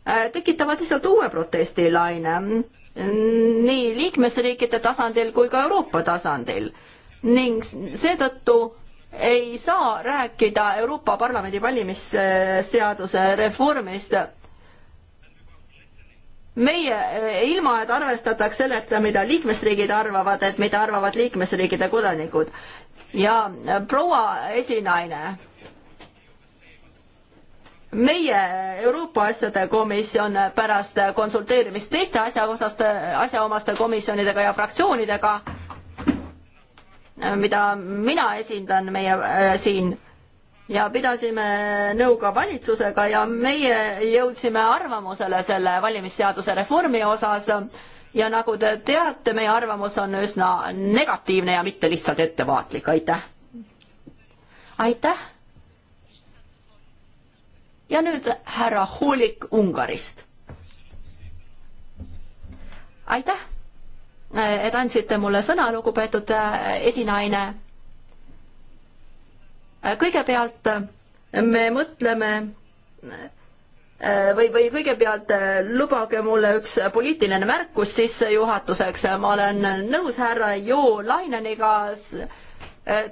äh, tekitavad lihtsalt uue protestilaine mm, nii liikmesriikide tasandil kui ka Euroopa tasandil ning seetõttu ei saa rääkida Euroopa Parlamendi valimisseaduse reformist meie, eh, ilma et arvestataks selleta, mida liikmesriigid arvavad, et mida arvavad liikmesriikide kodanikud. ja eh, proua esinaine, meie Euroopa asjade komisjon pärast konsulteerimist teiste asjaosaste, asjaomaste komisjonidega ja fraktsioonidega, eh, mida mina esindan meie äh, siin ja pidasime nõu ka valitsusega ja meie jõudsime arvamusele selle valimisseaduse reformi osas ja nagu te teate, meie arvamus on üsna negatiivne ja mitte lihtsalt ettevaatlik, aitäh. aitäh. ja nüüd härra Hulik Ungarist. aitäh, et andsite mulle sõna, lugupeetud esinaine kõigepealt me mõtleme või, või kõigepealt lubage mulle üks poliitiline märkus sissejuhatuseks, ma olen nõus härra Jo Laineniga,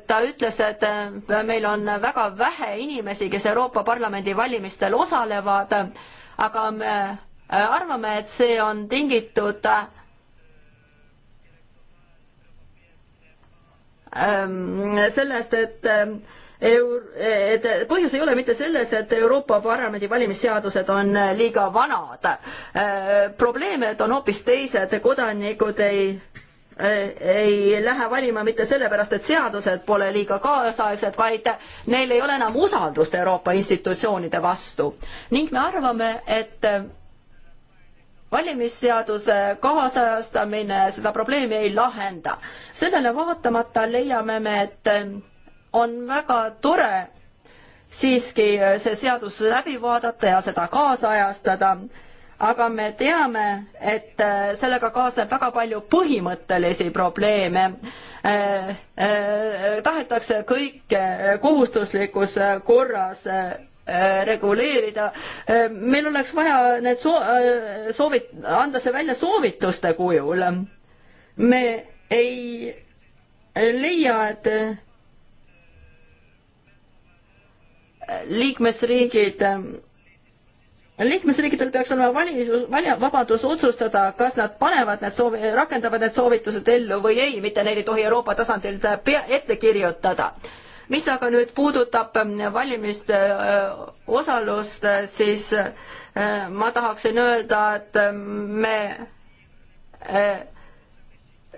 ta ütles, et meil on väga vähe inimesi, kes Euroopa Parlamendi valimistel osalevad, aga me arvame, et see on tingitud ähm, sellest, et Eur-, et põhjus ei ole mitte selles, et Euroopa Parlamendi valimisseadused on liiga vanad. Äh, probleemid on hoopis teised, kodanikud ei äh, ei lähe valima mitte sellepärast, et seadused pole liiga kaasaegsed, vaid neil ei ole enam usaldust Euroopa institutsioonide vastu. ning me arvame, et valimisseaduse kaasajastamine seda probleemi ei lahenda. sellele vaatamata leiame me, et on väga tore siiski see seadus läbi vaadata ja seda kaasajastada, aga me teame, et äh, sellega kaasneb väga palju põhimõttelisi probleeme eh,. Eh, tahetakse kõike kohustuslikus korras reguleerida, meil oleks vaja need soo-, soovid, anda see välja soovituste kujul. me ei leia, et liikmesriigid liikmesriikidel peaks olema valitsus, valja, vabadus otsustada, kas nad panevad need soovi, rakendavad need soovitused ellu või ei, mitte neil ei tohi Euroopa tasandil pea, ette kirjutada. mis aga nüüd puudutab ähm, valimiste äh, osalust, äh, siis äh, ma tahaksin öelda, et me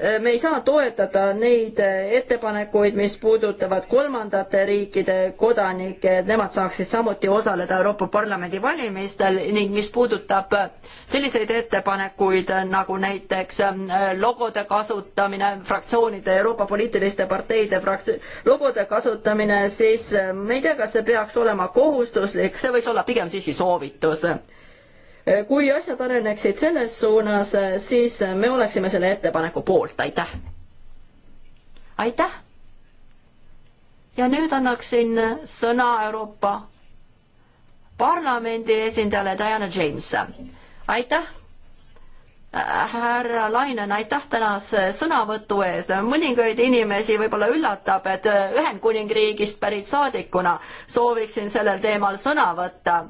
Äh, me ei saa toetada neid äh, ettepanekuid, mis puudutavad kolmandate riikide kodanikke, et nemad saaksid samuti osaleda Euroopa Parlamendi valimistel ning mis puudutab äh, selliseid ettepanekuid nagu näiteks logode kasutamine, fraktsioonide, Euroopa poliitiliste parteide frakts-, logode kasutamine, siis me ei tea, kas see peaks olema kohustuslik, see võiks olla pigem siiski soovitus Eh, kui asjad areneksid selles suunas, eh, siis eh, me oleksime selle ettepaneku poolt, aitäh. aitäh. ja nüüd annaksin sõna Euroopa Parlamendi esindajale Diana James. aitäh äh, härra Lainen, aitäh tänase sõnavõtu eest. mõningaid inimesi võib-olla üllatab, et Ühendkuningriigist pärit saadikuna sooviksin sellel teemal sõna võtta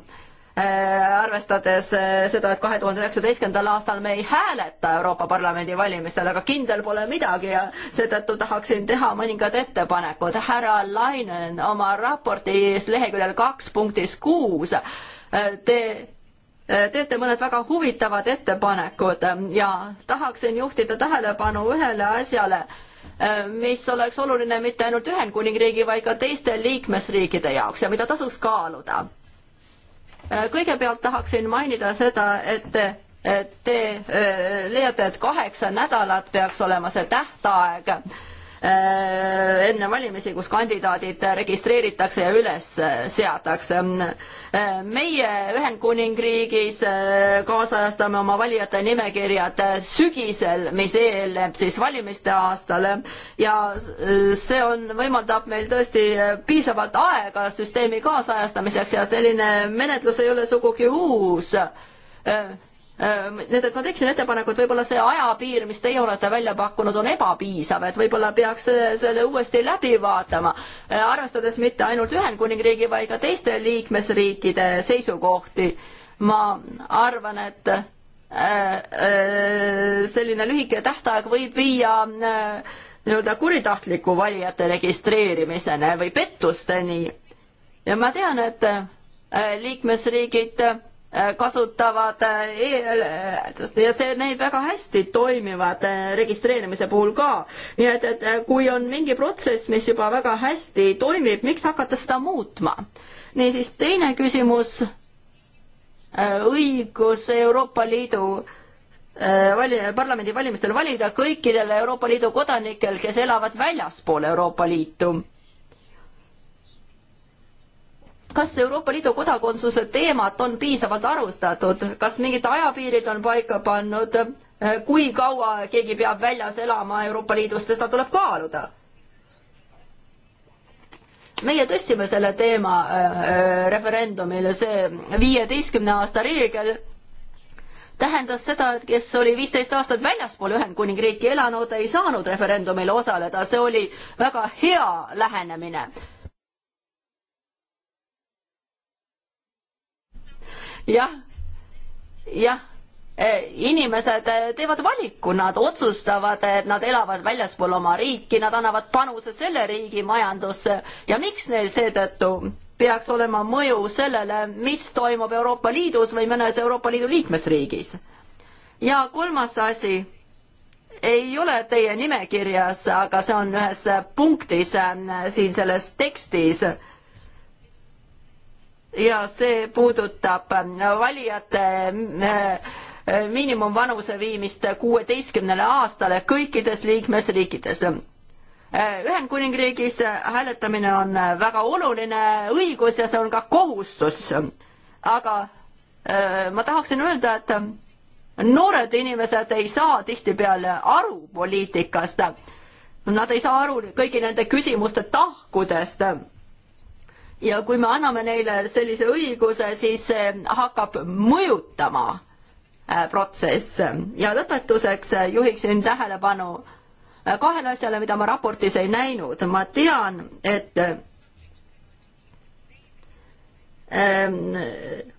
Äh, arvestades äh, seda, et kahe tuhande üheksateistkümnendal aastal me ei hääleta Euroopa Parlamendi valimistel, aga kindel pole midagi ja seetõttu tahaksin teha mõningad ettepanekud. härra Lainen oma raportis leheküljel kaks punktis kuus, äh, te teete mõned väga huvitavad ettepanekud ja tahaksin juhtida tähelepanu ühele asjale mis oleks oluline mitte ainult Ühendkuningriigi, vaid ka teiste liikmesriikide jaoks ja mida tasuks kaaluda. Äh, kõigepealt tahaksin mainida seda, et Te äh, leiate, et kaheksa nädalat peaks olema see tähtaeg Äh, enne valimisi, kus kandidaadid registreeritakse ja üles seatakse. Äh, meie Ühendkuningriigis äh, kaasajastame oma valijate nimekirjad sügisel, mis eelneb siis valimiste aastale ja see on, võimaldab meil tõesti piisavalt aega süsteemi kaasajastamiseks ja selline menetlus ei ole sugugi uus Ehm, need, et ma teeksin ettepaneku, et võib-olla see ajapiir, mis teie olete välja pakkunud, on ebapiisav, et võib-olla peaks selle uuesti läbi vaatama, eh, arvestades mitte ainult Ühendkuningriigi, vaid ka teiste liikmesriikide seisukohti. ma arvan, et eh, eh, selline lühike tähtaeg võib viia nii-öelda kuritahtliku valijate registreerimiseni või pettusteni. ja ma tean, et liikmesriigid Äh, kasutavad äh, e-, ja see, need väga hästi toimivad äh, registreerimise puhul ka. nii et, et kui on mingi protsess, mis juba väga hästi toimib, miks hakata seda muutma? niisiis, teine küsimus, õigus Euroopa Liidu vali-, parlamendivalimistel valida kõikidel Euroopa Liidu kodanikel, kes elavad väljaspool Euroopa Liitu kas Euroopa Liidu kodakondsuse teemat on piisavalt arustatud, kas mingid ajapiirid on paika pannud, kui kaua keegi peab väljas elama Euroopa Liidust ja seda tuleb kaaluda? meie tõstsime selle teema äh, äh, referendumile, see viieteistkümne aasta reegel tähendas seda, et kes oli viisteist aastat väljaspool Ühendkuningriiki elanud, ei saanud referendumil osaleda, see oli väga hea lähenemine jah, jah e, inimesed e, teevad valiku, nad otsustavad, e, et nad elavad väljaspool oma riiki, nad annavad panuse selle riigi majandusse ja miks neil seetõttu peaks olema mõju sellele, mis toimub Euroopa Liidus või mõnes Euroopa Liidu liikmesriigis. ja kolmas asi, ei ole teie nimekirjas, aga see on ühes punktis siin selles tekstis ja see puudutab valijate äh, äh, miinimumvanuse viimist kuueteistkümnele aastale kõikides liikmesriikides. Äh, Ühendkuningriigis hääletamine on väga oluline õigus ja see on ka kohustus. aga ma tahaksin öelda, et noored inimesed ei saa tihtipeale aru poliitikast. Nad ei saa aru kõigi nende küsimuste tahkudest ja kui me anname neile sellise õiguse, siis see hakkab mõjutama äh, protsesse ja lõpetuseks äh, juhiksin tähelepanu äh, kahele asjale, mida ma raportis ei näinud, ma tean, et Ähm,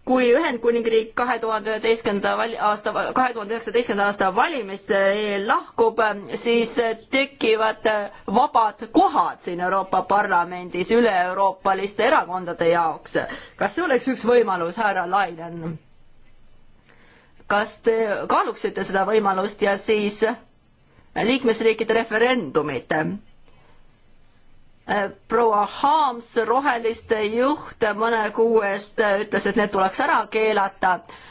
kui Ühendkuningriik kahe tuhande üheteistkümnenda aasta, kahe tuhande üheksateistkümnenda aasta valimiste eel äh, lahkub, ähm, siis äh, tekivad äh, vabad kohad siin Euroopa Parlamendis üle-euroopaliste erakondade jaoks. kas see oleks üks võimalus, härra Lainen? kas te kaaluksite seda võimalust ja siis liikmesriikide referendumit? Äh, proua Haams, roheliste juht, mõne kuu eest äh, ütles, et need tuleks ära keelata.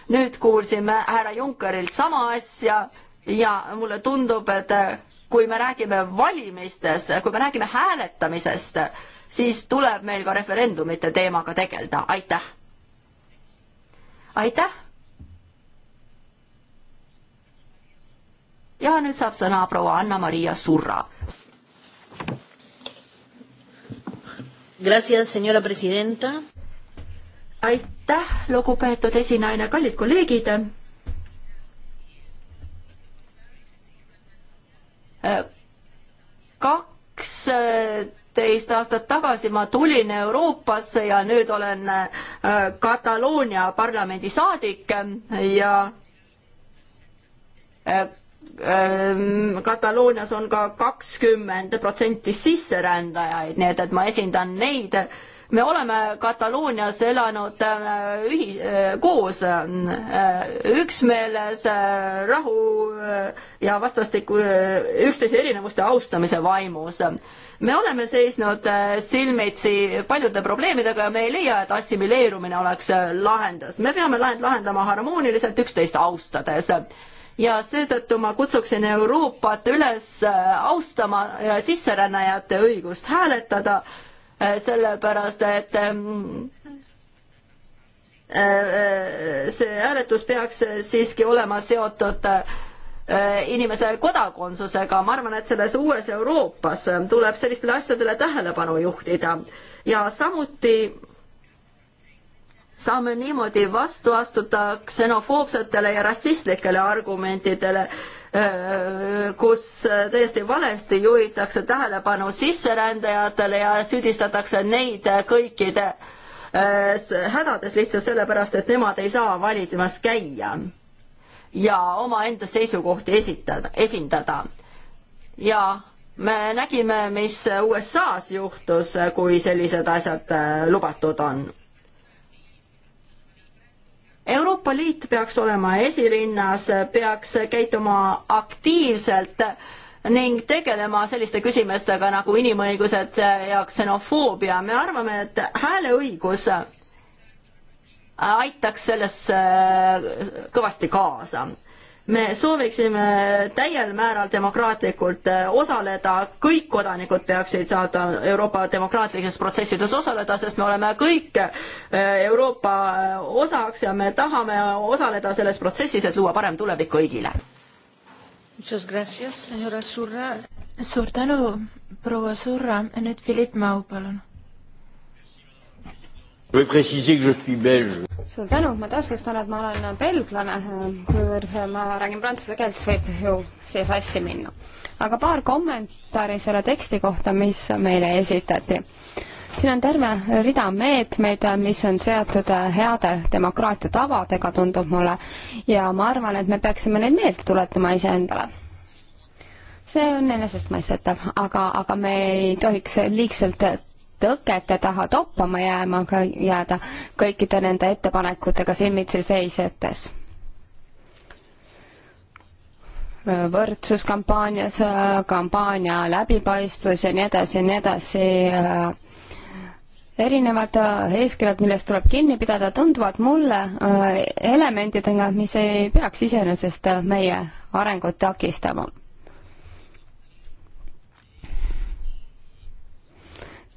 nüüd kuulsime härra Junckerilt sama asja ja mulle tundub, et äh, kui me räägime valimistest, kui me räägime hääletamisest, siis tuleb meil ka referendumite teemaga tegeleda, aitäh. aitäh. ja nüüd saab sõna proua Anna-Maria Surra Gracias, senora presidenta. aitäh, lugupeetud esinaine, kallid kolleegid. kaksteist aastat tagasi ma tulin Euroopasse ja nüüd olen äh, Kataloonia parlamendi saadik ja äh, Ehm, Kataloonias on ka kakskümmend protsenti sisserändajaid, nii et, et ma esindan neid. me oleme Kataloonias elanud ehm, ühi-, ehm, koos, üksmeeles, rahu ja vastastikku üksteise erinevuste austamise vaimus. me oleme seisnud silmitsi paljude probleemidega ja me ei leia, et assimileerumine oleks lahendus. me peame lahend-, lahendama harmooniliselt, üksteist austades ja seetõttu ma kutsuksin Euroopat üles äh, austama äh, sisserännajate õigust hääletada, äh, sellepärast et ähm, see hääletus peaks siiski olema seotud inimese kodakondsusega, ma arvan, et selles uues Euroopas tuleb sellistele asjadele tähelepanu juhtida ja samuti saame niimoodi vastu astuda ksenofoobsetele ja rassistlikele argumentidele, kus täiesti valesti juhitakse tähelepanu sisserändajatele ja süüdistatakse neid kõikide hädades lihtsalt sellepärast, et nemad ei saa valimas käia ja omaenda seisukohti esitada, esindada. ja me nägime, mis USA-s juhtus, kui sellised asjad lubatud on Euroopa Liit peaks olema esirinnas, peaks käituma aktiivselt ning tegelema selliste küsimustega nagu inimõigused ja ksenofoobia. me arvame, et hääleõigus aitaks selles kõvasti kaasa me sooviksime täiel määral demokraatlikult äh, osaleda, kõik kodanikud peaksid saada Euroopa demokraatlikes protsessides osaleda, sest me oleme kõik äh, Euroopa äh, osaks ja me tahame osaleda selles protsessis, et luua parem tulevik kõigile. suur tänu, proua Surra, nüüd Philipp Mau, palun suur tänu, ma täpsustan, et ma olen belglane, kuivõrd ma räägin prantsuse keelt, siis võib ju siia sassi minna. aga paar kommentaari selle teksti kohta, mis meile esitati. siin on terve rida meetmeid, mis on seotud heade demokraatia tavadega, tundub mulle, ja ma arvan, et me peaksime neid meelde tuletama iseendale see on enesestmõistetav, aga, aga me ei tohiks liigselt tõkete taha toppama jääma, jääda kõikide nende ettepanekutega silmitsi seisjates võrdsuskampaanias, kampaania läbipaistvus ja nii edasi ja nii edasi. erinevad eeskirjad, millest tuleb kinni pidada, tunduvad mulle äh, elementidega, mis ei peaks iseenesest meie arengut takistama.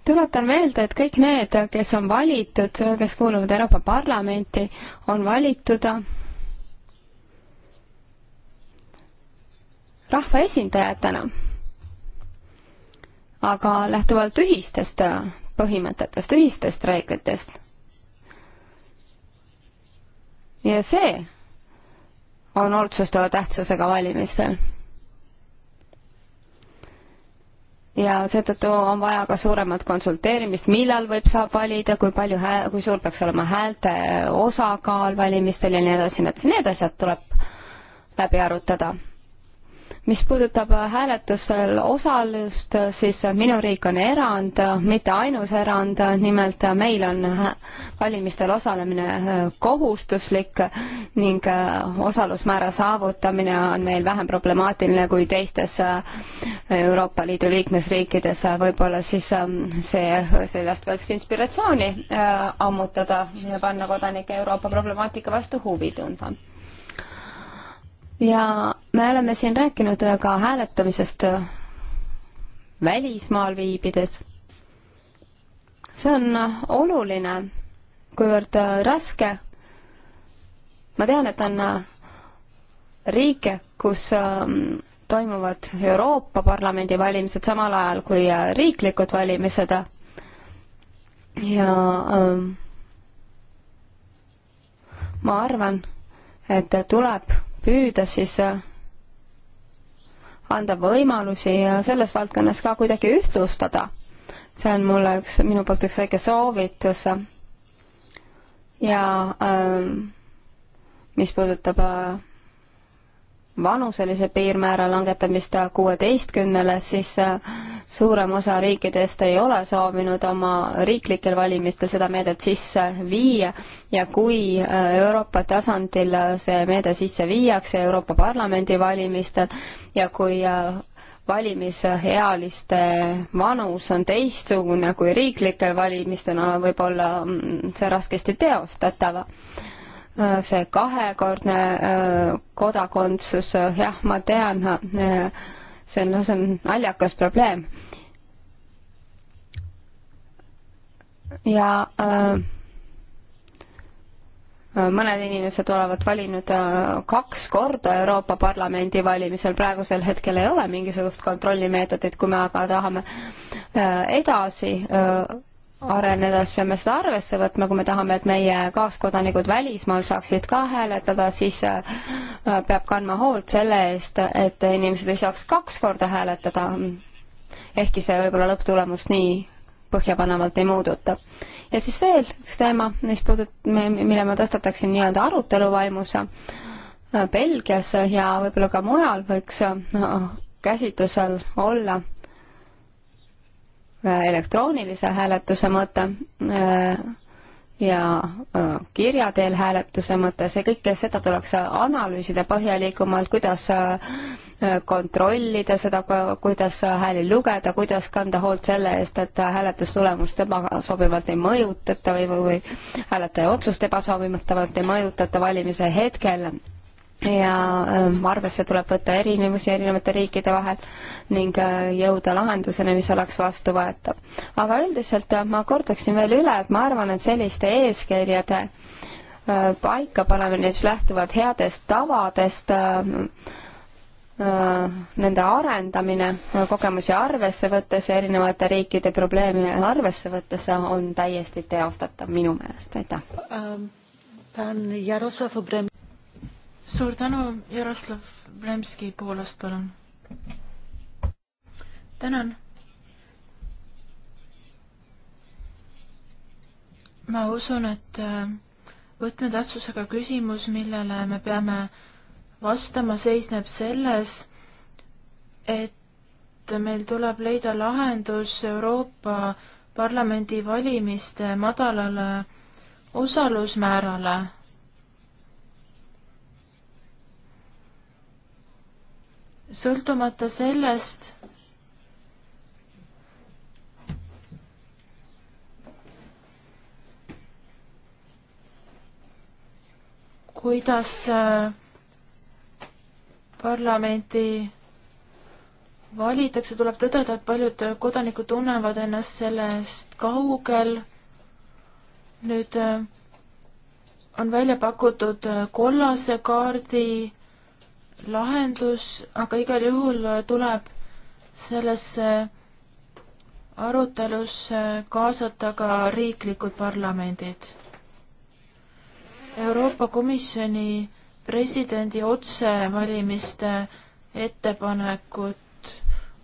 tuletan meelde, et kõik need, kes on valitud, kes kuuluvad Euroopa Parlamenti, on valitud rahvaesindajatena, aga lähtuvalt ühistest põhimõtetest, ühistest reeglitest. ja see on otsustava tähtsusega valimistel ja seetõttu on vaja ka suuremat konsulteerimist, millal võib, saab valida, kui palju hää-, kui suur peaks olema häälte osakaal valimistel ja nii edasi, nii et need asjad tuleb läbi arutada mis puudutab äh, hääletusel osalust, äh, siis äh, minu riik on erand, mitte ainus erand, nimelt meil on valimistel osalemine kohustuslik ning osalusmäära saavutamine on meil vähem problemaatiline kui teistes Euroopa Liidu liikmesriikides. võib-olla siis ähm, see, sellest võiks inspiratsiooni ammutada ja panna kodanike Euroopa problemaatika vastu huvi tundma ja me oleme siin rääkinud ka hääletamisest välismaal viibides. see on oluline, kuivõrd raske. ma tean, et on riike, kus ähm, toimuvad Euroopa Parlamendi valimised samal ajal kui äh, riiklikud valimised ja ähm, ma arvan, et tuleb püüda siis äh, anda võimalusi selles valdkonnas ka kuidagi ühtlustada. see on mulle üks, minu poolt üks väike soovitus. ja ähm, mis puudutab äh, vanuselise piirmäära langetamist kuueteistkümnele, siis äh, suurem osa riikidest ei ole soovinud oma riiklikel valimistel seda meedet sisse viia ja kui äh, Euroopa tasandil see meede sisse viiakse Euroopa Parlamendi valimistel ja kui äh, valimisealiste vanus on teistsugune kui riiklikel valimistel, võib olla mm, see raskesti teostatav äh, see kahekordne kodakondsus, jah, ma tean, see on, see on naljakas probleem. ja äh, äh mõned inimesed olevat valinud äh, kaks korda Euroopa Parlamendi valimisel, praegusel hetkel ei ole mingisugust kontrollimeetodit, kui me aga tahame äh, edasi arenedes peame seda arvesse võtma, kui me tahame, et meie kaaskodanikud välismaal saaksid ka hääletada, siis äh, peab kandma hoolt selle eest, et inimesed ei saaks kaks korda hääletada. ehkki see võib-olla lõpptulemust nii põhjapanevalt ei muuduta. ja siis veel üks teema, mis puudutab, mille ma tõstataksin nii-öelda arutelu vaimus. Äh, Belgias ja võib-olla ka mujal võiks äh, käsitlusel olla Äh, elektroonilise hääletuse mõte äh, ja äh, kirja teel hääletuse mõte, see kõike, seda tuleks analüüsida põhjalikumalt, kuidas kontrollida seda, kuidas hääli lugeda, kuidas kanda hoolt selle eest, et hääletustulemust ebasobivalt ei mõjutata või, või, või hääletaja otsust ebasobivalt ei mõjutata valimise hetkel ja ähm, arvesse tuleb võtta erinevusi erinevate riikide vahel ning äh, jõuda lahenduseni, mis oleks vastuvõetav. aga üldiselt äh, ma kordaksin veel üle, et ma arvan, et selliste eeskirjade äh, paikapanemine, mis lähtuvad headest tavadest, nende arendamine, kogemusi arvesse võttes ja erinevate riikide probleeme arvesse võttes on täiesti teostatav minu meelest, aitäh um,. Ähm, Pan Jarosław Obrem- suur tänu, Jaroslav Bremski Poolast, palun. tänan. ma usun, et äh, võtmetähtsusega küsimus, millele me peame vastama, seisneb selles, et meil tuleb leida lahendus Euroopa Parlamendi valimiste madalale osalusmäärale sõltumata sellest, kuidas äh, parlamenti valitakse, tuleb tõdeda, et paljud kodanikud tunnevad ennast sellest kaugel. nüüd äh, on välja pakutud äh, kollase kaardi lahendus, aga igal juhul tuleb sellesse arutelusse kaasata ka riiklikud parlamendid. Euroopa Komisjoni presidendi otsevalimiste ettepanekut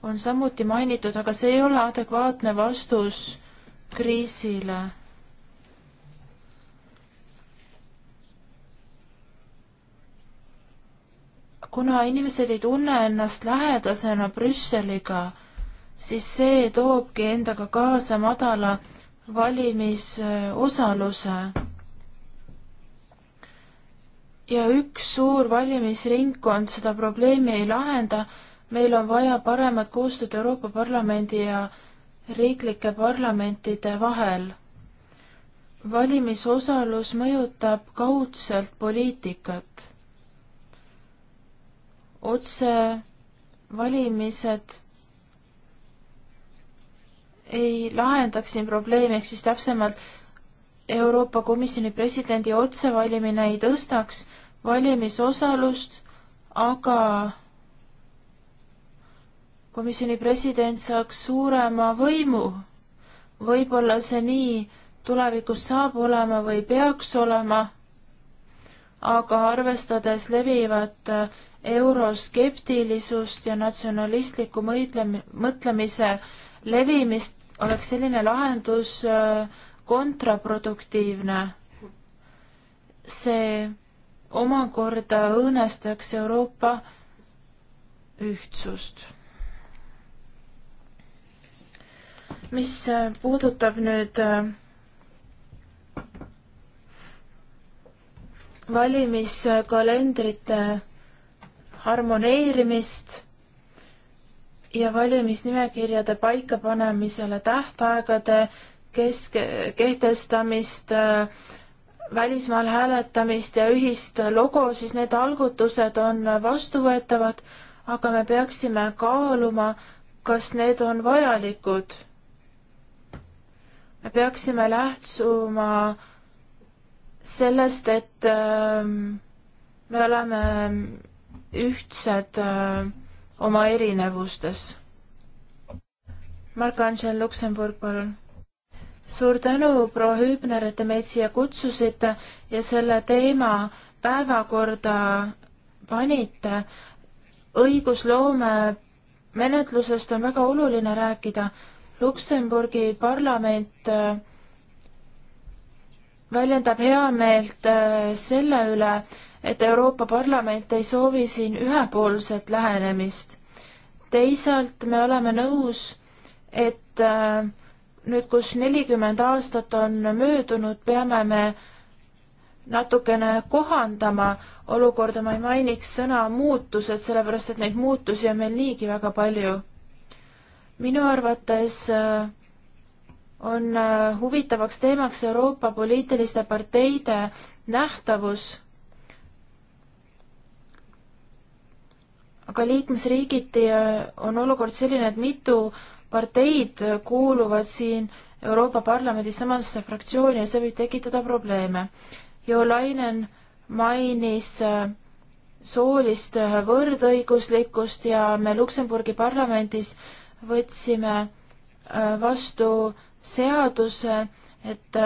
on samuti mainitud, aga see ei ole adekvaatne vastus kriisile kuna inimesed ei tunne ennast lähedasena Brüsseliga, siis see toobki endaga kaasa madala valimisosaluse. ja üks suur valimisringkond seda probleemi ei lahenda, meil on vaja paremat koostööd Euroopa Parlamendi ja riiklike parlamentide vahel. valimisosalus mõjutab kaudselt poliitikat otsevalimised ei lahendaks siin probleemi, ehk siis täpsemalt Euroopa Komisjoni presidendi otsevalimine ei tõstaks valimisosalust, aga komisjoni president saaks suurema võimu. võib-olla see nii tulevikus saab olema või peaks olema, aga arvestades levivat äh, euroskeptilisust ja natsionalistliku mõtlemise levimist, oleks selline lahendus äh, kontraproduktiivne. see omakorda õõnestaks Euroopa ühtsust. mis äh, puudutab nüüd äh, valimiskalendrite harmoneerimist ja valimisnimekirjade paikapanemisele tähtaegade kesk-, kehtestamist, äh, välismaal hääletamist ja ühist logo, siis need algutused on vastuvõetavad, aga me peaksime kaaluma, kas need on vajalikud. me peaksime lähtuma sellest, et ähm, me oleme ühtsed öö, äh, oma erinevustes. Mark-Angel Luksemburg, palun. suur tänu, proua Hüübner, et te meid siia kutsusite ja selle teema päevakorda panite. õigusloome menetlusest on väga oluline rääkida. Luksemburgi parlament öö, äh, väljendab heameelt äh, selle üle, et Euroopa Parlament ei soovi siin ühepoolset lähenemist. teisalt me oleme nõus, et äh, nüüd, kus nelikümmend aastat on möödunud, peame me natukene kohandama olukorda, ma ei mainiks sõna muutused, sellepärast et neid muutusi on meil niigi väga palju. minu arvates äh, on äh, huvitavaks teemaks Euroopa poliitiliste parteide nähtavus. aga liikmesriigiti äh, on olukord selline, et mitu parteid kuuluvad siin Euroopa Parlamendis samasse fraktsiooni ja see võib tekitada probleeme. Jo Lainen mainis äh, soolist äh, võrdõiguslikkust ja me Luksemburgi parlamendis võtsime vastu seaduse, et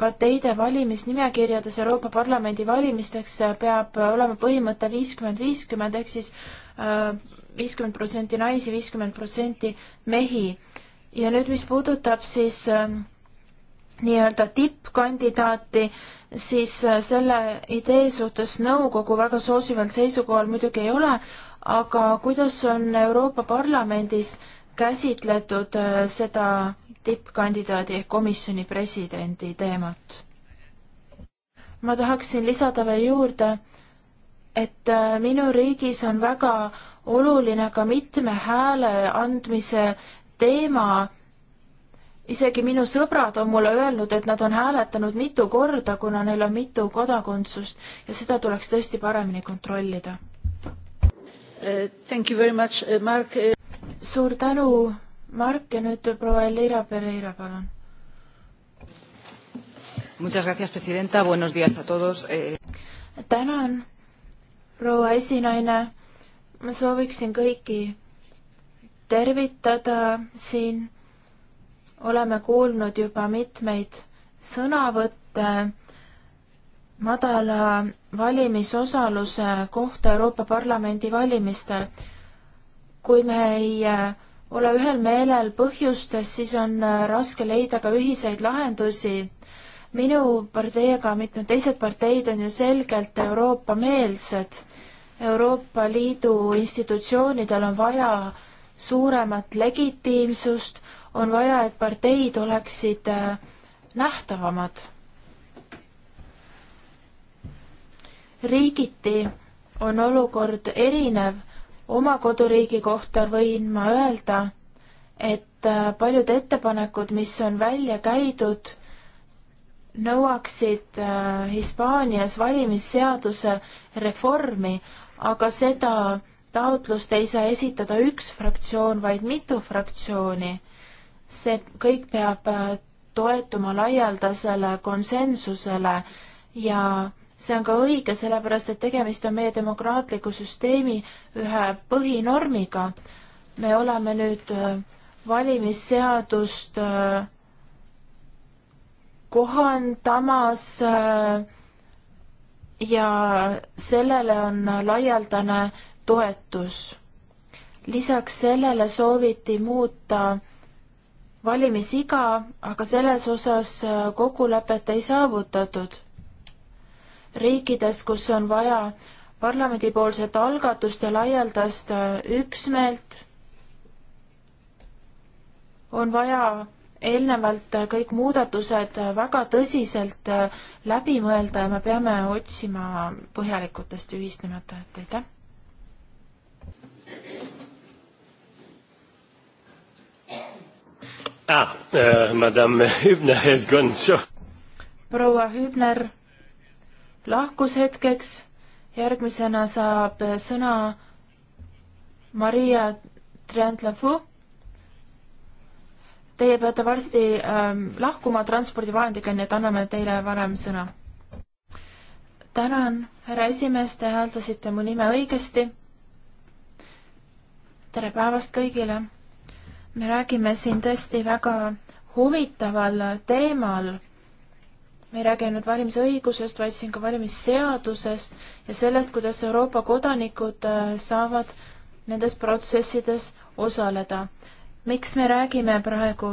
parteide valimisnimekirjades Euroopa Parlamendi valimisteks peab olema põhimõte viiskümmend viiskümmend ehk siis viiskümmend protsenti naisi, viiskümmend protsenti mehi. ja nüüd, mis puudutab siis ähm, nii-öelda tippkandidaati, siis äh, selle idee suhtes nõukogu väga soosival seisukohal muidugi ei ole, aga kuidas on Euroopa Parlamendis käsitletud äh, seda tippkandidaadi ehk komisjoni presidendi teemat? ma tahaksin lisada veel juurde, et äh, minu riigis on väga oluline ka mitme hääle andmise teema. isegi minu sõbrad on mulle öelnud, et nad on hääletanud mitu korda, kuna neil on mitu kodakondsust ja seda tuleks tõesti paremini kontrollida. Äh, thank you very much, äh, Mark. suur tänu, Mark ja nüüd proua Elira Pereira, palun. Muchas gracias, presidenta, buenos dias a todos eh.... tänan proua esinaine, ma sooviksin kõiki tervitada siin. oleme kuulnud juba mitmeid sõnavõtte madala valimisosaluse kohta Euroopa Parlamendi valimistel. kui me ei äh, ole ühel meelel põhjustes, siis on äh, raske leida ka ühiseid lahendusi minu partei, aga mitmed teised parteid on ju selgelt Euroopa-meelsed. Euroopa Liidu institutsioonidel on vaja suuremat legitiimsust, on vaja, et parteid oleksid äh, nähtavamad. riigiti on olukord erinev, oma koduriigi kohta võin ma öelda, et äh, paljud ettepanekud, mis on välja käidud, nõuaksid äh, Hispaanias valimisseaduse reformi, aga seda taotlust ei saa esitada üks fraktsioon, vaid mitu fraktsiooni. see kõik peab äh, toetuma laialdasele konsensusele ja see on ka õige, sellepärast et tegemist on meie demokraatliku süsteemi ühe põhinormiga. me oleme nüüd äh, valimisseadust äh, kohandamas äh, ja sellele on laialdane toetus. lisaks sellele sooviti muuta valimisiga, aga selles osas äh, kokkulepet ei saavutatud. riikides, kus on vaja parlamendipoolset algatust ja laialdast äh, üksmeelt, on vaja eelnevalt kõik muudatused väga tõsiselt läbi mõelda ja me peame otsima põhjalikutest ühisnimetajat, aitäh! Ah, äh, madame Hübner has gone so. proua Hübner lahkus hetkeks, järgmisena saab sõna Maria Trentlafu Teie peate varsti ähm, lahkuma transpordivahendiga, nii et anname teile varem sõna. tänan, härra esimees, te hääldasite mu nime õigesti. tere päevast kõigile. me räägime siin tõesti väga huvitaval teemal. me ei räägi ainult valimisõigusest, vaid siin ka valimisseadusest ja sellest, kuidas Euroopa kodanikud äh, saavad nendes protsessides osaleda miks me räägime praegu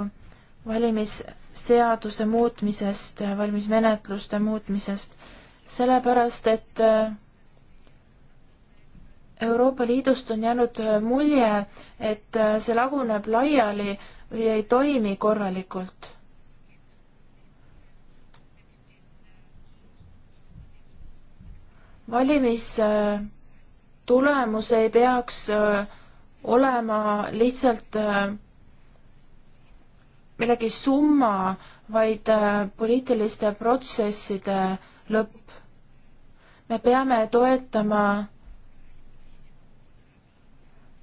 valimisseaduse muutmisest, valimismenetluste muutmisest? sellepärast, et äh, Euroopa Liidust on jäänud äh, mulje, et äh, see laguneb laiali või ei toimi korralikult. valimistulemus ei peaks olema lihtsalt millegi summa, vaid äh, poliitiliste protsesside lõpp. me peame toetama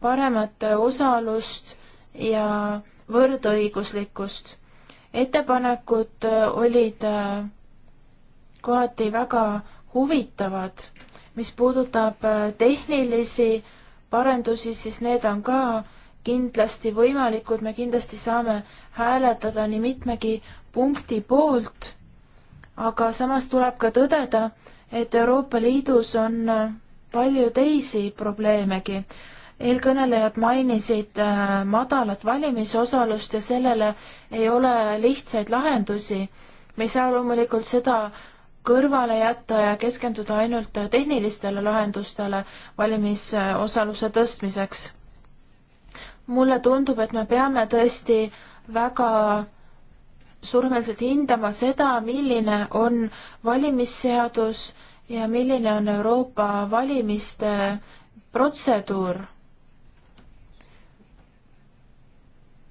paremat osalust ja võrdõiguslikkust. ettepanekud äh, olid äh, kohati väga huvitavad. mis puudutab tehnilisi parendusi, siis need on ka kindlasti võimalikud, me kindlasti saame hääletada nii mitmegi punkti poolt, aga samas tuleb ka tõdeda, et Euroopa Liidus on äh, palju teisi probleemegi. eelkõnelejad mainisid äh, madalat valimisosalust ja sellele ei ole lihtsaid lahendusi. me ei saa loomulikult seda kõrvale jätta ja keskenduda ainult tehnilistele lahendustele valimisosaluse äh, tõstmiseks mulle tundub, et me peame tõesti väga surmeliselt hindama seda, milline on valimisseadus ja milline on Euroopa valimiste protseduur.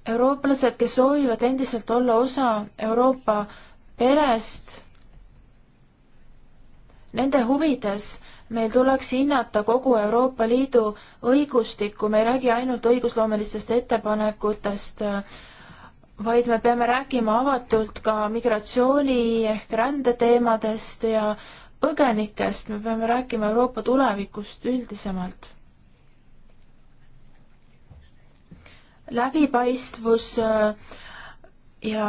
eurooplased, kes soovivad endiselt olla osa Euroopa perest, nende huvides meil tuleks hinnata kogu Euroopa Liidu õigustikku, me ei räägi ainult õigusloomelistest ettepanekutest, vaid me peame rääkima avatult ka migratsiooni ehk rändeteemadest ja põgenikest, me peame rääkima Euroopa tulevikust üldisemalt. läbipaistvus äh, ja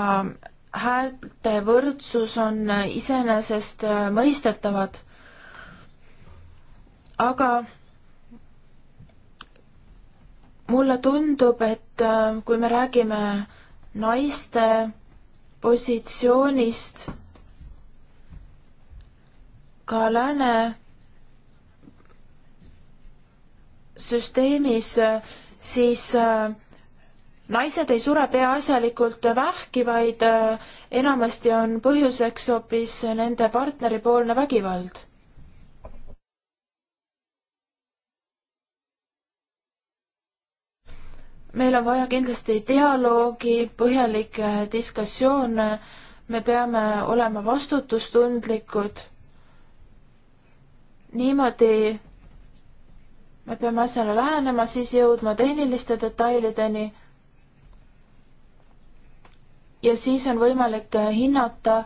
häälte võrdsus on iseenesest äh, mõistetavad aga mulle tundub, et äh, kui me räägime naiste positsioonist ka lääne süsteemis, siis äh, naised ei sure peaasjalikult vähki, vaid äh, enamasti on põhjuseks hoopis nende partneripoolne vägivald meil on vaja kindlasti dialoogi, põhjalikke äh, diskussioone, me peame olema vastutustundlikud. niimoodi me peame asjale lähenema, siis jõudma tehniliste detailideni. ja siis on võimalik äh, hinnata,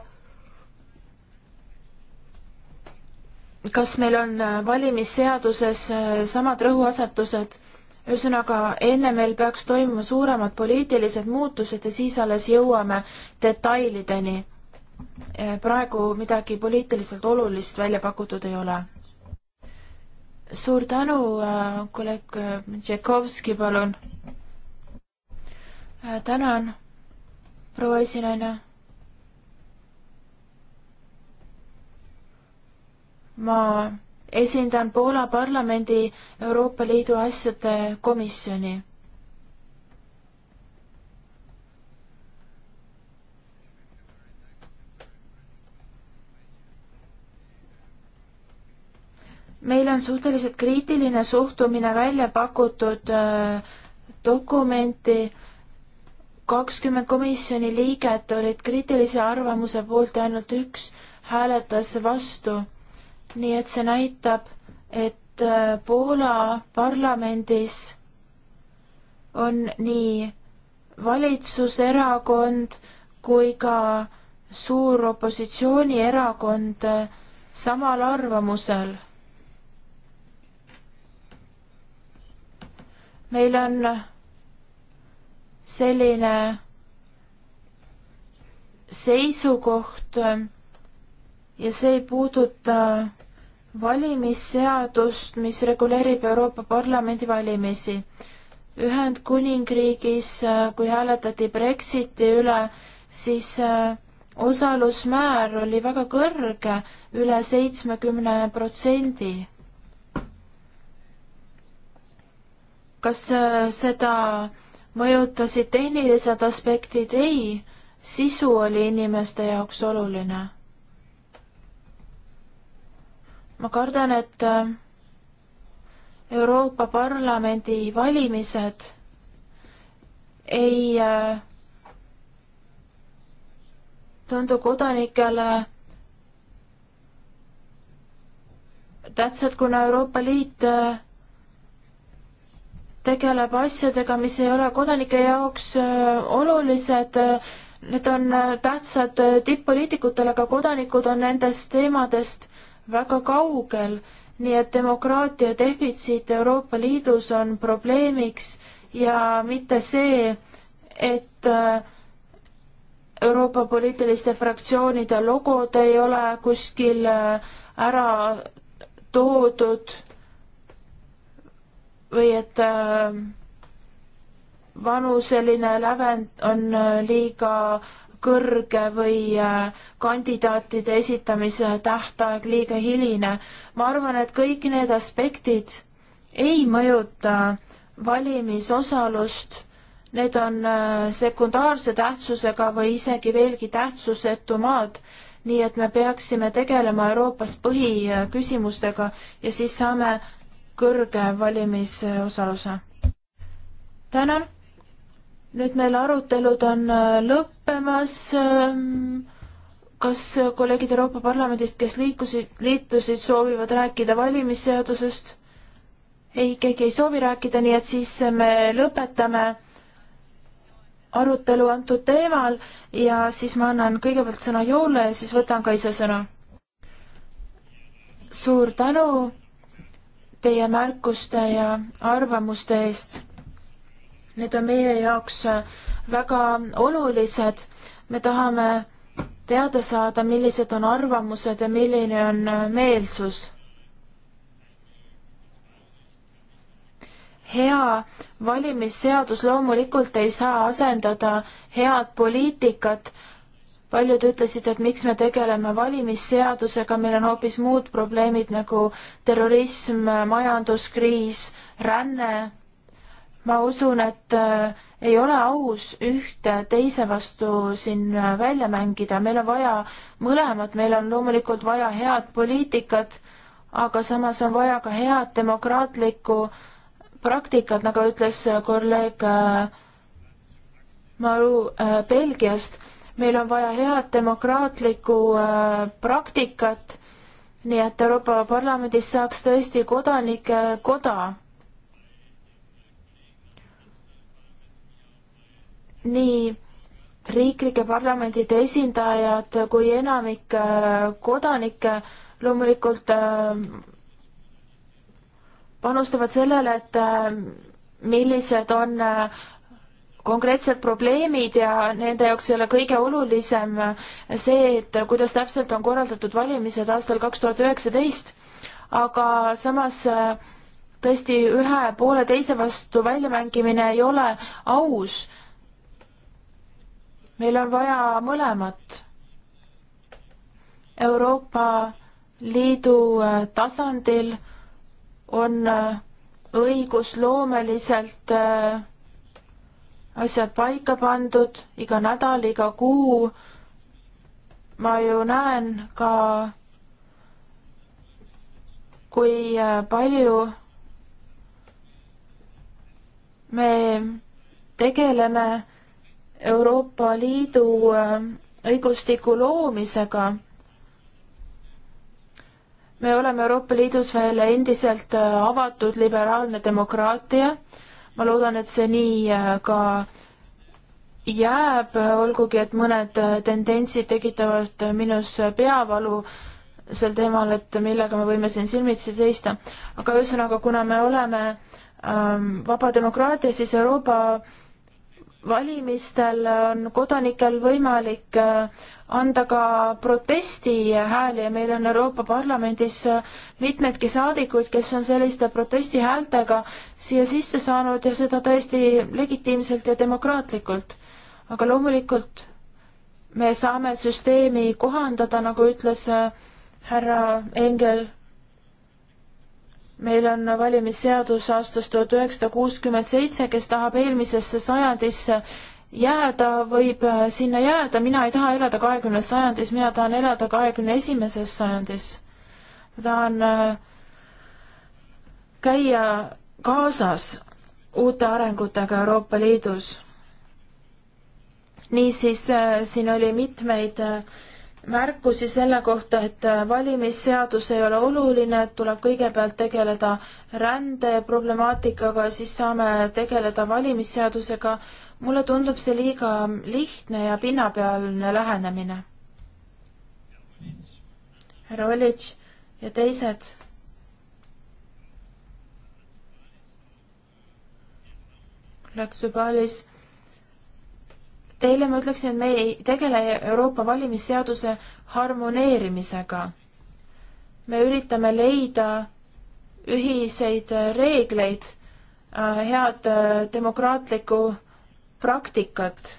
kas meil on äh, valimisseaduses samad rõhuasetused ühesõnaga, enne meil peaks toimuma suuremad poliitilised muutused ja siis alles jõuame detailideni. Eh, praegu midagi poliitiliselt olulist välja pakutud ei ole. suur tänu, eh, kolleeg Tšekovski, palun. Eh, tänan, proua esinaine. ma esindan Poola parlamendi Euroopa Liidu asjade komisjoni. meil on suhteliselt kriitiline suhtumine välja pakutud äh, dokumenti, kakskümmend komisjoni liiget olid kriitilise arvamuse poolt ja ainult üks hääletas vastu nii et see näitab, et äh, Poola parlamendis on nii valitsuserakond kui ka suur opositsioonierakond äh, samal arvamusel. meil on selline seisukoht äh, ja see ei puuduta valimisseadust, mis reguleerib Euroopa Parlamendi valimisi. Ühendkuningriigis, äh, kui hääletati Brexiti üle, siis äh, osalusmäär oli väga kõrge üle, üle seitsmekümne protsendi. kas äh, seda mõjutasid tehnilised aspektid? ei, sisu oli inimeste jaoks oluline ma kardan, et äh, Euroopa Parlamendi valimised ei äh, tundu kodanikele tähtsad, kuna Euroopa Liit äh, tegeleb asjadega, mis ei ole kodanike jaoks olulised. Need on tähtsad tipp-poliitikutele, aga kodanikud on nendest teemadest väga kaugel, nii et demokraatia defitsiit Euroopa Liidus on probleemiks ja mitte see, et äh, Euroopa poliitiliste fraktsioonide logod ei ole kuskil äh, ära toodud või et äh, vanuseline lävend on liiga kõrge või äh, kandidaatide esitamise tähtaeg liiga hiline. ma arvan, et kõik need aspektid ei mõjuta valimisosalust, need on äh, sekundaarse tähtsusega või isegi veelgi tähtsusetumad, nii et me peaksime tegelema Euroopas põhiküsimustega ja siis saame kõrge valimisosaluse. tänan nüüd meil arutelud on äh, lõppemas. Ähm, kas kolleegid Euroopa Parlamendist, kes liikusid, liitusid, soovivad rääkida valimisseadusest? ei, keegi ei soovi rääkida, nii et siis me lõpetame arutelu antud teemal ja siis ma annan kõigepealt sõna Joole ja siis võtan ka ise sõna. suur tänu teie märkuste ja arvamuste eest Need on meie jaoks äh, väga olulised. me tahame teada saada, millised on arvamused ja milline on äh, meelsus. hea valimisseadus loomulikult ei saa asendada head poliitikat. paljud ütlesid, et miks me tegeleme valimisseadusega, meil on hoopis muud probleemid nagu terrorism, majanduskriis, ränne ma usun, et äh, ei ole aus ühte teise vastu siin äh, välja mängida, meil on vaja mõlemat, meil on loomulikult vaja head poliitikat, aga samas on vaja ka head demokraatlikku praktikat, nagu ütles äh, kolleeg Maru Belgiast, meil on vaja head demokraatlikku praktikat, nii et Euroopa Parlamendis saaks tõesti kodanike koda nii riiklike parlamendide esindajad kui enamik äh, kodanikke loomulikult äh, panustavad sellele, et äh, millised on konkreetsed probleemid ja nende jaoks ei ole kõige olulisem see, et kuidas täpselt on korraldatud valimised aastal kaks tuhat üheksateist, aga samas tõesti ühe poole teise vastu väljamängimine ei ole aus meil on vaja mõlemat. Euroopa Liidu äh, tasandil on äh, õigusloomeliselt äh, asjad paika pandud iga nädal, iga kuu. ma ju näen ka, kui palju me tegeleme Euroopa Liidu äh, õigustiku loomisega me oleme Euroopa Liidus veel endiselt äh, avatud liberaalne demokraatia. ma loodan, et see nii äh, ka jääb, olgugi et mõned tendentsid tekitavad minus peavalu sel teemal, et millega me võime siin silmitsi seista. aga ühesõnaga, kuna me oleme ähm, vaba demokraatia, siis Euroopa valimistel on kodanikel võimalik äh, anda ka protestihääli ja meil on Euroopa Parlamendis äh, mitmedki saadikuid, kes on selliste protestihäältega siia sisse saanud ja seda täiesti legitiimselt ja demokraatlikult. aga loomulikult me saame süsteemi kohandada, nagu ütles äh, härra Engel meil on valimisseadus aastast tuhat üheksasada kuuskümmend seitse, kes tahab eelmisesse sajandisse jääda, võib äh, sinna jääda, mina ei taha elada kahekümnes sajandis, mina tahan elada kahekümne esimeses sajandis. ma tahan äh, käia kaasas uute arengutega Euroopa Liidus. niisiis, äh, siin oli mitmeid äh, märkusi selle kohta, et valimisseadus ei ole oluline, et tuleb kõigepealt tegeleda rändeproblemaatikaga, siis saame tegeleda valimisseadusega. mulle tundub see liiga lihtne ja pinnapealne lähenemine. härra Olitš ja teised. Läks Subalis Teile ma ütleksin, et me ei tegele Euroopa valimisseaduse harmoneerimisega. me üritame leida ühiseid reegleid, äh, head äh, demokraatlikku praktikat.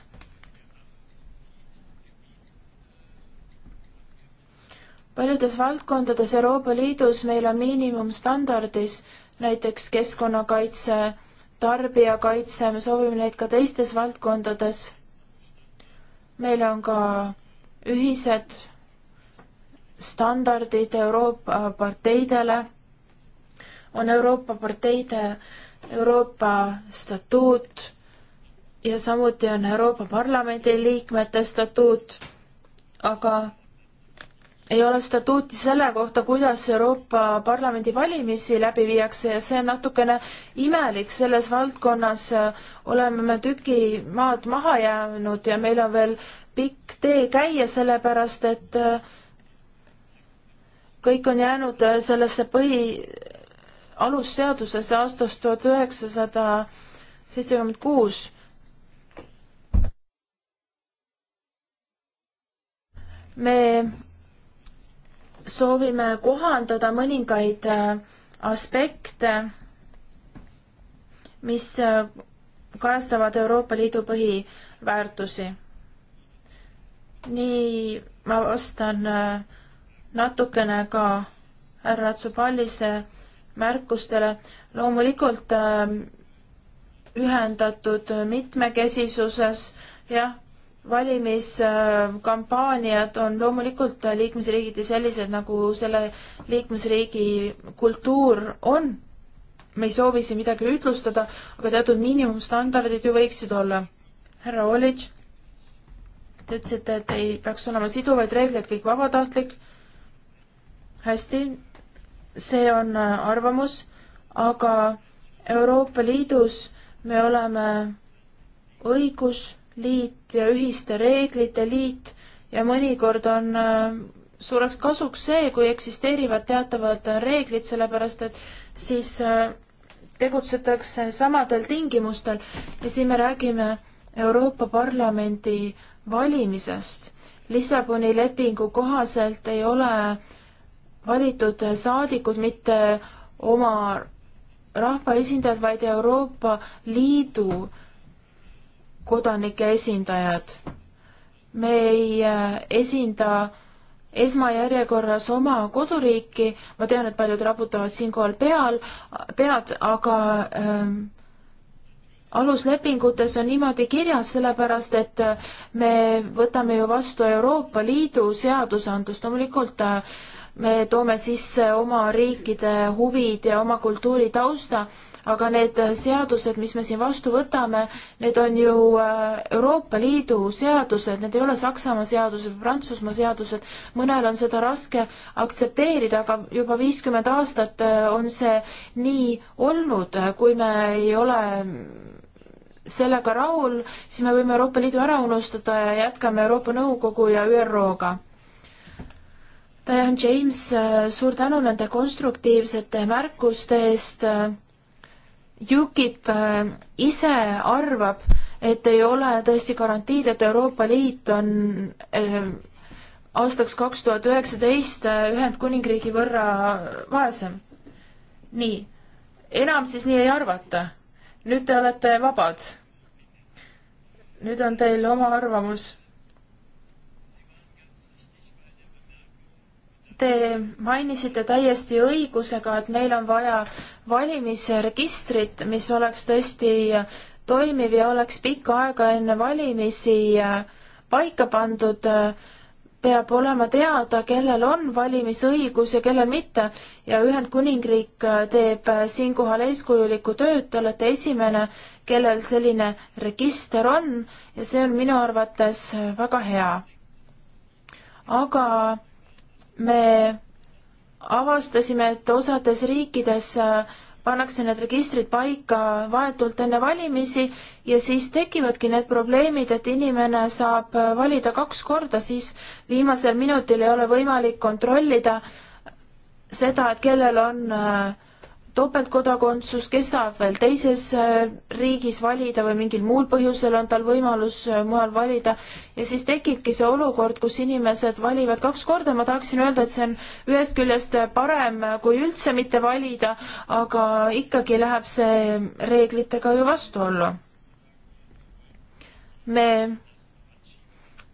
paljudes valdkondades Euroopa Liidus meil on miinimumstandardis näiteks keskkonnakaitse, tarbijakaitse, me soovime neid ka teistes valdkondades meil on ka ühised standardid Euroopa parteidele, on Euroopa parteide Euroopa statuut ja samuti on Euroopa Parlamendi liikmete statuut, aga ei ole statuuti selle kohta, kuidas Euroopa Parlamendi valimisi läbi viiakse ja see on natukene imelik, selles valdkonnas äh, oleme me tüki maad maha jäänud ja meil on veel pikk tee käia, sellepärast et äh, kõik on jäänud äh, sellesse põhi, alusseadusesse aastast tuhat üheksasada seitsekümmend kuus me soovime kohandada mõningaid äh, aspekte, mis äh, kajastavad Euroopa Liidu põhiväärtusi. nii ma vastan äh, natukene ka härra Tsupallise märkustele. loomulikult ühendatud mitmekesisuses, jah valimiskampaaniad on loomulikult liikmesriigiti sellised, nagu selle liikmesriigi kultuur on. me ei soovi siin midagi ütlustada, aga teatud miinimumstandardid ju võiksid olla. härra Olitš, te ütlesite, et ei peaks olema siduvaid reegleid, kõik vabatahtlik. hästi, see on äh, arvamus, aga Euroopa Liidus me oleme õigus liit ja ühiste reeglite liit ja mõnikord on äh, suureks kasuks see, kui eksisteerivad teatavad reeglid, sellepärast et siis äh, tegutsetakse samadel tingimustel ja siin me räägime Euroopa Parlamendi valimisest. Lissaboni lepingu kohaselt ei ole valitud saadikud mitte oma rahvaesindajad, vaid Euroopa Liidu kodanike esindajad. me ei äh, esinda esmajärjekorras oma koduriiki, ma tean, et paljud raputavad siinkohal peal, pead, aga ähm, aluslepingutes on niimoodi kirjas, sellepärast et äh, me võtame ju vastu Euroopa Liidu seadusandlust, loomulikult äh, me toome sisse oma riikide huvid ja oma kultuuritausta, aga need seadused, mis me siin vastu võtame, need on ju äh, Euroopa Liidu seadused, need ei ole Saksamaa seadused, Prantsusmaa seadused, mõnel on seda raske aktsepteerida, aga juba viiskümmend aastat äh, on see nii olnud, kui me ei ole sellega rahul, siis me võime Euroopa Liidu ära unustada ja jätkame Euroopa Nõukogu ja ÜRO-ga Diane James, äh, suur tänu nende konstruktiivsete märkuste eest. UKIP äh, ise arvab, et ei ole tõesti garantiid, et Euroopa Liit on äh, aastaks kaks tuhat üheksateist Ühendkuningriigi võrra vaesem. nii, enam siis nii ei arvata. nüüd te olete vabad. nüüd on teil oma arvamus Te mainisite täiesti õigusega, et meil on vaja valimisregistrit, mis oleks tõesti toimiv ja oleks pikka aega enne valimisi äh, paika pandud. peab olema teada, kellel on valimisõigus ja kellel mitte ja Ühendkuningriik äh, teeb äh, siinkohal eeskujulikku tööd, te olete esimene, kellel selline register on ja see on minu arvates väga hea. aga me avastasime, et osades riikides äh, pannakse need registrid paika vahetult enne valimisi ja siis tekivadki need probleemid, et inimene saab äh, valida kaks korda, siis viimasel minutil ei ole võimalik kontrollida seda, et kellel on äh, topeltkodakondsus, kes saab veel teises äh, riigis valida või mingil muul põhjusel on tal võimalus äh, mujal valida ja siis tekibki see olukord, kus inimesed valivad kaks korda, ma tahaksin öelda, et see on ühest küljest äh, parem kui üldse mitte valida, aga ikkagi läheb see reeglitega ju vastuollu. me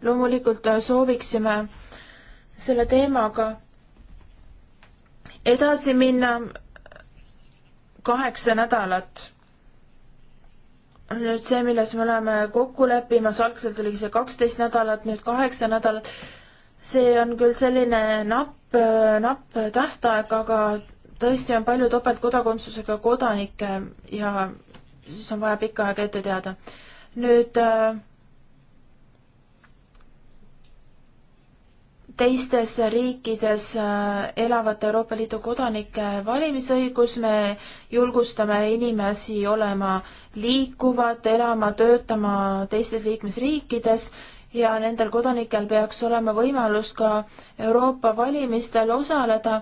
loomulikult sooviksime selle teemaga edasi minna kaheksa nädalat. nüüd see, milles me oleme kokku leppimas, algselt oligi see kaksteist nädalat, nüüd kaheksa nädalat. see on küll selline napp, napp tähtaeg, aga tõesti on palju topeltkodakondsusega kodanikke ja siis on vaja pikka aega ette teada. nüüd äh, teistes riikides äh, elavate Euroopa Liidu kodanike valimisõigus, me julgustame inimesi olema liikuvad, elama, töötama teistes liikmesriikides ja nendel kodanikel peaks olema võimalus ka Euroopa valimistel osaleda.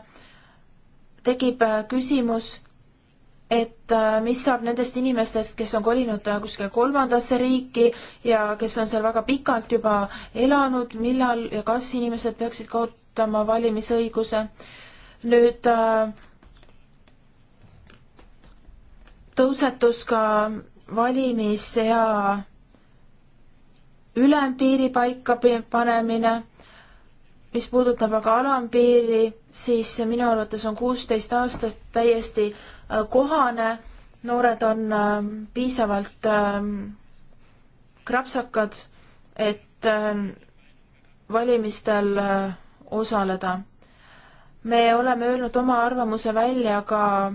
tekib äh, küsimus, et äh, mis saab nendest inimestest, kes on kolinud äh, kuskile kolmandasse riiki ja kes on seal väga pikalt juba elanud, millal ja kas inimesed peaksid kaotama valimisõiguse. nüüd äh, tõusetus ka valimisea ülempiiri paika panemine mis puudutab aga alampiiri, siis minu arvates on kuusteist aastat täiesti Äh, kohane, noored on ähm, piisavalt ähm, krapsakad, et ähm, valimistel äh, osaleda. me oleme öelnud oma arvamuse välja ka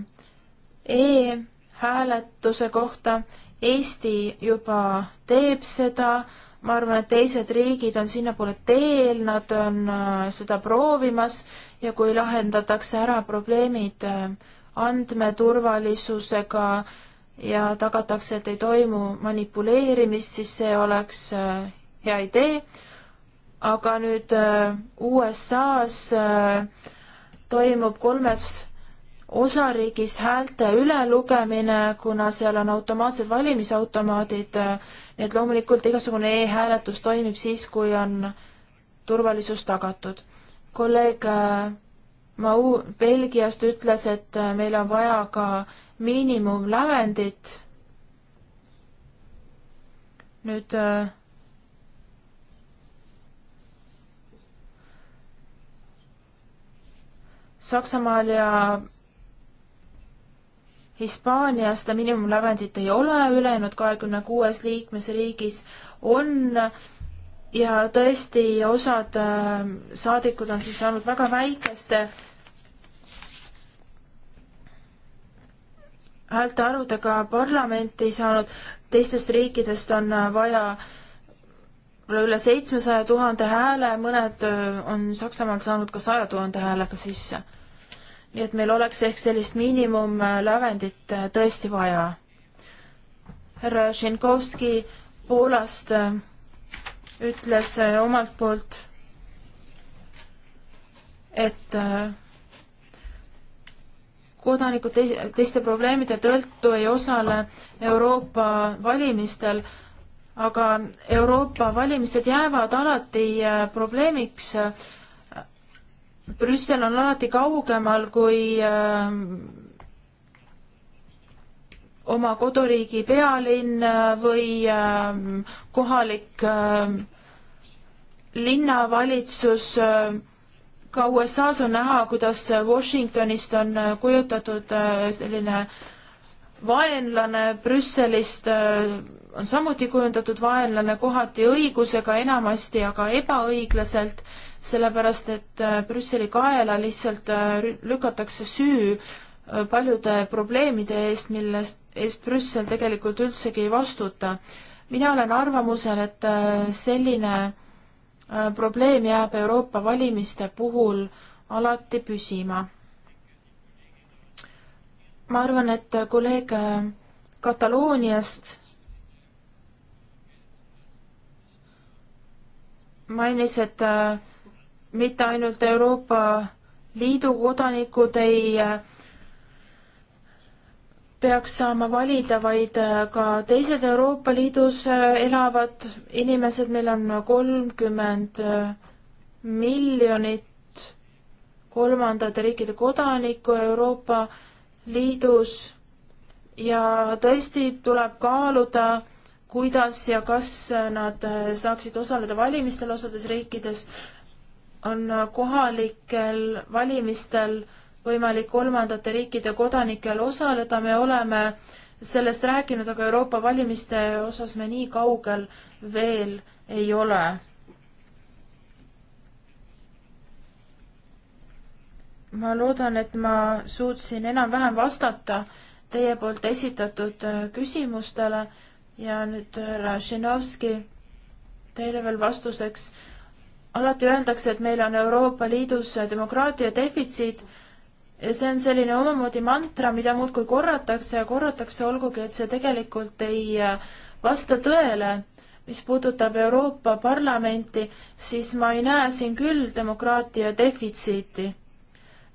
e-hääletuse kohta. Eesti juba teeb seda, ma arvan, et teised riigid on sinnapoole teel, nad on äh, seda proovimas ja kui lahendatakse ära probleemid äh, andmeturvalisusega ja tagatakse, et ei toimu manipuleerimist, siis see oleks äh, hea idee. aga nüüd äh, USA-s äh, toimub kolmes osariigis häälte ülelugemine, kuna seal on automaatsed valimisautomaadid, nii et loomulikult igasugune e-hääletus toimib siis, kui on turvalisus tagatud. kolleeg Mau Belgiast ütles, et äh, meil on vaja ka miinimumlävendit. nüüd äh, Saksamaal ja Hispaanias seda miinimumlävendit ei ole, ülejäänud kahekümne kuues liikmesriigis on ja tõesti, osad äh, saadikud on siis saanud väga väikeste äh, häältearvudega parlamenti saanud, teistest riikidest on äh, vaja üle seitsmesaja tuhande hääle, mõned äh, on Saksamaalt saanud ka saja tuhande häälega sisse. nii et meil oleks ehk sellist miinimumlävendit äh, tõesti vaja. härra Šenkovski Poolast ütles omalt poolt, et kodanikud te teiste probleemide tõttu ei osale Euroopa valimistel, aga Euroopa valimised jäävad alati äh, probleemiks. Brüssel on alati kaugemal kui äh, oma koduriigi pealinn äh, või kohalik linnavalitsus ka USA-s on näha, kuidas Washingtonist on äh, kujutatud äh, selline vaenlane, Brüsselist äh, on samuti kujundatud vaenlane kohati õigusega, enamasti aga ebaõiglaselt, sellepärast et Brüsseli kaela lihtsalt lükatakse süü paljude probleemide eest, millest, eest Brüssel tegelikult üldsegi ei vastuta. mina olen arvamusel, et selline äh, Äh, probleem jääb Euroopa valimiste puhul alati püsima. ma arvan, et kolleeg äh, Katalooniast mainis, et äh, mitte ainult Euroopa Liidu kodanikud ei äh, peaks saama valida vaid äh, ka teised Euroopa Liidus äh, elavad inimesed, meil on kolmkümmend äh, miljonit kolmandate riikide kodanikku Euroopa Liidus ja tõesti tuleb kaaluda, kuidas ja kas nad saaksid osaleda valimistel osades riikides, on kohalikel valimistel äh, võimalik kolmandate riikide kodanikel osaleda, me oleme sellest rääkinud, aga Euroopa valimiste osas me nii kaugel veel ei ole. ma loodan, et ma suutsin enam-vähem vastata teie poolt esitatud äh, küsimustele ja nüüd äh, Rašinovski, teile veel vastuseks. alati öeldakse, et meil on Euroopa Liidus demokraatia defitsiit see on selline omamoodi mantra, mida muudkui korratakse ja korratakse, olgugi et see tegelikult ei äh, vasta tõele. mis puudutab Euroopa Parlamenti, siis ma ei näe siin küll demokraatia defitsiiti.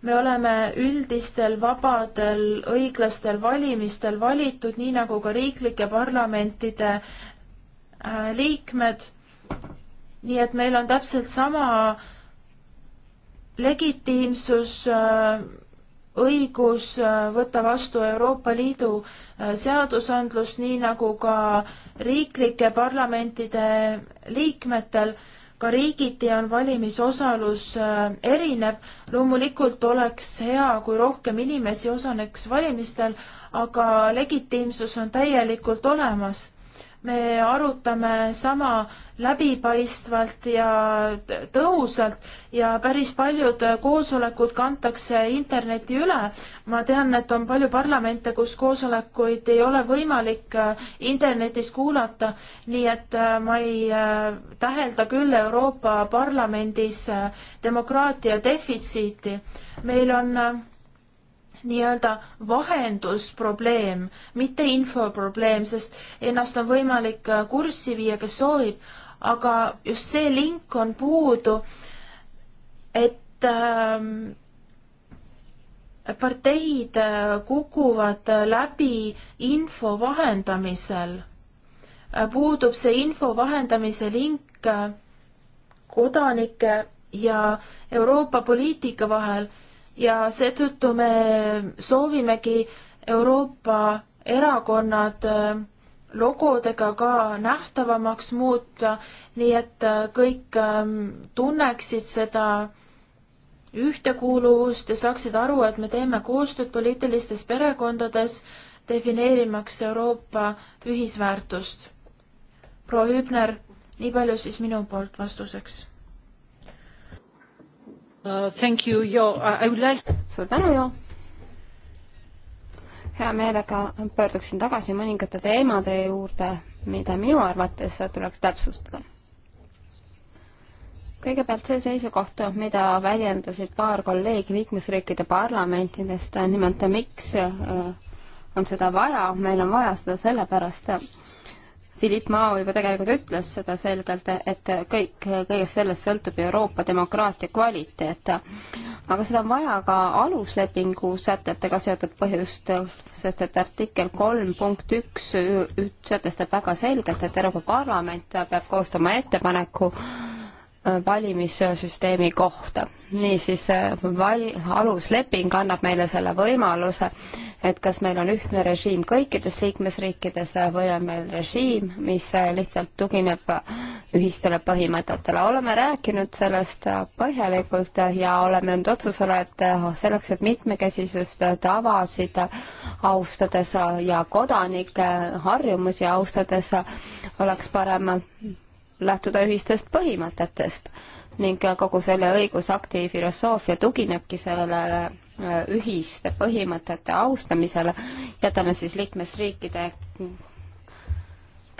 me oleme üldistel vabadel õiglastel valimistel valitud, nii nagu ka riiklike parlamentide äh, liikmed. nii et meil on täpselt sama legitiimsus äh, õigus äh, võtta vastu Euroopa Liidu äh, seadusandlust, nii nagu ka riiklike parlamentide liikmetel, ka riigiti on valimisosalus äh, erinev. loomulikult oleks hea, kui rohkem inimesi osaneks valimistel, aga legitiimsus on täielikult olemas me arutame sama läbipaistvalt ja tõhusalt ja päris paljud koosolekud kantakse interneti üle. ma tean, et on palju parlamente, kus koosolekuid ei ole võimalik äh, internetis kuulata, nii et äh, ma ei äh, tähelda küll Euroopa Parlamendis demokraatia defitsiiti. meil on nii-öelda vahendusprobleem, mitte infoprobleem, sest ennast on võimalik äh, kurssi viia, kes soovib, aga just see link on puudu, et ähm, parteid äh, kukuvad äh, läbi info vahendamisel. puudub see info vahendamise link kodanike ja Euroopa poliitika vahel ja seetõttu me soovimegi Euroopa erakonnad äh, logodega ka nähtavamaks muuta, nii et äh, kõik ähm, tunneksid seda ühtekuuluvust ja saaksid aru, et me teeme koostööd poliitilistes perekondades, defineerimaks Euroopa ühisväärtust. proua Hübner, nii palju siis minu poolt vastuseks uh,. Thank you, Joo. I would like. suur tänu, Joo. hea meelega pöörduksin tagasi mõningate teemade juurde, mida minu arvates tuleks täpsustada. kõigepealt see seisukoht, mida väljendasid paar kolleegi liikmesriikide parlamentidest, nimelt miks äh, on seda vaja, meil on vaja seda sellepärast, Philipp Mao juba tegelikult ütles seda selgelt, et kõik, kõigest sellest sõltub Euroopa demokraatia kvaliteet. aga seda on vaja ka aluslepingu sätetega seotud põhjustel, sest et artikkel kolm punkt üks sätestab väga selgelt, et Euroopa Parlament peab koostama ettepaneku äh, valimissüsteemi kohta. niisiis äh, vali-, alusleping annab meile selle võimaluse, et kas meil on ühtne režiim kõikides liikmesriikides või on meil režiim, mis äh, lihtsalt tugineb äh, ühistele põhimõtetele. oleme rääkinud sellest põhjalikult ja oleme jõudnud otsusele, et selleks, et mitmekesisust tavasid austades ja kodanike harjumusi austades oleks parem lähtuda ühistest põhimõtetest ning kogu selle õigusakti filosoofia tuginebki sellele äh, ühiste põhimõtete austamisele, jätame siis liikmesriikide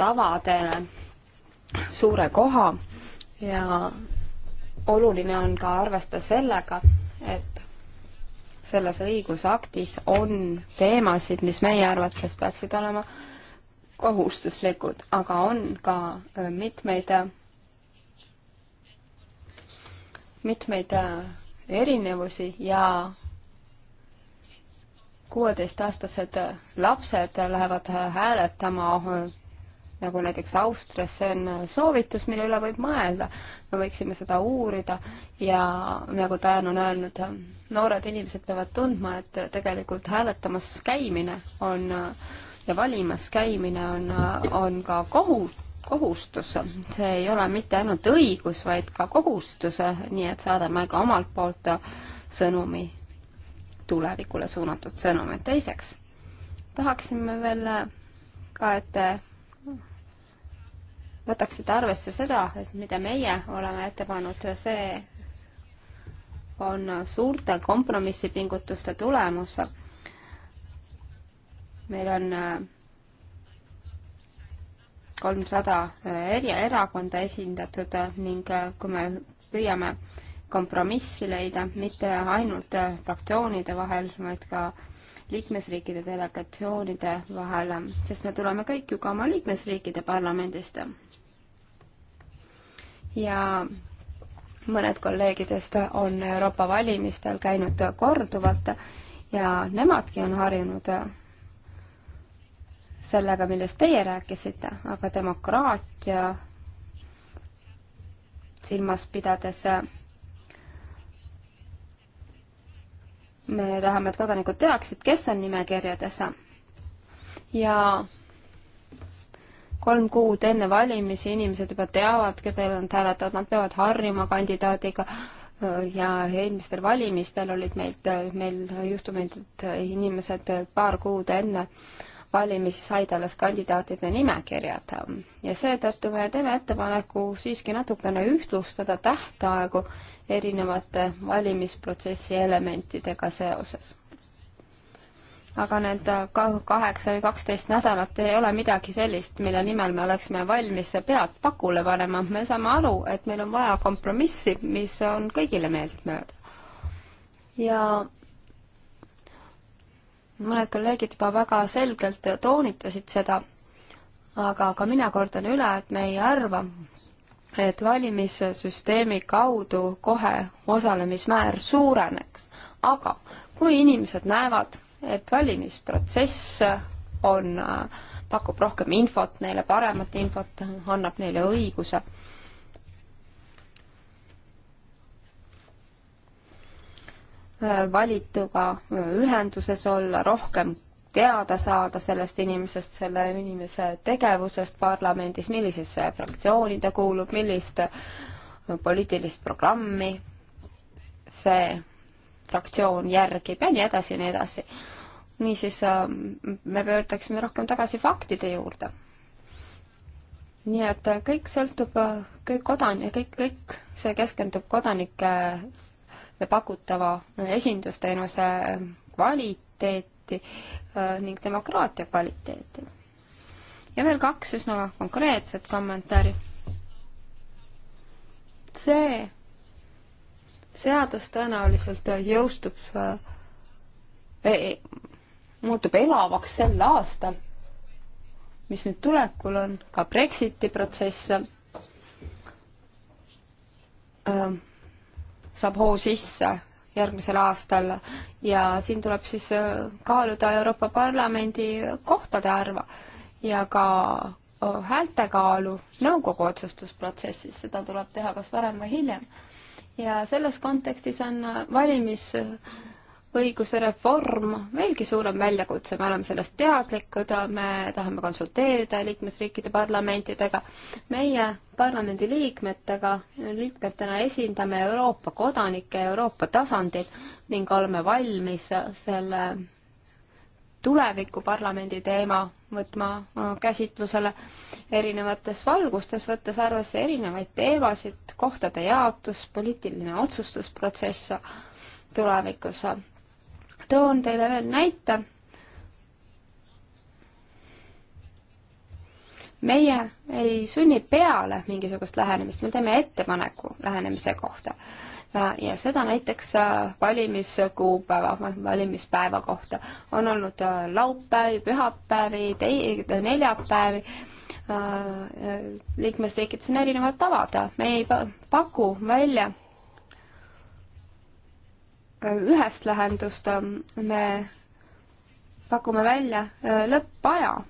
tavadele suure koha ja oluline on ka arvestada sellega, et selles õigusaktis on teemasid, mis meie arvates peaksid olema äh, kohustuslikud, aga on ka äh, mitmeid, äh, mitmeid äh, erinevusi ja kuueteistaastased lapsed lähevad hääletama nagu näiteks Austrias, see on soovitus, mille üle võib mõelda. me võiksime seda uurida ja nagu Dan on öelnud, noored inimesed peavad tundma, et tegelikult hääletamas käimine on äh, ja valimas käimine on, on ka kohu, kohustus. see ei ole mitte ainult õigus, vaid ka kohustus, nii et saadame ka omalt poolt sõnumi, tulevikule suunatud sõnumi. teiseks tahaksime veel ka, et te võtaksite arvesse seda, et mida meie oleme ette pannud, see on suurte kompromissipingutuste tulemus meil on äh, kolmsada äh, eri erakonda esindatud äh, ning kui me püüame kompromissi leida mitte ainult fraktsioonide vahel, vaid ka liikmesriikide delegatsioonide vahel, sest me tuleme kõik ju ka oma liikmesriikide parlamendist. ja mõned kolleegidest on Euroopa valimistel käinud korduvalt ja nemadki on harjunud sellega, millest teie rääkisite, aga demokraatia silmas pidades me tahame, et kodanikud teaksid, kes on nimekirjades. ja kolm kuud enne valimisi inimesed juba teavad, keda nad hääletavad, nad peavad harjuma kandidaadiga ja eelmistel valimistel olid meilt, meil juhtumeid, et inimesed paar kuud enne äh, valimisi said alles kandidaatide nimekirjad ja seetõttu me teeme ettepaneku siiski natukene ühtlustada tähtaegu erinevate valimisprotsessi elementidega seoses. aga need kaheksa või kaksteist nädalat ei ole midagi sellist, mille nimel me oleksime valmis pead pakule panema, me saame aru, et meil on vaja kompromissi, mis on kõigile meeltmööda. ja mõned kolleegid juba väga selgelt toonitasid seda, aga ka mina kordan üle, et me ei arva, et valimissüsteemi kaudu kohe osalemismäär suureneks. aga kui inimesed näevad, et valimisprotsess on, äh, pakub rohkem infot neile, paremat infot, annab neile õiguse valituga ühenduses olla, rohkem teada saada sellest inimesest, selle inimese tegevusest parlamendis, millisesse fraktsiooni ta kuulub, millist äh, poliitilist programmi see fraktsioon järgib ja nii edasi ja nii edasi. niisiis äh, me pöörduksime rohkem tagasi faktide juurde. nii et kõik sõltub, äh, kõik kodan-, kõik, kõik see keskendub kodanike pakutava esindusteenuse kvaliteeti äh, ning demokraatia kvaliteeti. ja veel kaks üsna konkreetset kommentaari. see seadus tõenäoliselt jõustub eh,, muutub elavaks sel aastal, mis nüüd tulekul on, ka Brexiti protsess ähm, saab hoo sisse järgmisel aastal ja siin tuleb siis äh, kaaluda Euroopa Parlamendi kohtade arva ja ka äh, häälte kaalu nõukogu otsustusprotsessis, seda tuleb teha kas varem või hiljem. ja selles kontekstis on valimis äh, õiguse reform veelgi suurem väljakutse, me oleme sellest teadlikud, me tahame konsulteerida liikmesriikide parlamentidega. meie parlamendi liikmetega, liikmetena esindame Euroopa kodanikke Euroopa tasandil ning oleme valmis selle tuleviku parlamendi teema võtma käsitlusele erinevates valgustes, võttes arvesse erinevaid teemasid, kohtade jaotus, poliitiline otsustusprotsess tulevikus toon teile veel näite. meie ei sunni peale mingisugust lähenemist, me teeme ettepaneku lähenemise kohta. ja seda näiteks äh, valimiskuupäeva, valimispäeva kohta. on olnud äh, laupäevi, pühapäevi, neljapäevi äh, liikmesriikides on erinevad tavad, me ei paku välja ühest lahendust, ähm, me pakume välja äh, lõppaja,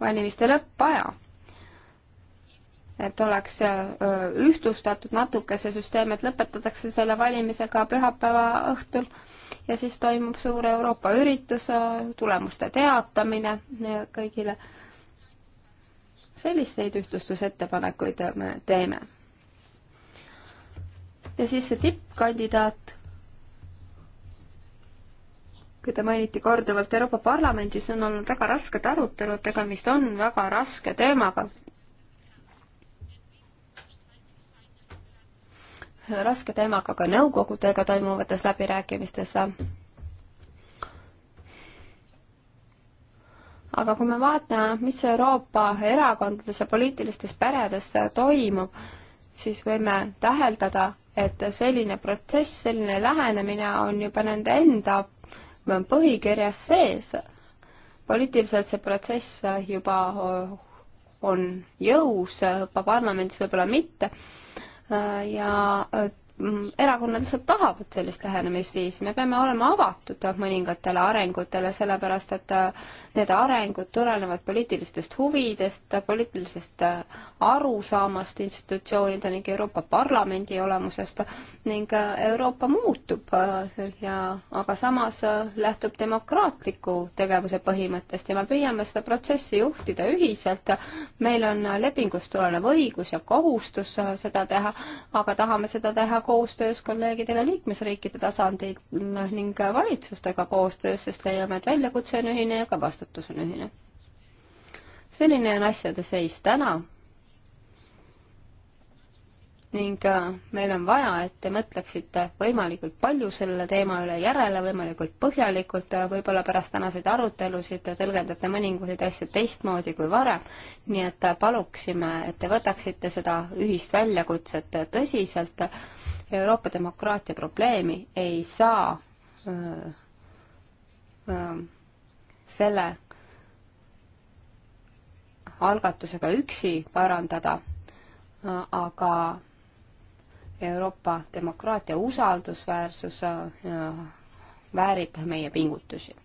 valimiste lõppaja. et oleks äh, ühtlustatud natuke see süsteem, et lõpetatakse selle valimisega pühapäeva õhtul ja siis toimub suur Euroopa üritus, äh, tulemuste teatamine kõigile. selliseid ühtlustusettepanekuid me teeme. ja siis see tippkandidaat kui te mainiti korduvalt Euroopa Parlamendis, on olnud väga rasked arutelud, tegemist on väga raske teemaga. raske teemaga ka nõukogudega toimuvates läbirääkimistes aga kui me vaatame, mis Euroopa erakondades ja poliitilistes peredes toimub, siis võime täheldada, et selline protsess, selline lähenemine on juba nende enda põhikirjas sees. poliitiliselt see protsess juba on jõus, parlamendis võib-olla mitte, ja Mm, erakonnad lihtsalt tahavad sellist lähenemisviisi, me peame olema avatud mõningatele arengutele, sellepärast et äh, need arengud tulenevad poliitilistest huvidest, poliitilisest äh, arusaamast institutsioonide ning Euroopa Parlamendi olemusest ning äh, Euroopa muutub ja aga samas lähtub demokraatliku tegevuse põhimõttest ja me püüame seda protsessi juhtida ühiselt, meil on lepingust tulenev õigus ja kohustus seda teha, aga tahame seda teha koostöös kolleegidega liikmesriikide tasandil noh, ning valitsustega koostöös, sest leiame, et väljakutse on ühine ja ka vastutus on ühine. selline on asjade seis täna. ning äh, meil on vaja, et te mõtleksite võimalikult palju selle teema üle järele, võimalikult põhjalikult, äh, võib-olla pärast tänaseid arutelusid tõlgendate mõningaid asju teistmoodi kui varem. nii et äh, paluksime, et te võtaksite seda ühist väljakutset tõsiselt Euroopa demokraatia probleemi ei saa öö, öö, selle algatusega üksi parandada, aga Euroopa demokraatia usaldusväärsus väärib meie pingutusi.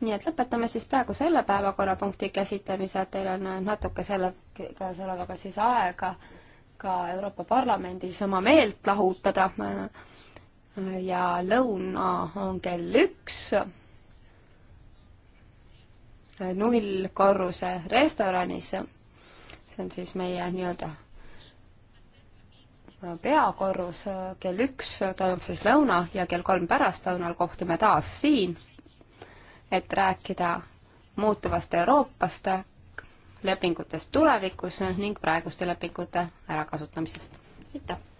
nii et lõpetame siis praegu selle päevakorrapunkti käsitlemise, et teil on natuke selle, sellega siis aega ka Euroopa Parlamendis oma meelt lahutada ja lõuna on kell üks nullkorruse restoranis, see on siis meie nii-öelda peakorrus, kell üks toimub siis lõuna ja kell kolm pärastlõunal kohtume taas siin, et rääkida muutuvast Euroopast lepingutest tulevikus ning praeguste lepingute ärakasutamisest. aitäh!